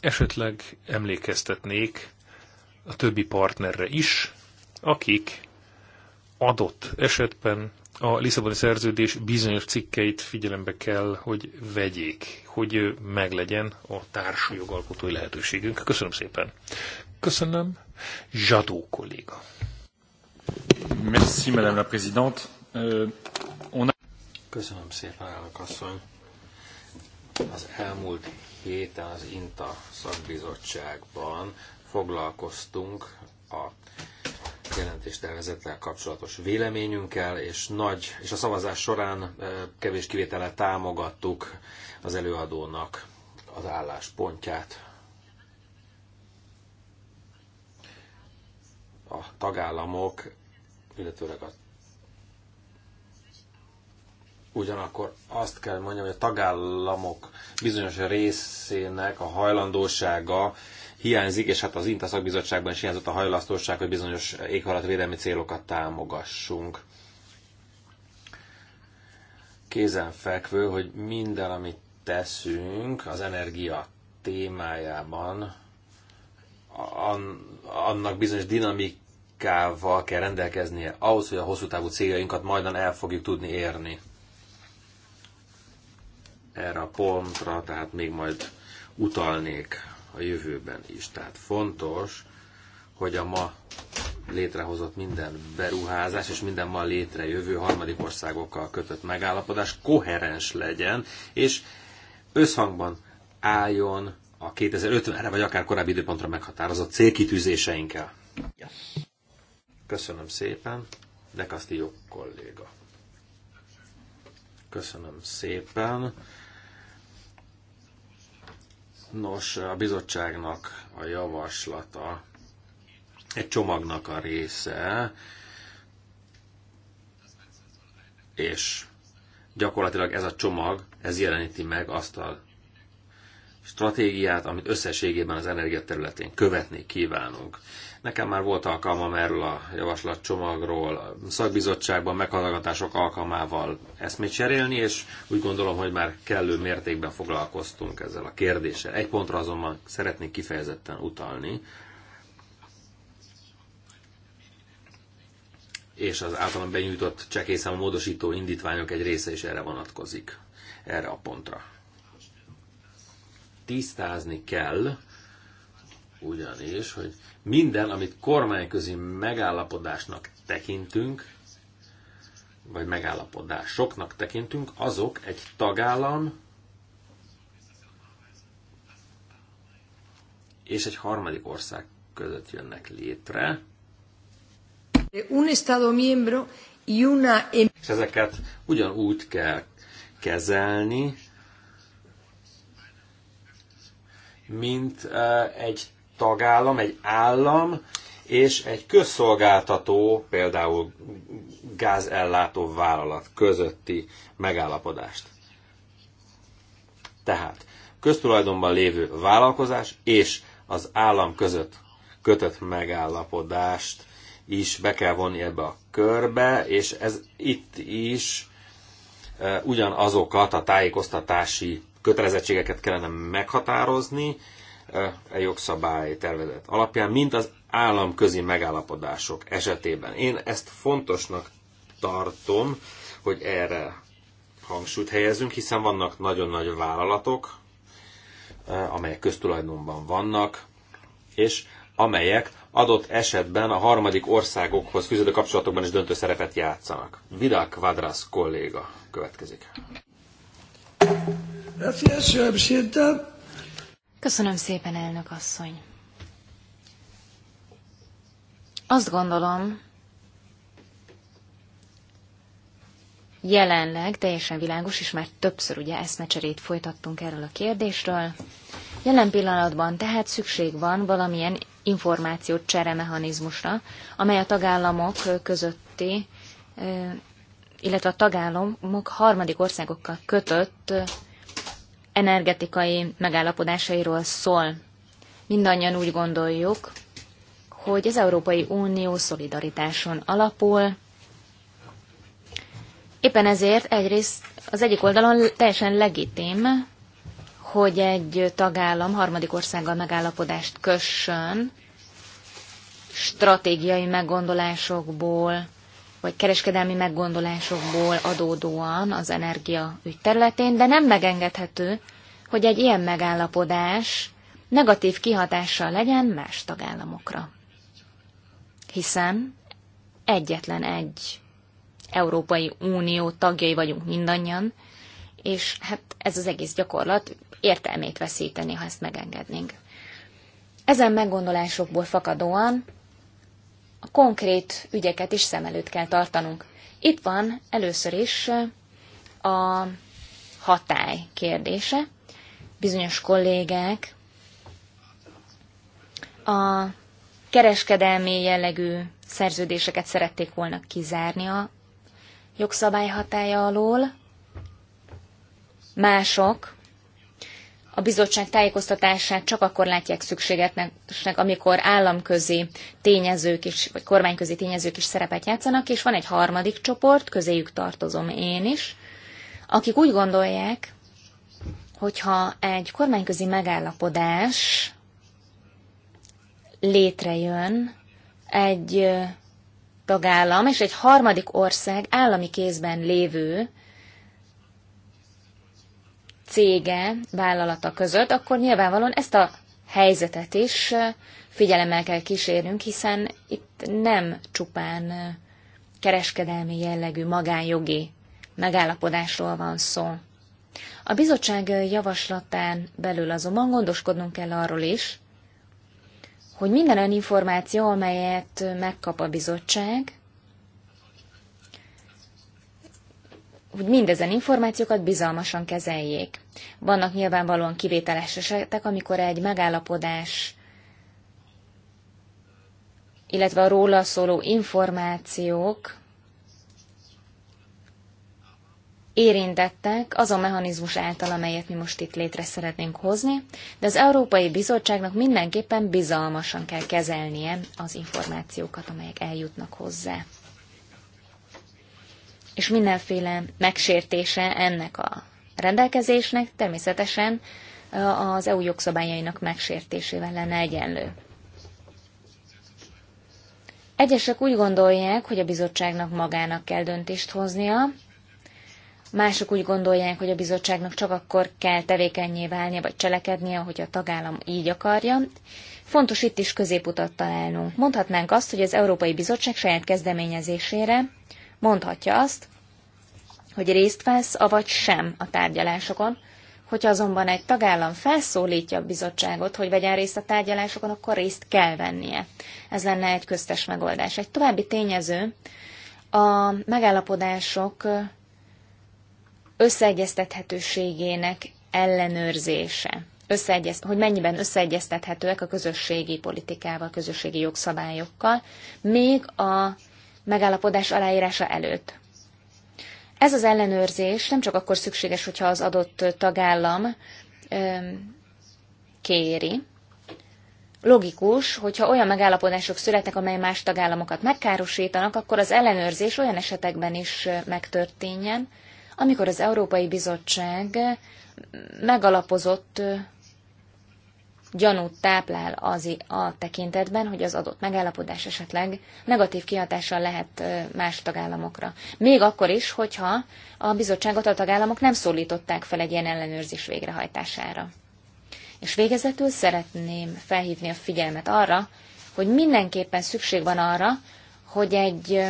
Esetleg emlékeztetnék a többi partnerre is, akik adott esetben a Lisszaboni szerződés bizonyos cikkeit figyelembe kell, hogy vegyék, hogy meglegyen a társ jogalkotói lehetőségünk. Köszönöm szépen. Köszönöm, Zsadó kolléga. Merci, Madame la Présidente. Euh, on a... Köszönöm szépen, elnök asszony. Az elmúlt héten az INTA szakbizottságban foglalkoztunk a jelentéstervezettel kapcsolatos véleményünkkel, és nagy, és a szavazás során kevés kivétellel támogattuk az előadónak az álláspontját. a tagállamok, illetőleg a Ugyanakkor azt kell mondjam, hogy a tagállamok bizonyos részének a hajlandósága hiányzik, és hát az INTA szakbizottságban is hiányzott a hajlandóság, hogy bizonyos éghajlatvédelmi célokat támogassunk. Kézenfekvő, hogy minden, amit teszünk az energia témájában, annak bizonyos dinamikával kell rendelkeznie ahhoz, hogy a hosszú távú céljainkat majdan el fogjuk tudni érni. Erre a pontra, tehát még majd utalnék a jövőben is. Tehát fontos, hogy a ma létrehozott minden beruházás és minden ma létrejövő harmadik országokkal kötött megállapodás koherens legyen, és összhangban álljon a 2050-re, vagy akár korábbi időpontra meghatározott célkitűzéseinkkel. Köszönöm szépen, de Castillo kolléga. Köszönöm szépen. Nos, a bizottságnak a javaslata egy csomagnak a része, és gyakorlatilag ez a csomag, ez jeleníti meg azt a stratégiát, amit összességében az energiaterületén követni kívánunk. Nekem már volt alkalmam erről a javaslatcsomagról, szakbizottságban meghallgatások alkalmával eszmét cserélni, és úgy gondolom, hogy már kellő mértékben foglalkoztunk ezzel a kérdéssel. Egy pontra azonban szeretnék kifejezetten utalni, és az általam benyújtott csekészem a módosító indítványok egy része is erre vonatkozik, erre a pontra tisztázni kell, ugyanis, hogy minden, amit kormányközi megállapodásnak tekintünk, vagy megállapodásoknak tekintünk, azok egy tagállam és egy harmadik ország között jönnek létre. Un Estado miembro y una... És ezeket ugyanúgy kell kezelni, mint egy tagállam, egy állam és egy közszolgáltató, például gázellátó vállalat közötti megállapodást. Tehát köztulajdonban lévő vállalkozás és az állam között kötött megállapodást is be kell vonni ebbe a körbe, és ez itt is ugyanazokat a tájékoztatási kötelezettségeket kellene meghatározni e jogszabály tervezet alapján, mint az államközi megállapodások esetében. Én ezt fontosnak tartom, hogy erre hangsúlyt helyezünk, hiszen vannak nagyon nagy vállalatok, amelyek köztulajdonban vannak, és amelyek adott esetben a harmadik országokhoz fűződő kapcsolatokban is döntő szerepet játszanak. Vidal Quadras kolléga következik. Köszönöm szépen, elnök asszony. Azt gondolom, jelenleg teljesen világos, és már többször ugye eszmecserét folytattunk erről a kérdésről. Jelen pillanatban tehát szükség van valamilyen információt mechanizmusra, amely a tagállamok közötti, illetve a tagállamok harmadik országokkal kötött energetikai megállapodásairól szól. Mindannyian úgy gondoljuk, hogy az Európai Unió szolidaritáson alapul. Éppen ezért egyrészt az egyik oldalon teljesen legitim, hogy egy tagállam harmadik országgal megállapodást kössön, stratégiai meggondolásokból, vagy kereskedelmi meggondolásokból adódóan az energia ügy területén, de nem megengedhető, hogy egy ilyen megállapodás negatív kihatással legyen más tagállamokra. Hiszen egyetlen egy Európai Unió tagjai vagyunk mindannyian, és hát ez az egész gyakorlat értelmét veszíteni, ha ezt megengednénk. Ezen meggondolásokból fakadóan a konkrét ügyeket is szem előtt kell tartanunk. Itt van először is a hatály kérdése. Bizonyos kollégák a kereskedelmi jellegű szerződéseket szerették volna kizárni a jogszabály hatája alól, mások a bizottság tájékoztatását csak akkor látják szükségetnek, amikor államközi tényezők is, vagy kormányközi tényezők is szerepet játszanak, és van egy harmadik csoport, közéjük tartozom én is, akik úgy gondolják, hogyha egy kormányközi megállapodás létrejön egy tagállam és egy harmadik ország állami kézben lévő cége, vállalata között, akkor nyilvánvalóan ezt a helyzetet is figyelemmel kell kísérnünk, hiszen itt nem csupán kereskedelmi jellegű magánjogi megállapodásról van szó. A bizottság javaslatán belül azonban gondoskodnunk kell arról is, hogy minden olyan információ, amelyet megkap a bizottság, hogy mindezen információkat bizalmasan kezeljék. Vannak nyilvánvalóan kivételes esetek, amikor egy megállapodás, illetve a róla szóló információk érintettek a mechanizmus által, amelyet mi most itt létre szeretnénk hozni, de az Európai Bizottságnak mindenképpen bizalmasan kell kezelnie az információkat, amelyek eljutnak hozzá és mindenféle megsértése ennek a rendelkezésnek természetesen az EU jogszabályainak megsértésével lenne egyenlő. Egyesek úgy gondolják, hogy a bizottságnak magának kell döntést hoznia, mások úgy gondolják, hogy a bizottságnak csak akkor kell tevékenyé válnia vagy cselekednie, hogy a tagállam így akarja. Fontos itt is középutat találnunk. Mondhatnánk azt, hogy az Európai Bizottság saját kezdeményezésére Mondhatja azt, hogy részt vesz, avagy sem a tárgyalásokon, Hogyha azonban egy tagállam felszólítja a bizottságot, hogy vegyen részt a tárgyalásokon, akkor részt kell vennie. Ez lenne egy köztes megoldás. Egy további tényező, a megállapodások összeegyeztethetőségének ellenőrzése. Összeegyez, hogy mennyiben összeegyeztethetőek a közösségi politikával, közösségi jogszabályokkal, még a megállapodás aláírása előtt. Ez az ellenőrzés nem csak akkor szükséges, hogyha az adott tagállam kéri. Logikus, hogyha olyan megállapodások születnek, amely más tagállamokat megkárosítanak, akkor az ellenőrzés olyan esetekben is megtörténjen, amikor az Európai Bizottság megalapozott gyanút táplál az a tekintetben, hogy az adott megállapodás esetleg negatív kihatással lehet más tagállamokra. Még akkor is, hogyha a bizottságot a tagállamok nem szólították fel egy ilyen ellenőrzés végrehajtására. És végezetül szeretném felhívni a figyelmet arra, hogy mindenképpen szükség van arra, hogy egy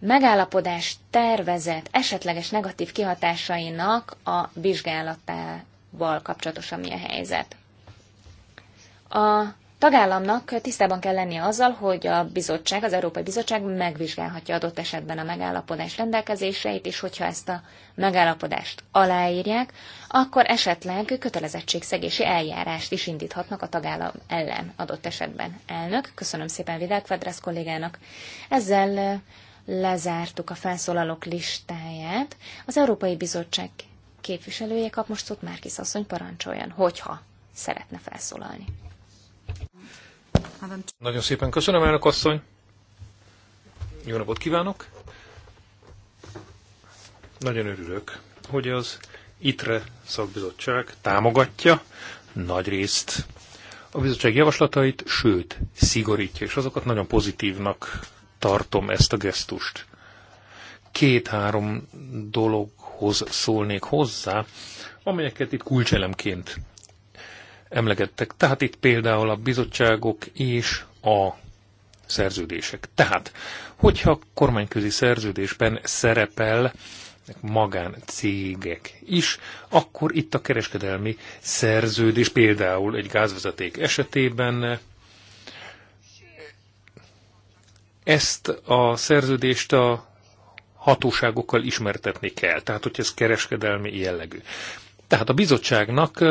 megállapodás tervezett esetleges negatív kihatásainak a vizsgálatá val kapcsolatosan mi a helyzet. A tagállamnak tisztában kell lennie azzal, hogy a bizottság, az Európai Bizottság megvizsgálhatja adott esetben a megállapodás rendelkezéseit, és hogyha ezt a megállapodást aláírják, akkor esetleg kötelezettségszegési eljárást is indíthatnak a tagállam ellen adott esetben. Elnök, köszönöm szépen Vidák Quadrász kollégának. Ezzel lezártuk a felszólalók listáját. Az Európai Bizottság képviselője kap most szót, Márkisz asszony parancsoljon, hogyha szeretne felszólalni. Nagyon szépen köszönöm, elnök asszony. Jó napot kívánok. Nagyon örülök, hogy az ITRE szakbizottság támogatja nagy részt a bizottság javaslatait, sőt, szigorítja, és azokat nagyon pozitívnak tartom ezt a gesztust. Két-három dolog dolgokhoz szólnék hozzá, amelyeket itt kulcselemként emlegettek. Tehát itt például a bizottságok és a szerződések. Tehát, hogyha kormányközi szerződésben szerepel magáncégek is, akkor itt a kereskedelmi szerződés például egy gázvezeték esetében ezt a szerződést a hatóságokkal ismertetni kell. Tehát, hogy ez kereskedelmi jellegű. Tehát a bizottságnak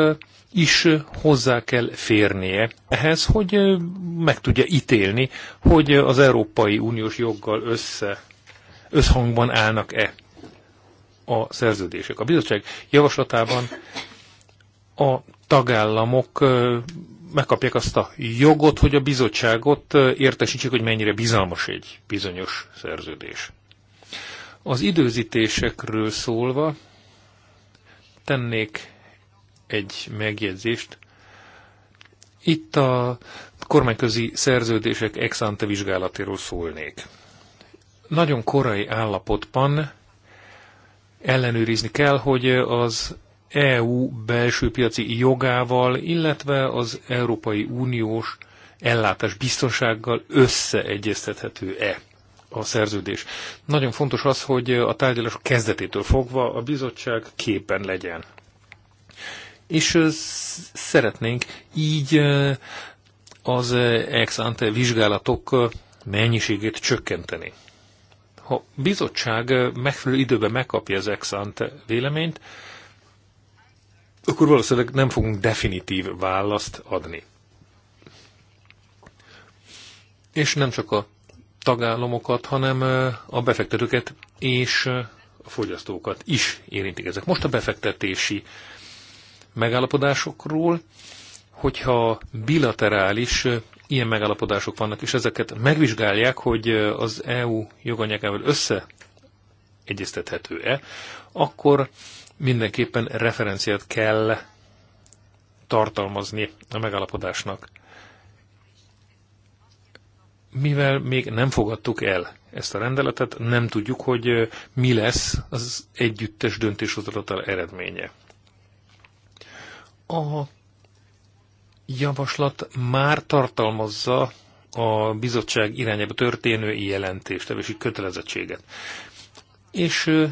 is hozzá kell férnie ehhez, hogy meg tudja ítélni, hogy az Európai Uniós joggal össze, összhangban állnak-e a szerződések. A bizottság javaslatában a tagállamok megkapják azt a jogot, hogy a bizottságot értesítsék, hogy mennyire bizalmas egy bizonyos szerződés. Az időzítésekről szólva tennék egy megjegyzést. Itt a kormányközi szerződések ex ante vizsgálatéról szólnék. Nagyon korai állapotban ellenőrizni kell, hogy az EU belső piaci jogával, illetve az Európai Uniós ellátás biztonsággal összeegyeztethető-e a szerződés. Nagyon fontos az, hogy a tárgyalás kezdetétől fogva a bizottság képen legyen. És szeretnénk így az ex ante vizsgálatok mennyiségét csökkenteni. Ha a bizottság megfelelő időben megkapja az ex ante véleményt, akkor valószínűleg nem fogunk definitív választ adni. És nem csak a tagállamokat, hanem a befektetőket és a fogyasztókat is érintik ezek. Most a befektetési megállapodásokról, hogyha bilaterális ilyen megállapodások vannak, és ezeket megvizsgálják, hogy az EU joganyagával összeegyeztethető-e, akkor mindenképpen referenciát kell tartalmazni a megállapodásnak mivel még nem fogadtuk el ezt a rendeletet, nem tudjuk, hogy mi lesz az együttes döntéshozatal eredménye. A javaslat már tartalmazza a bizottság irányába történő jelentéstevési kötelezettséget. És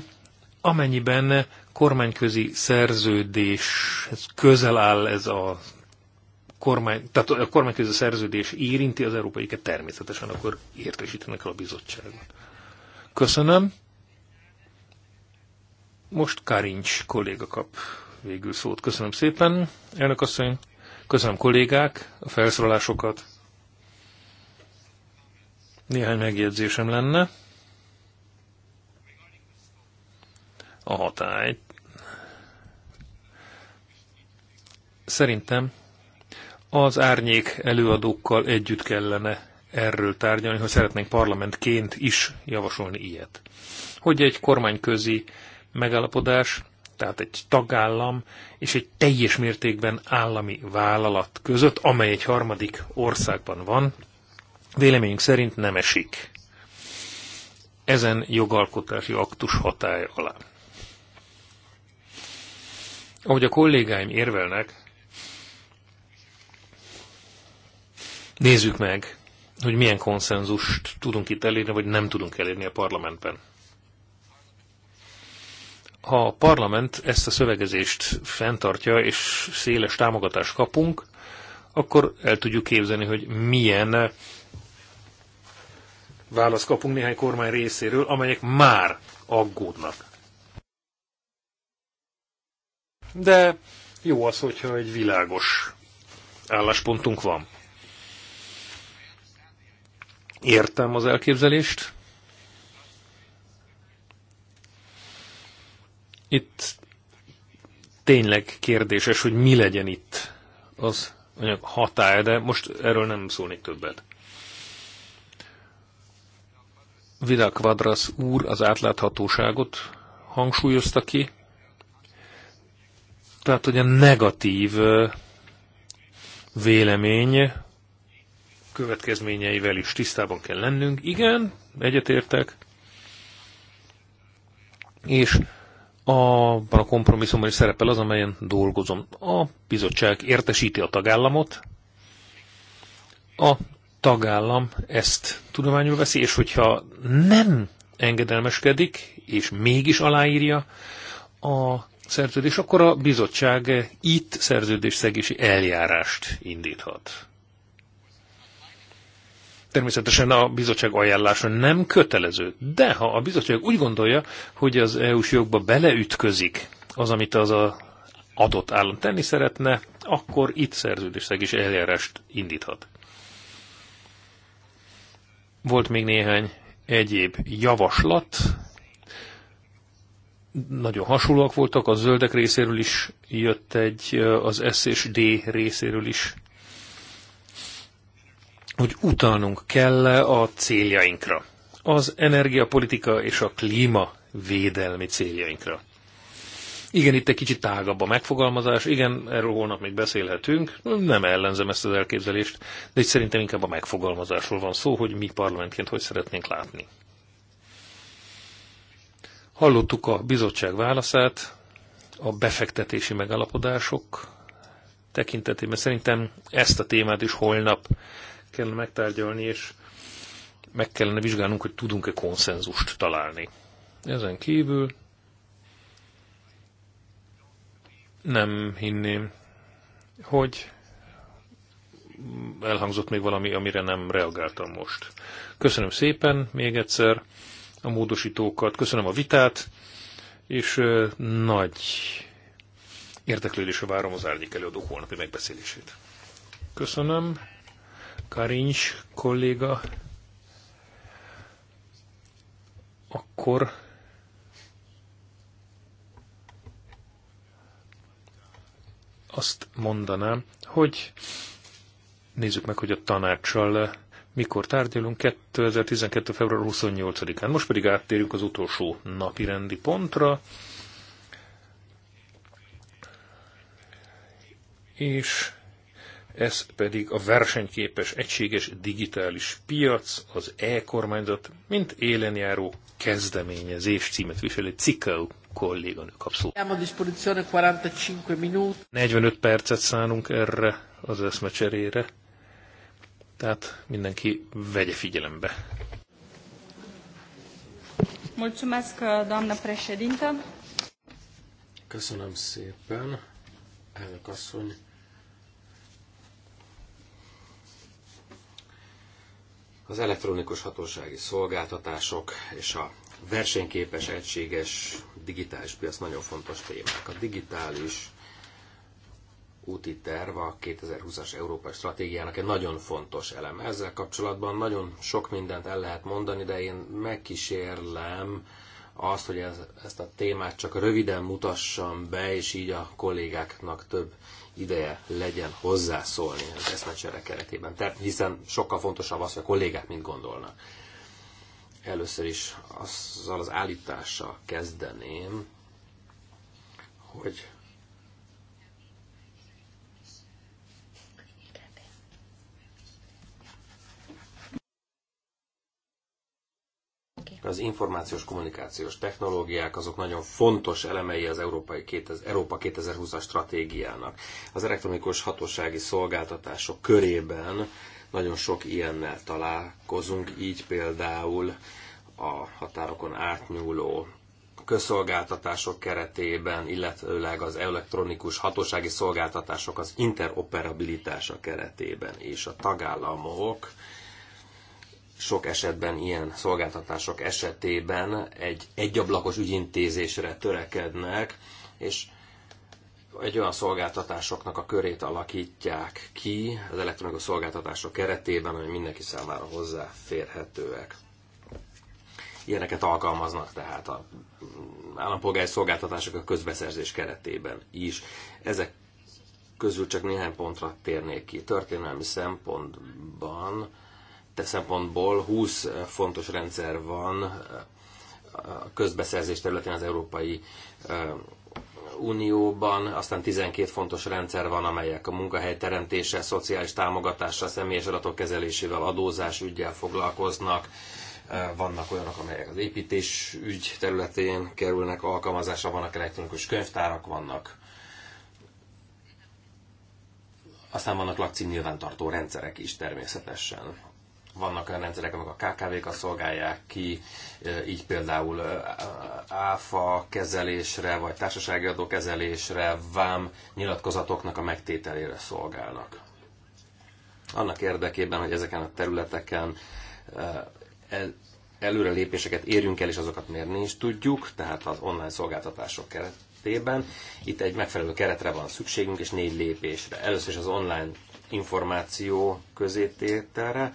amennyiben kormányközi szerződés közel áll ez a kormány, tehát a kormányközi szerződés érinti az európaiket természetesen, akkor értesítenek el a bizottságot. Köszönöm. Most Karincs kolléga kap végül szót. Köszönöm szépen, elnök asszony. Köszönöm kollégák a felszólalásokat. Néhány megjegyzésem lenne. A hatály. Szerintem az árnyék előadókkal együtt kellene erről tárgyalni, hogy szeretnénk parlamentként is javasolni ilyet. Hogy egy kormányközi megállapodás, tehát egy tagállam és egy teljes mértékben állami vállalat között, amely egy harmadik országban van, véleményünk szerint nem esik ezen jogalkotási aktus hatája alá. Ahogy a kollégáim érvelnek, Nézzük meg, hogy milyen konszenzust tudunk itt elérni, vagy nem tudunk elérni a parlamentben. Ha a parlament ezt a szövegezést fenntartja, és széles támogatást kapunk, akkor el tudjuk képzelni, hogy milyen választ kapunk néhány kormány részéről, amelyek már aggódnak. De jó az, hogyha egy világos álláspontunk van. Értem az elképzelést. Itt tényleg kérdéses, hogy mi legyen itt az anyag hatája, de most erről nem szólnék többet. Vida Quadras úr az átláthatóságot hangsúlyozta ki, tehát hogy a negatív vélemény következményeivel is tisztában kell lennünk. Igen, egyetértek. És abban a kompromisszumban is szerepel az, amelyen dolgozom. A bizottság értesíti a tagállamot, a tagállam ezt tudományul veszi, és hogyha nem engedelmeskedik, és mégis aláírja a szerződés, akkor a bizottság itt szerződésszegési eljárást indíthat. Természetesen a bizottság ajánlása nem kötelező, de ha a bizottság úgy gondolja, hogy az EU-s jogba beleütközik az, amit az a adott állam tenni szeretne, akkor itt szerződésleg is eljárást indíthat. Volt még néhány egyéb javaslat, nagyon hasonlóak voltak, a zöldek részéről is jött egy, az S és D részéről is hogy utalnunk kell a céljainkra. Az energiapolitika és a klíma védelmi céljainkra. Igen, itt egy kicsit tágabb a megfogalmazás, igen, erről holnap még beszélhetünk, nem ellenzem ezt az elképzelést, de itt szerintem inkább a megfogalmazásról van szó, hogy mi parlamentként hogy szeretnénk látni. Hallottuk a bizottság válaszát a befektetési megalapodások tekintetében. Szerintem ezt a témát is holnap kellene megtárgyalni, és meg kellene vizsgálnunk, hogy tudunk-e konszenzust találni. Ezen kívül nem hinném, hogy elhangzott még valami, amire nem reagáltam most. Köszönöm szépen még egyszer a módosítókat, köszönöm a vitát, és nagy érdeklődésre várom az árnyék előadók holnapi megbeszélését. Köszönöm. Karincs kolléga, akkor azt mondanám, hogy nézzük meg, hogy a tanácssal mikor tárgyalunk 2012. február 28-án. Most pedig áttérünk az utolsó napi rendi pontra. És ez pedig a versenyképes egységes digitális piac, az e-kormányzat, mint élenjáró kezdeményezés címet viseli Cikau kolléganő kapszul. 45 percet szánunk erre az eszmecserére, tehát mindenki vegye figyelembe. Mulțumesc, doamnă președintă. Köszönöm szépen, elnök asszony. Az elektronikus hatósági szolgáltatások és a versenyképes, egységes digitális piac nagyon fontos témák. A digitális úti terv a 2020-as Európai Stratégiának egy nagyon fontos eleme. Ezzel kapcsolatban nagyon sok mindent el lehet mondani, de én megkísérlem azt, hogy ez, ezt a témát csak röviden mutassam be, és így a kollégáknak több ideje legyen hozzászólni az eszmecsere keretében, Tehát hiszen sokkal fontosabb az, hogy a kollégák mit gondolnak. Először is azzal az állítással kezdeném, hogy az információs kommunikációs technológiák azok nagyon fontos elemei az Európai 2000, Európa 2020-as stratégiának. Az elektronikus hatósági szolgáltatások körében nagyon sok ilyennel találkozunk, így például a határokon átnyúló közszolgáltatások keretében, illetőleg az elektronikus hatósági szolgáltatások az interoperabilitása keretében és a tagállamok sok esetben ilyen szolgáltatások esetében egy egyablakos ügyintézésre törekednek, és egy olyan szolgáltatásoknak a körét alakítják ki az elektronikus szolgáltatások keretében, ami mindenki számára hozzáférhetőek. Ilyeneket alkalmaznak tehát a állampolgári szolgáltatások a közbeszerzés keretében is. Ezek közül csak néhány pontra térnék ki. Történelmi szempontban te szempontból 20 e, fontos rendszer van e, a közbeszerzés területén az Európai e, Unióban, aztán 12 fontos rendszer van, amelyek a munkahely teremtése, szociális támogatással, személyes adatok kezelésével, adózás ügyel foglalkoznak, vannak olyanok, amelyek az építés ügy területén kerülnek alkalmazásra, vannak elektronikus könyvtárak, vannak aztán vannak lakci nyilvántartó rendszerek is természetesen vannak olyan rendszerek, amik a kkv a szolgálják ki, így például áfa kezelésre, vagy társasági adó kezelésre, vám nyilatkozatoknak a megtételére szolgálnak. Annak érdekében, hogy ezeken a területeken előre lépéseket érjünk el, és azokat mérni is tudjuk, tehát az online szolgáltatások keretében. Itt egy megfelelő keretre van szükségünk, és négy lépésre. Először is az online információ közétételre,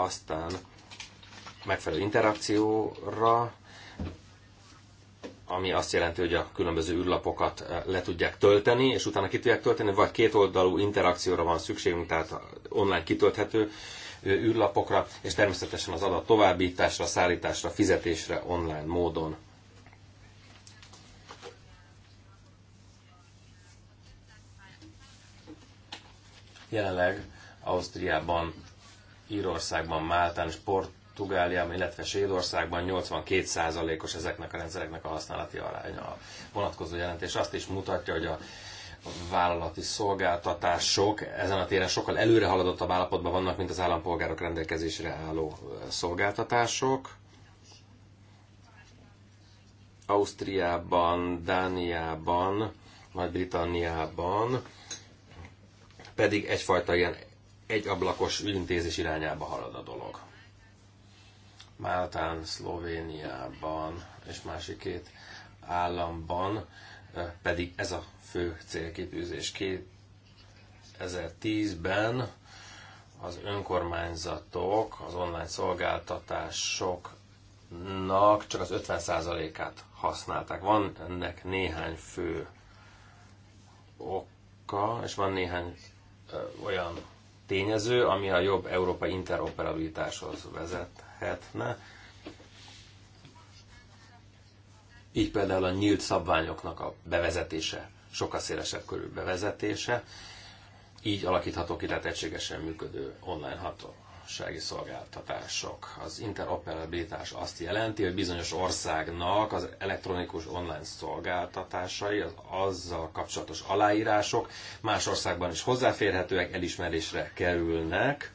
aztán megfelelő interakcióra, ami azt jelenti, hogy a különböző űrlapokat eh, le tudják tölteni, és utána ki tudják tölteni, vagy kétoldalú interakcióra van szükségünk, tehát online kitölthető eh, űrlapokra, és természetesen az adat továbbításra, szállításra, fizetésre online módon. Jelenleg Ausztriában Írországban, Máltán és Portugáliában, illetve Svédországban 82%-os ezeknek a rendszereknek a használati aránya. A vonatkozó jelentés azt is mutatja, hogy a vállalati szolgáltatások ezen a téren sokkal előre haladottabb állapotban vannak, mint az állampolgárok rendelkezésre álló szolgáltatások. Ausztriában, Dániában, Nagy-Britanniában pedig egyfajta ilyen egy ablakos intézés irányába halad a dolog. Máltán, Szlovéniában és másik két államban eh, pedig ez a fő célkitűzés. 2010-ben az önkormányzatok az online szolgáltatásoknak csak az 50%-át használták. Van ennek néhány fő oka, és van néhány ö, eh, olyan tényező, ami a jobb európai interoperabilitáshoz vezethetne. Így például a nyílt szabványoknak a bevezetése, sokkal szélesebb körül bevezetése, így alakítható ki tehát egységesen működő online biztonsági szolgáltatások. Az interoperabilitás azt jelenti, hogy bizonyos országnak az elektronikus online szolgáltatásai, az azzal kapcsolatos aláírások más országban is hozzáférhetőek, elismerésre kerülnek,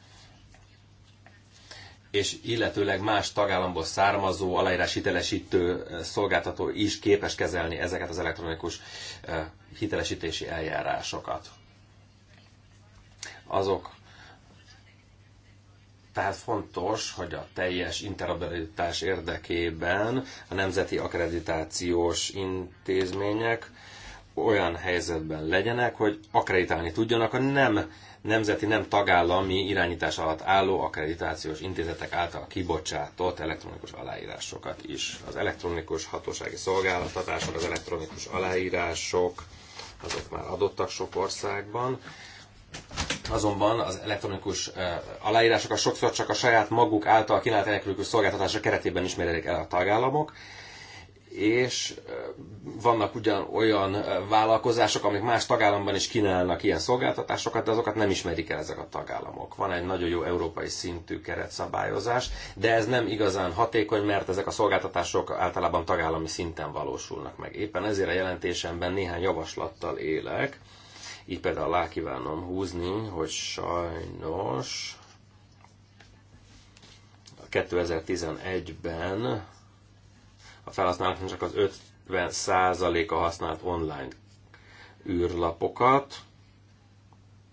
és illetőleg más tagállamból származó aláírás hitelesítő eh, szolgáltató is képes kezelni ezeket az elektronikus eh, hitelesítési eljárásokat. Azok tehát fontos, hogy a teljes interoperabilitás érdekében a nemzeti akkreditációs intézmények olyan helyzetben legyenek, hogy akreditálni tudjanak a nem nemzeti, nem tagállami irányítás alatt álló akkreditációs intézetek által kibocsátott elektronikus aláírásokat is. Az elektronikus hatósági szolgáltatások, az elektronikus aláírások, azok már adottak sok országban, Azonban az elektronikus aláírásokat sokszor csak a saját maguk által kínált elektronikus szolgáltatása keretében ismerik el a tagállamok, és vannak ugyan olyan vállalkozások, amik más tagállamban is kínálnak ilyen szolgáltatásokat, de azokat nem ismerik el ezek a tagállamok. Van egy nagyon jó európai szintű keretszabályozás, de ez nem igazán hatékony, mert ezek a szolgáltatások általában tagállami szinten valósulnak meg. Éppen ezért a jelentésemben néhány javaslattal élek, így például alá kívánom húzni, hogy sajnos 2011-ben a felhasználóknak csak az 50%-a használt online űrlapokat,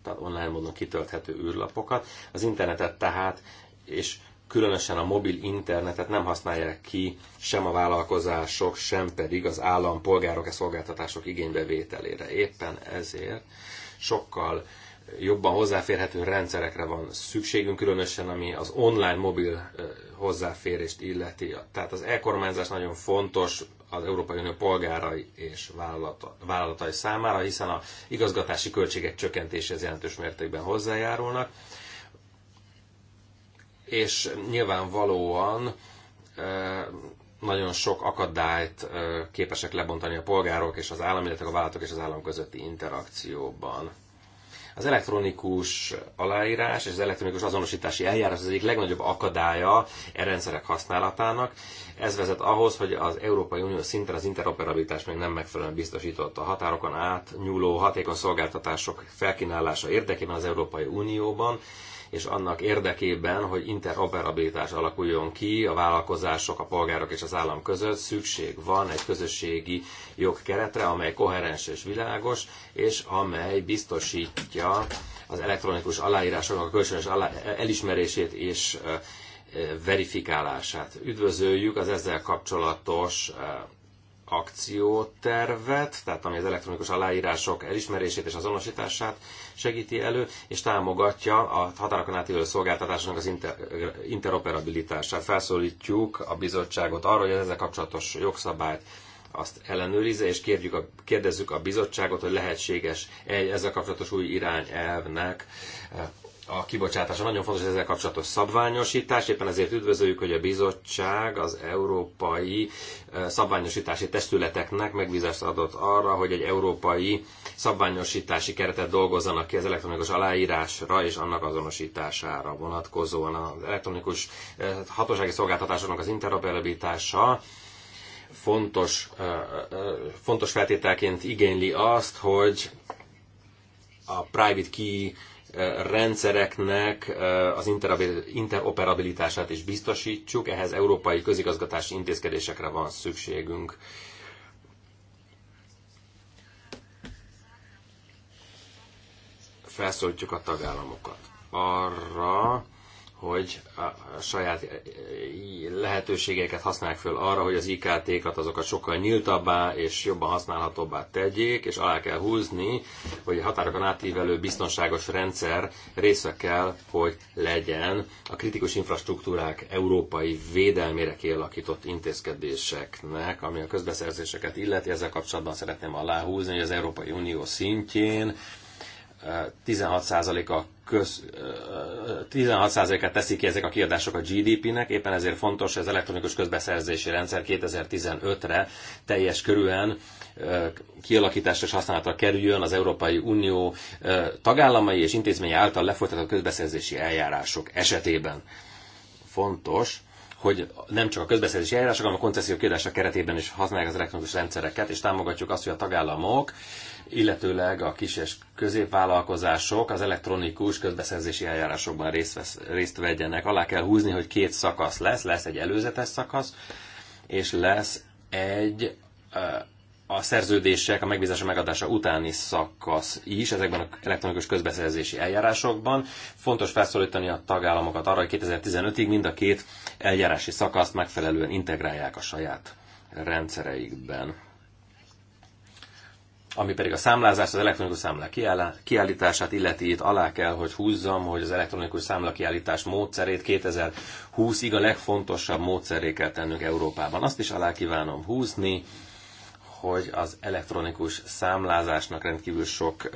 tehát online módon kitölthető űrlapokat. Az internetet tehát és különösen a mobil internetet nem használják ki sem a vállalkozások, sem pedig az állampolgárok e szolgáltatások igénybevételére. Éppen ezért sokkal jobban hozzáférhető rendszerekre van szükségünk, különösen ami az online mobil hozzáférést illeti. Tehát az e-kormányzás nagyon fontos az Európai Unió polgárai és vállalatai számára, hiszen a igazgatási költségek csökkentéséhez jelentős mértékben hozzájárulnak és nyilvánvalóan nagyon sok akadályt képesek lebontani a polgárok és az állam, illetve a vállalatok és az állam közötti interakcióban. Az elektronikus aláírás és az elektronikus azonosítási eljárás az egyik legnagyobb akadálya e rendszerek használatának. Ez vezet ahhoz, hogy az Európai Unió szinten az interoperabilitás még nem megfelelően biztosított a határokon nyúló hatékony szolgáltatások felkínálása érdekében az Európai Unióban és annak érdekében, hogy interoperabilitás alakuljon ki a vállalkozások, a polgárok és az állam között, szükség van egy közösségi jogkeretre, amely koherens és világos, és amely biztosítja az elektronikus aláírásoknak a kölcsönös elismerését és verifikálását. Üdvözöljük az ezzel kapcsolatos akciótervet, tehát ami az elektronikus aláírások elismerését és azonosítását segíti elő, és támogatja a határokon átívelő szolgáltatásnak az inter, interoperabilitását. Felszólítjuk a bizottságot arra, hogy ezzel kapcsolatos jogszabályt azt ellenőrize, és kérjük a, kérdezzük a bizottságot, hogy lehetséges egy ezzel kapcsolatos új irányelvnek eh, a kibocsátása. Nagyon fontos ezzel kapcsolatos szabványosítás, éppen ezért üdvözöljük, hogy a bizottság az európai szabványosítási testületeknek megbízást adott arra, hogy egy európai szabványosítási keretet dolgozzanak ki az elektronikus aláírásra és annak azonosítására vonatkozóan. Az elektronikus hatósági szolgáltatásoknak az interoperabilitása fontos, fontos feltételként igényli azt, hogy a private key rendszereknek eh, az interoperabilitását is biztosítsuk, ehhez európai közigazgatási intézkedésekre van szükségünk. Felszólítjuk a tagállamokat arra, hogy a saját e, lehetőségeket használják föl arra, hogy az IKT-kat azokat sokkal nyíltabbá és jobban használhatóbbá tegyék, és alá kell húzni, hogy a határokon átívelő biztonságos rendszer része kell, hogy legyen a kritikus infrastruktúrák európai védelmére kialakított intézkedéseknek, ami a közbeszerzéseket illeti. Ezzel kapcsolatban szeretném aláhúzni, hogy az Európai Unió szintjén 16% e, a köz, 16%-át teszik ki ezek a kiadások a GDP-nek, éppen ezért fontos az elektronikus közbeszerzési rendszer 2015-re teljes körűen kialakításra és használatra kerüljön az Európai Unió tagállamai és intézményi által lefolytatott közbeszerzési eljárások esetében. Fontos, hogy nem csak a közbeszerzési eljárások, hanem a koncesziók kiadása keretében is használják az elektronikus rendszereket, és támogatjuk azt, hogy a tagállamok illetőleg a kis és középvállalkozások az elektronikus közbeszerzési eljárásokban részt, vesz, részt vegyenek. Alá kell húzni, hogy két szakasz lesz, lesz egy előzetes szakasz, és lesz egy a szerződések, a megbízása megadása utáni szakasz is ezekben az elektronikus közbeszerzési eljárásokban. Fontos felszólítani a tagállamokat arra, hogy 2015-ig mind a két eljárási szakaszt megfelelően integrálják a saját rendszereikben. Ami pedig a számlázást, az elektronikus számlák kiállítását illeti, itt alá kell, hogy húzzam, hogy az elektronikus számla kiállítás módszerét 2020-ig a legfontosabb módszeré kell tennünk Európában. Azt is alá kívánom húzni, hogy az elektronikus számlázásnak rendkívül sok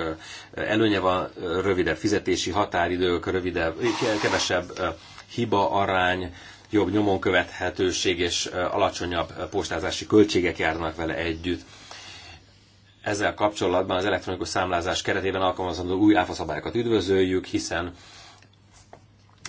előnye van, rövidebb fizetési határidők, rövidebb, kevesebb hiba arány, jobb nyomon követhetőség és alacsonyabb postázási költségek járnak vele együtt ezzel kapcsolatban az elektronikus számlázás keretében alkalmazandó új áfaszabályokat üdvözöljük, hiszen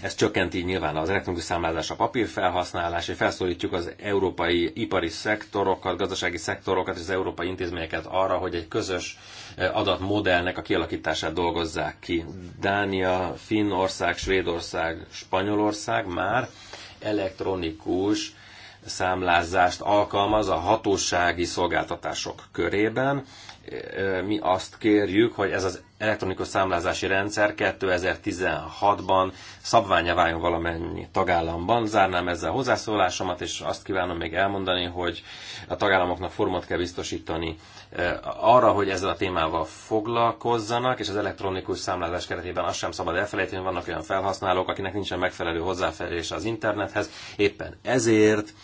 ez csökkenti nyilván az elektronikus számlázás, a papír felhasználás, és felszólítjuk az európai ipari szektorokat, gazdasági szektorokat és az európai intézményeket arra, hogy egy közös eh, adatmodellnek a kialakítását dolgozzák ki. Dánia, Finnország, Svédország, Spanyolország már elektronikus számlázást alkalmaz a hatósági szolgáltatások körében, mi azt kérjük, hogy ez az elektronikus számlázási rendszer 2016-ban szabványa váljon valamennyi tagállamban. Zárnám ezzel a hozzászólásomat, és azt kívánom még elmondani, hogy a tagállamoknak formát kell biztosítani eh, arra, hogy ezzel a témával foglalkozzanak, és az elektronikus számlázás keretében azt sem szabad elfelejteni, vannak olyan felhasználók, akinek nincsen megfelelő hozzáférés az internethez, éppen ezért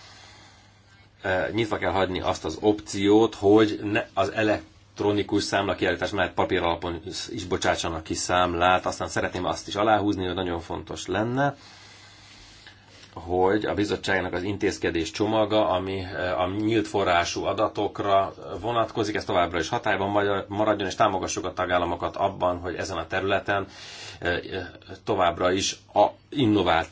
eh, nyitva kell hagyni azt az opciót, hogy ne az elektronikus elektronikus számlakiállítás mellett papír alapon is bocsátsanak ki számlát. Aztán szeretném azt is aláhúzni, hogy nagyon fontos lenne, hogy a bizottságnak az intézkedés csomaga, ami eh, a nyílt forrású adatokra vonatkozik, ez továbbra is hatályban maradjon, és támogassuk a tagállamokat abban, hogy ezen a területen eh, eh, továbbra is a innovált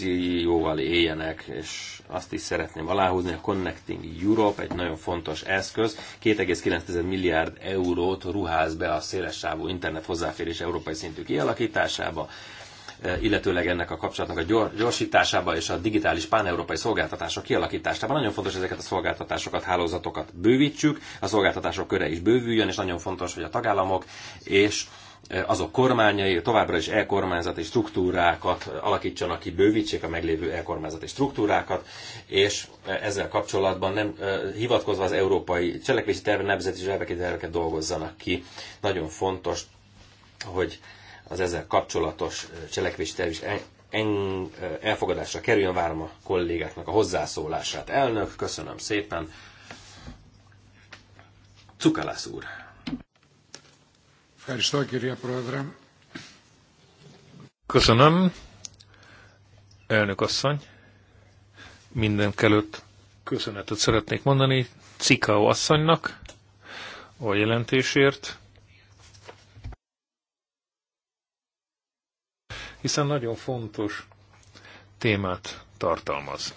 reakcióval éljenek, és azt is szeretném aláhúzni, a Connecting Europe egy nagyon fontos eszköz, 2,9 milliárd eurót ruház be a szélessávú internet hozzáférés európai szintű kialakításába, eh, illetőleg ennek a kapcsolatnak a gyorsításába és a digitális páneurópai szolgáltatások kialakításába. Nagyon fontos, ezeket a szolgáltatásokat, hálózatokat bővítsük, a szolgáltatások köre is bővüljön, és nagyon fontos, hogy a tagállamok és azok kormányai továbbra is elkormányzati struktúrákat alakítsanak ki, bővítsék a meglévő elkormányzati struktúrákat, és ezzel kapcsolatban nem hivatkozva az európai cselekvési terve, nemzeti zselveki terveket dolgozzanak ki. Nagyon fontos, hogy az ezzel kapcsolatos cselekvési terv is elfogadásra kerüljön, várom a kollégáknak a hozzászólását. Elnök, köszönöm szépen. Cukalász úr. Köszönöm, elnök asszony. Mindenkelőtt köszönetet szeretnék mondani Cikau asszonynak a jelentésért, hiszen nagyon fontos témát tartalmaz.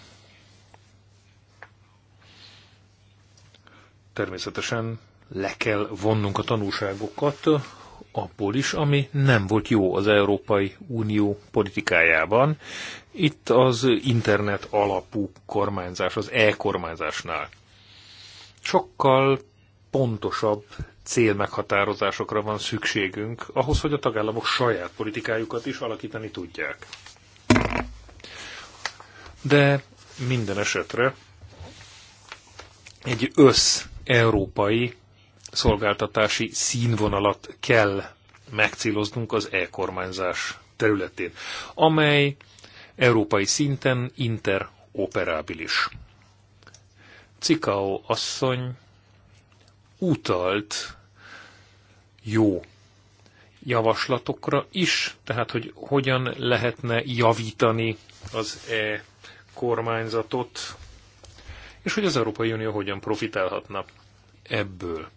Természetesen le kell vonnunk a tanulságokat abból is, ami nem volt jó az Európai Unió politikájában. Itt az internet alapú kormányzás, az e-kormányzásnál. Sokkal pontosabb célmeghatározásokra van szükségünk, ahhoz, hogy a tagállamok saját politikájukat is alakítani tudják. De minden esetre egy össz-európai szolgáltatási színvonalat kell megcéloznunk az e-kormányzás területén, amely európai szinten interoperábilis. Cikao asszony utalt jó javaslatokra is, tehát hogy hogyan lehetne javítani az e kormányzatot, és hogy az Európai Unió hogyan profitálhatna ebből.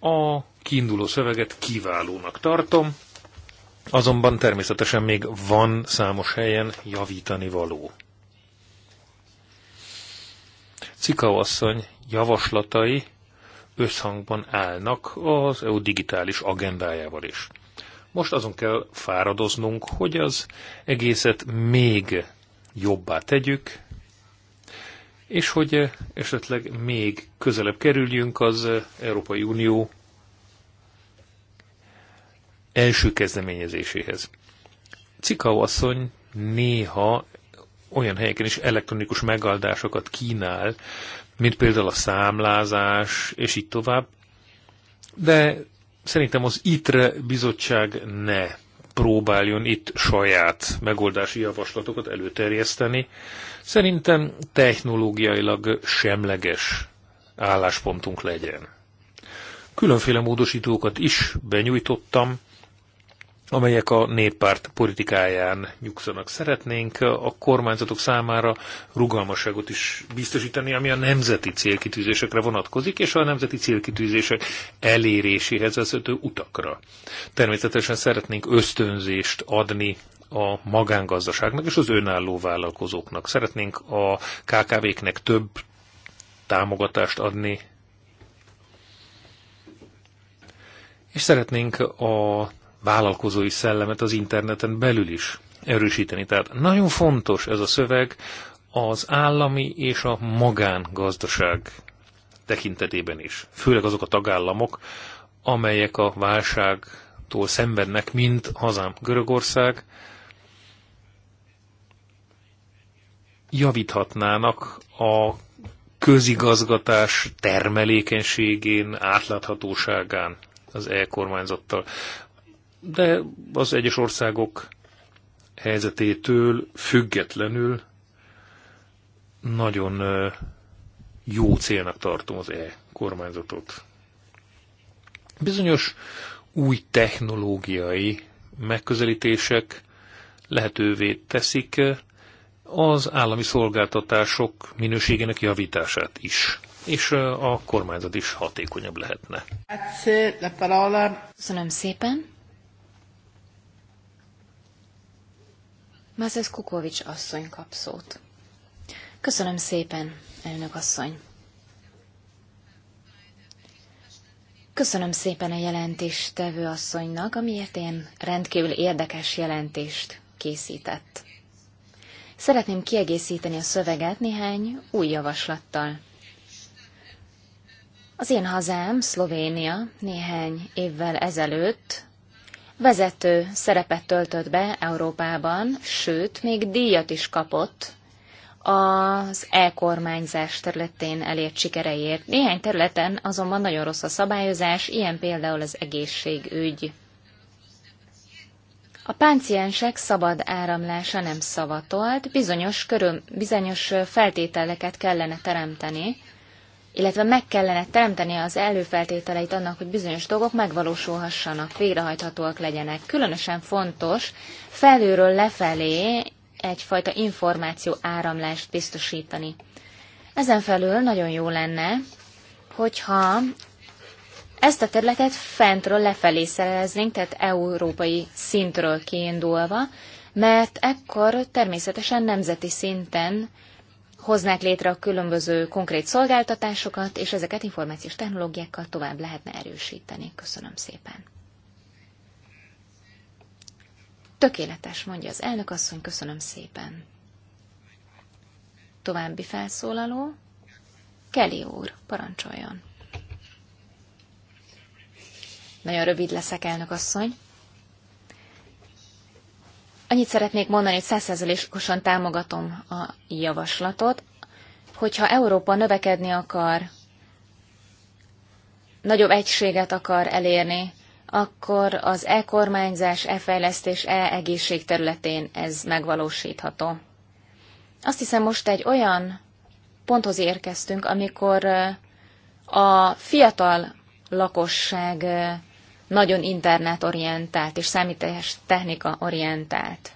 A kiinduló szöveget kiválónak tartom, azonban természetesen még van számos helyen javítani való. Cikau asszony javaslatai összhangban állnak az EU digitális agendájával is. Most azon kell fáradoznunk, hogy az egészet még jobbá tegyük, és hogy eh, esetleg még közelebb kerüljünk az eh, Európai Unió első kezdeményezéséhez. Cikau asszony néha olyan helyeken is elektronikus megoldásokat kínál, mint például a számlázás, és így tovább. De szerintem az ITRE bizottság ne próbáljon itt saját megoldási javaslatokat előterjeszteni. Szerintem technológiailag semleges álláspontunk legyen. Különféle módosítókat is benyújtottam, amelyek a néppárt politikáján nyugszanak. Szeretnénk a kormányzatok számára rugalmasságot is biztosítani, ami a nemzeti célkitűzésekre vonatkozik, és a nemzeti célkitűzések eléréséhez vezető utakra. Természetesen szeretnénk ösztönzést adni a magángazdaságnak és az önálló vállalkozóknak. Szeretnénk a KKV-knek több támogatást adni, és szeretnénk a vállalkozói szellemet az interneten belül is erősíteni. Tehát nagyon fontos ez a szöveg az állami és a magángazdaság tekintetében is. Főleg azok a tagállamok, amelyek a válságtól szenvednek, mint hazám Görögország, javíthatnának a közigazgatás termelékenységén, átláthatóságán az e-kormányzattal de az egyes országok helyzetétől függetlenül nagyon jó célnak tartom az e-kormányzatot. Bizonyos új technológiai megközelítések lehetővé teszik az állami szolgáltatások minőségének javítását is és a kormányzat is hatékonyabb lehetne. Köszönöm szépen. Mászesz Kukovics asszony kap szót. Köszönöm szépen, elnök asszony. Köszönöm szépen a jelentést, tevő asszonynak, amiért én rendkívül érdekes jelentést készített. Szeretném kiegészíteni a szöveget néhány új javaslattal. Az én hazám, Szlovénia néhány évvel ezelőtt vezető szerepet töltött be Európában, sőt, még díjat is kapott az e-kormányzás területén elért sikereiért. Néhány területen azonban nagyon rossz a szabályozás, ilyen például az egészségügy. A páciensek szabad áramlása nem szavatolt, bizonyos, körül, bizonyos feltételeket kellene teremteni illetve meg kellene teremteni az előfeltételeit annak, hogy bizonyos dolgok megvalósulhassanak, végrehajthatóak legyenek. Különösen fontos felülről lefelé egyfajta információ áramlást biztosítani. Ezen felül nagyon jó lenne, hogyha ezt a területet fentről lefelé szereznénk, tehát európai szintről kiindulva, mert ekkor természetesen nemzeti szinten hoznák létre a különböző konkrét szolgáltatásokat, és ezeket információs technológiákkal tovább lehetne erősíteni. Köszönöm szépen. Tökéletes, mondja az elnök asszony, köszönöm szépen. További felszólaló. Kelly úr, parancsoljon. Nagyon rövid leszek, elnök asszony. Annyit szeretnék mondani, hogy százszerzelékosan támogatom a javaslatot, hogyha Európa növekedni akar, nagyobb egységet akar elérni, akkor az e-kormányzás, e-fejlesztés, e-egészség területén ez megvalósítható. Azt hiszem most egy olyan ponthoz érkeztünk, amikor a fiatal lakosság nagyon internetorientált és számítás technika orientált.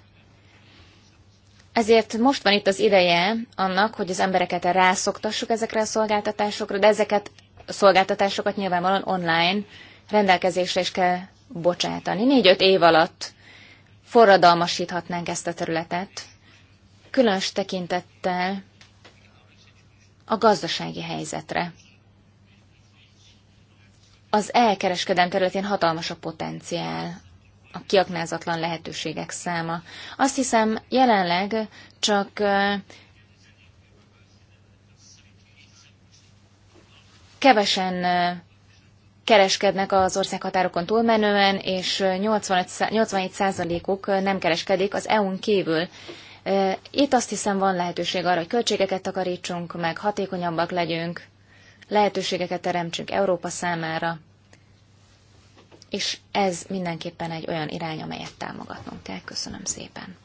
Ezért most van itt az ideje annak, hogy az embereket rászoktassuk ezekre a szolgáltatásokra, de ezeket a szolgáltatásokat nyilvánvalóan online rendelkezésre is kell bocsátani. Négy-öt év alatt forradalmasíthatnánk ezt a területet, különös tekintettel a gazdasági helyzetre. Az elkereskedem területén hatalmas a potenciál, a kiaknázatlan lehetőségek száma. Azt hiszem, jelenleg csak kevesen kereskednek az országhatárokon túlmenően, és 87%-uk nem kereskedik az EU-n kívül. Itt azt hiszem van lehetőség arra, hogy költségeket takarítsunk, meg hatékonyabbak legyünk, lehetőségeket teremtsünk Európa számára, és ez mindenképpen egy olyan irány, amelyet támogatnunk kell. Köszönöm szépen.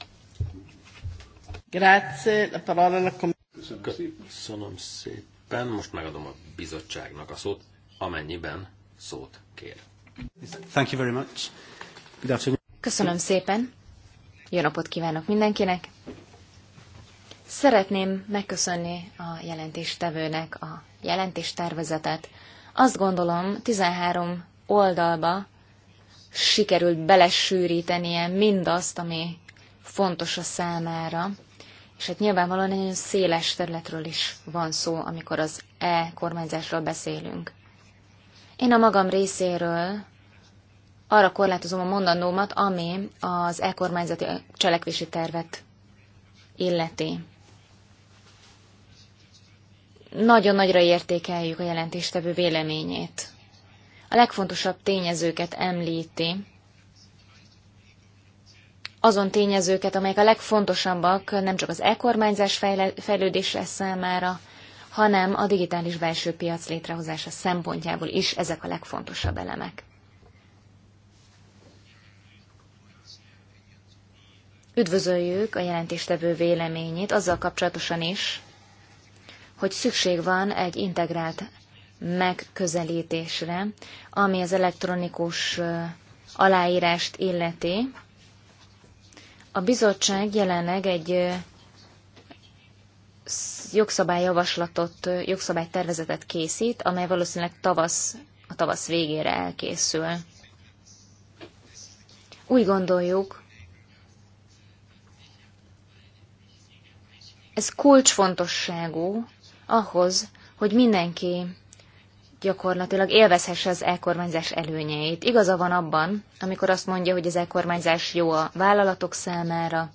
Grazie, la parola alla Köszönöm szépen. Most megadom a bizottságnak a szót, amennyiben szót kér. Thank you very much. Good afternoon. Köszönöm szépen. Jó napot kívánok mindenkinek. Szeretném megköszönni a jelentéstevőnek a jelentéstervezetet. Azt gondolom, 13 oldalba sikerült belesűrítenie mindazt, ami fontos a számára, és hát nyilvánvalóan egy nagyon széles területről is van szó, amikor az e-kormányzásról beszélünk. Én a magam részéről arra korlátozom a mondandómat, ami az e-kormányzati cselekvési tervet illeti. Nagyon nagyra értékeljük a jelentéstevő véleményét. A legfontosabb tényezőket említi, azon tényezőket, amelyek a legfontosabbak nem csak az e-kormányzás fejlődése számára, hanem a digitális belső piac létrehozása szempontjából is ezek a legfontosabb elemek. Üdvözöljük a jelentéstevő véleményét azzal kapcsolatosan is, hogy szükség van egy integrált megközelítésre, ami az elektronikus aláírást illeti. A bizottság jelenleg egy jogszabályjavaslatot, jogszabálytervezetet készít, amely valószínűleg tavasz, a tavasz végére elkészül. Úgy gondoljuk, ez kulcsfontosságú, ahhoz, hogy mindenki gyakorlatilag élvezhesse az elkormányzás előnyeit. Igaza van abban, amikor azt mondja, hogy az elkormányzás jó a vállalatok számára,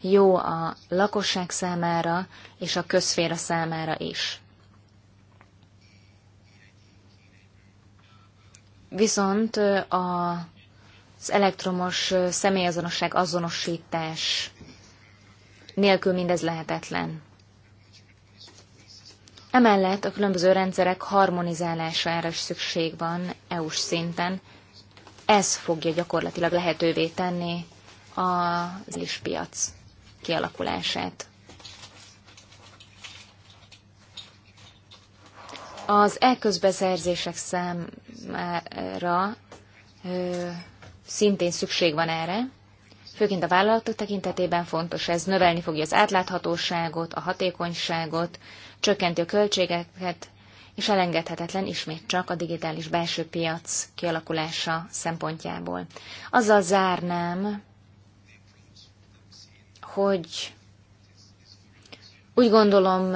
jó a lakosság számára és a közféra számára is. Viszont a, az elektromos személyazonosság azonosítás nélkül mindez lehetetlen. Emellett a különböző rendszerek harmonizálására is szükség van EU-s szinten. Ez fogja gyakorlatilag lehetővé tenni az piac kialakulását. Az e-közbeszerzések számára ö, szintén szükség van erre, főként a vállalatok tekintetében fontos ez, növelni fogja az átláthatóságot, a hatékonyságot, csökkenti a költségeket, és elengedhetetlen ismét csak a digitális belső piac kialakulása szempontjából. Azzal zárnám, hogy úgy gondolom,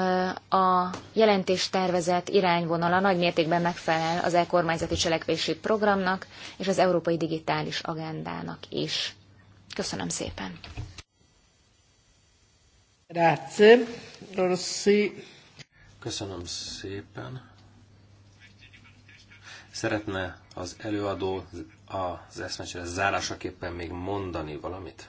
a jelentés tervezett irányvonala mértékben megfelel az e-kormányzati cselekvési programnak és az európai digitális agendának is. Köszönöm szépen! Grazie. Rossi. Köszönöm szépen. Szeretne az előadó az eszmecsere zárásaképpen még mondani valamit?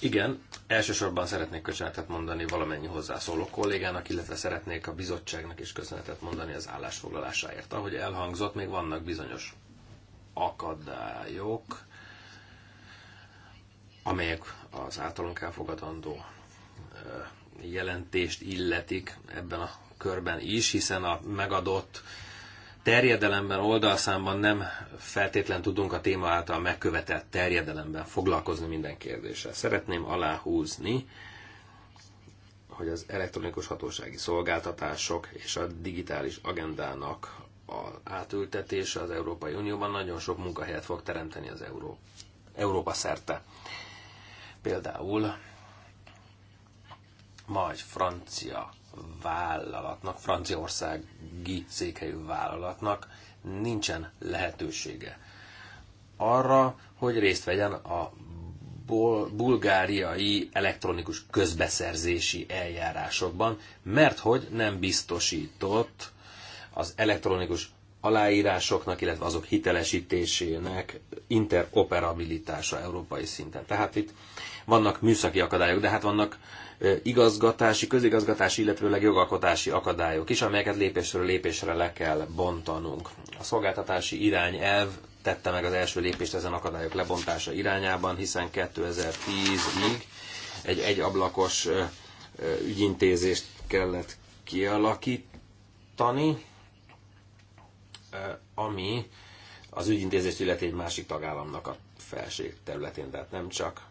Igen, elsősorban szeretnék köszönetet mondani valamennyi hozzászóló kollégának, illetve szeretnék a bizottságnak is köszönetet mondani az állásfoglalásáért. Ahogy elhangzott, még vannak bizonyos akadályok, amelyek az általunk elfogadandó jelentést illetik ebben a körben is, hiszen a megadott terjedelemben, oldalszámban nem feltétlen tudunk a téma által megkövetett terjedelemben foglalkozni minden kérdéssel. Szeretném aláhúzni, hogy az elektronikus hatósági szolgáltatások és a digitális agendának a átültetése az Európai Unióban nagyon sok munkahelyet fog teremteni az Euró, Európa szerte. Például majd francia vállalatnak, franciaországi székhelyű vállalatnak nincsen lehetősége arra, hogy részt vegyen a bulgáriai elektronikus közbeszerzési eljárásokban, mert hogy nem biztosított az elektronikus aláírásoknak, illetve azok hitelesítésének interoperabilitása európai szinten. Tehát itt vannak műszaki akadályok, de hát vannak igazgatási, közigazgatási, illetőleg jogalkotási akadályok is, amelyeket lépésről lépésre le kell bontanunk. A szolgáltatási irányelv tette meg az első lépést ezen akadályok lebontása irányában, hiszen 2010-ig egy egyablakos ügyintézést kellett kialakítani, ami az ügyintézést illeti egy másik tagállamnak a felség területén, tehát nem csak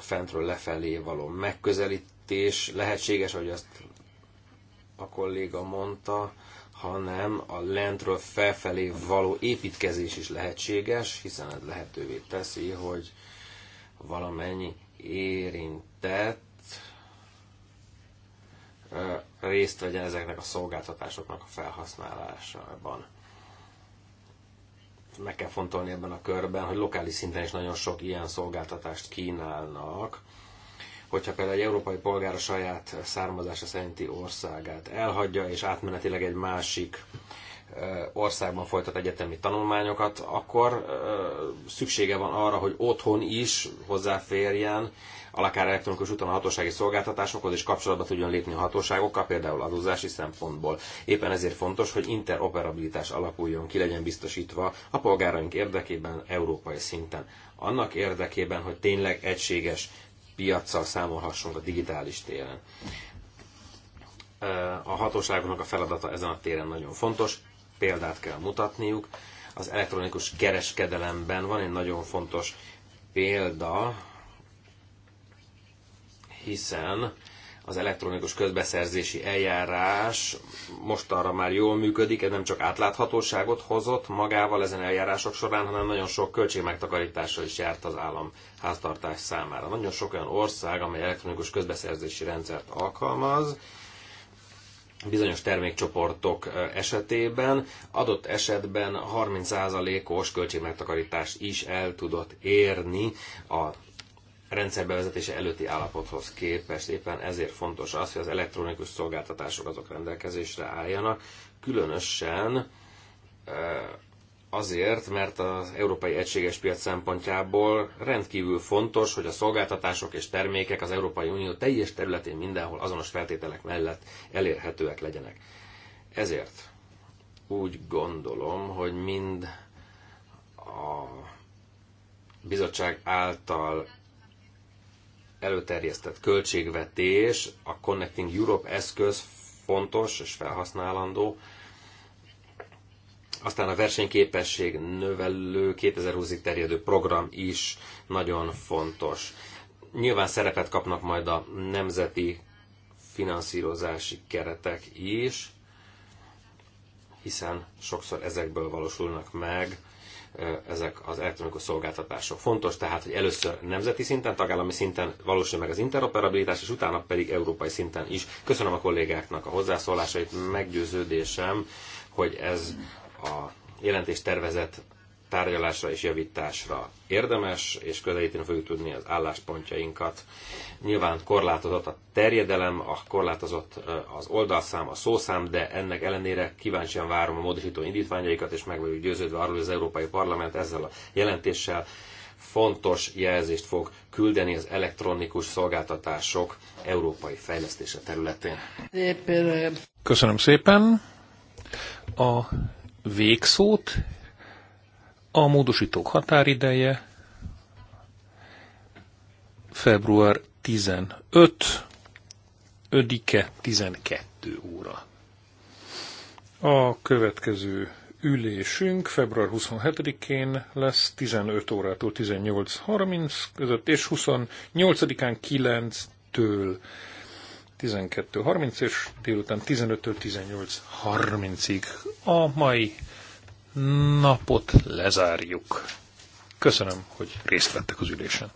fentről lefelé való megközelítés lehetséges, ahogy azt a kolléga mondta, hanem a lentről felfelé való építkezés is lehetséges, hiszen ez lehetővé teszi, hogy valamennyi érintett részt vegyen ezeknek a szolgáltatásoknak a felhasználásában meg kell fontolni ebben a körben, hogy lokális szinten is nagyon sok ilyen szolgáltatást kínálnak. Hogyha például egy európai polgár a saját származása szerinti országát elhagyja, és átmenetileg egy másik országban folytat egyetemi tanulmányokat, akkor szüksége van arra, hogy otthon is hozzáférjen akár elektronikus úton a hatósági szolgáltatásokhoz is kapcsolatba tudjon lépni a hatóságokkal, például adózási szempontból. Éppen ezért fontos, hogy interoperabilitás alakuljon ki, legyen biztosítva a polgáraink érdekében európai szinten. Annak érdekében, hogy tényleg egységes piaccal számolhassunk a digitális téren. A hatóságoknak a feladata ezen a téren nagyon fontos, példát kell mutatniuk. Az elektronikus kereskedelemben van egy nagyon fontos példa, hiszen az elektronikus közbeszerzési eljárás mostanra már jól működik, ez nem csak átláthatóságot hozott magával ezen eljárások során, hanem nagyon sok költségmegtakarítással is járt az állam háztartás számára. Nagyon sok olyan ország, amely elektronikus közbeszerzési rendszert alkalmaz, bizonyos termékcsoportok esetében adott esetben 30%-os költségmegtakarítás is el tudott érni a rendszerbevezetése előtti állapothoz képest. Éppen ezért fontos az, hogy az elektronikus szolgáltatások azok rendelkezésre álljanak, különösen azért, mert az európai egységes piac szempontjából rendkívül fontos, hogy a szolgáltatások és termékek az Európai Unió teljes területén mindenhol azonos feltételek mellett elérhetőek legyenek. Ezért úgy gondolom, hogy mind a bizottság által előterjesztett költségvetés, a Connecting Europe eszköz fontos és felhasználandó, aztán a versenyképesség növelő 2020-ig terjedő program is nagyon fontos. Nyilván szerepet kapnak majd a nemzeti finanszírozási keretek is, hiszen sokszor ezekből valósulnak meg ezek az elektronikus szolgáltatások. Fontos tehát, hogy először nemzeti szinten, tagállami szinten valósul meg az interoperabilitás, és utána pedig európai szinten is. Köszönöm a kollégáknak a hozzászólásait, meggyőződésem, hogy ez a jelentés tervezet tárgyalásra és javításra érdemes, és közelíteni fogjuk tudni az álláspontjainkat. Nyilván korlátozott a terjedelem, a korlátozott az oldalszám, a szószám, de ennek ellenére kíváncsian várom a módosító indítványaikat, és meg vagyok győződve arról, hogy az Európai Parlament ezzel a jelentéssel fontos jelzést fog küldeni az elektronikus szolgáltatások európai fejlesztése területén. Köszönöm szépen. A végszót a módosítók határideje február 15, 5 12 óra. A következő ülésünk február 27-én lesz 15 órától 18.30 között, és 28-án 9-től 12.30 és délután 15-től 18.30-ig. A mai napot lezárjuk. Köszönöm, hogy részt vettek az ülésen.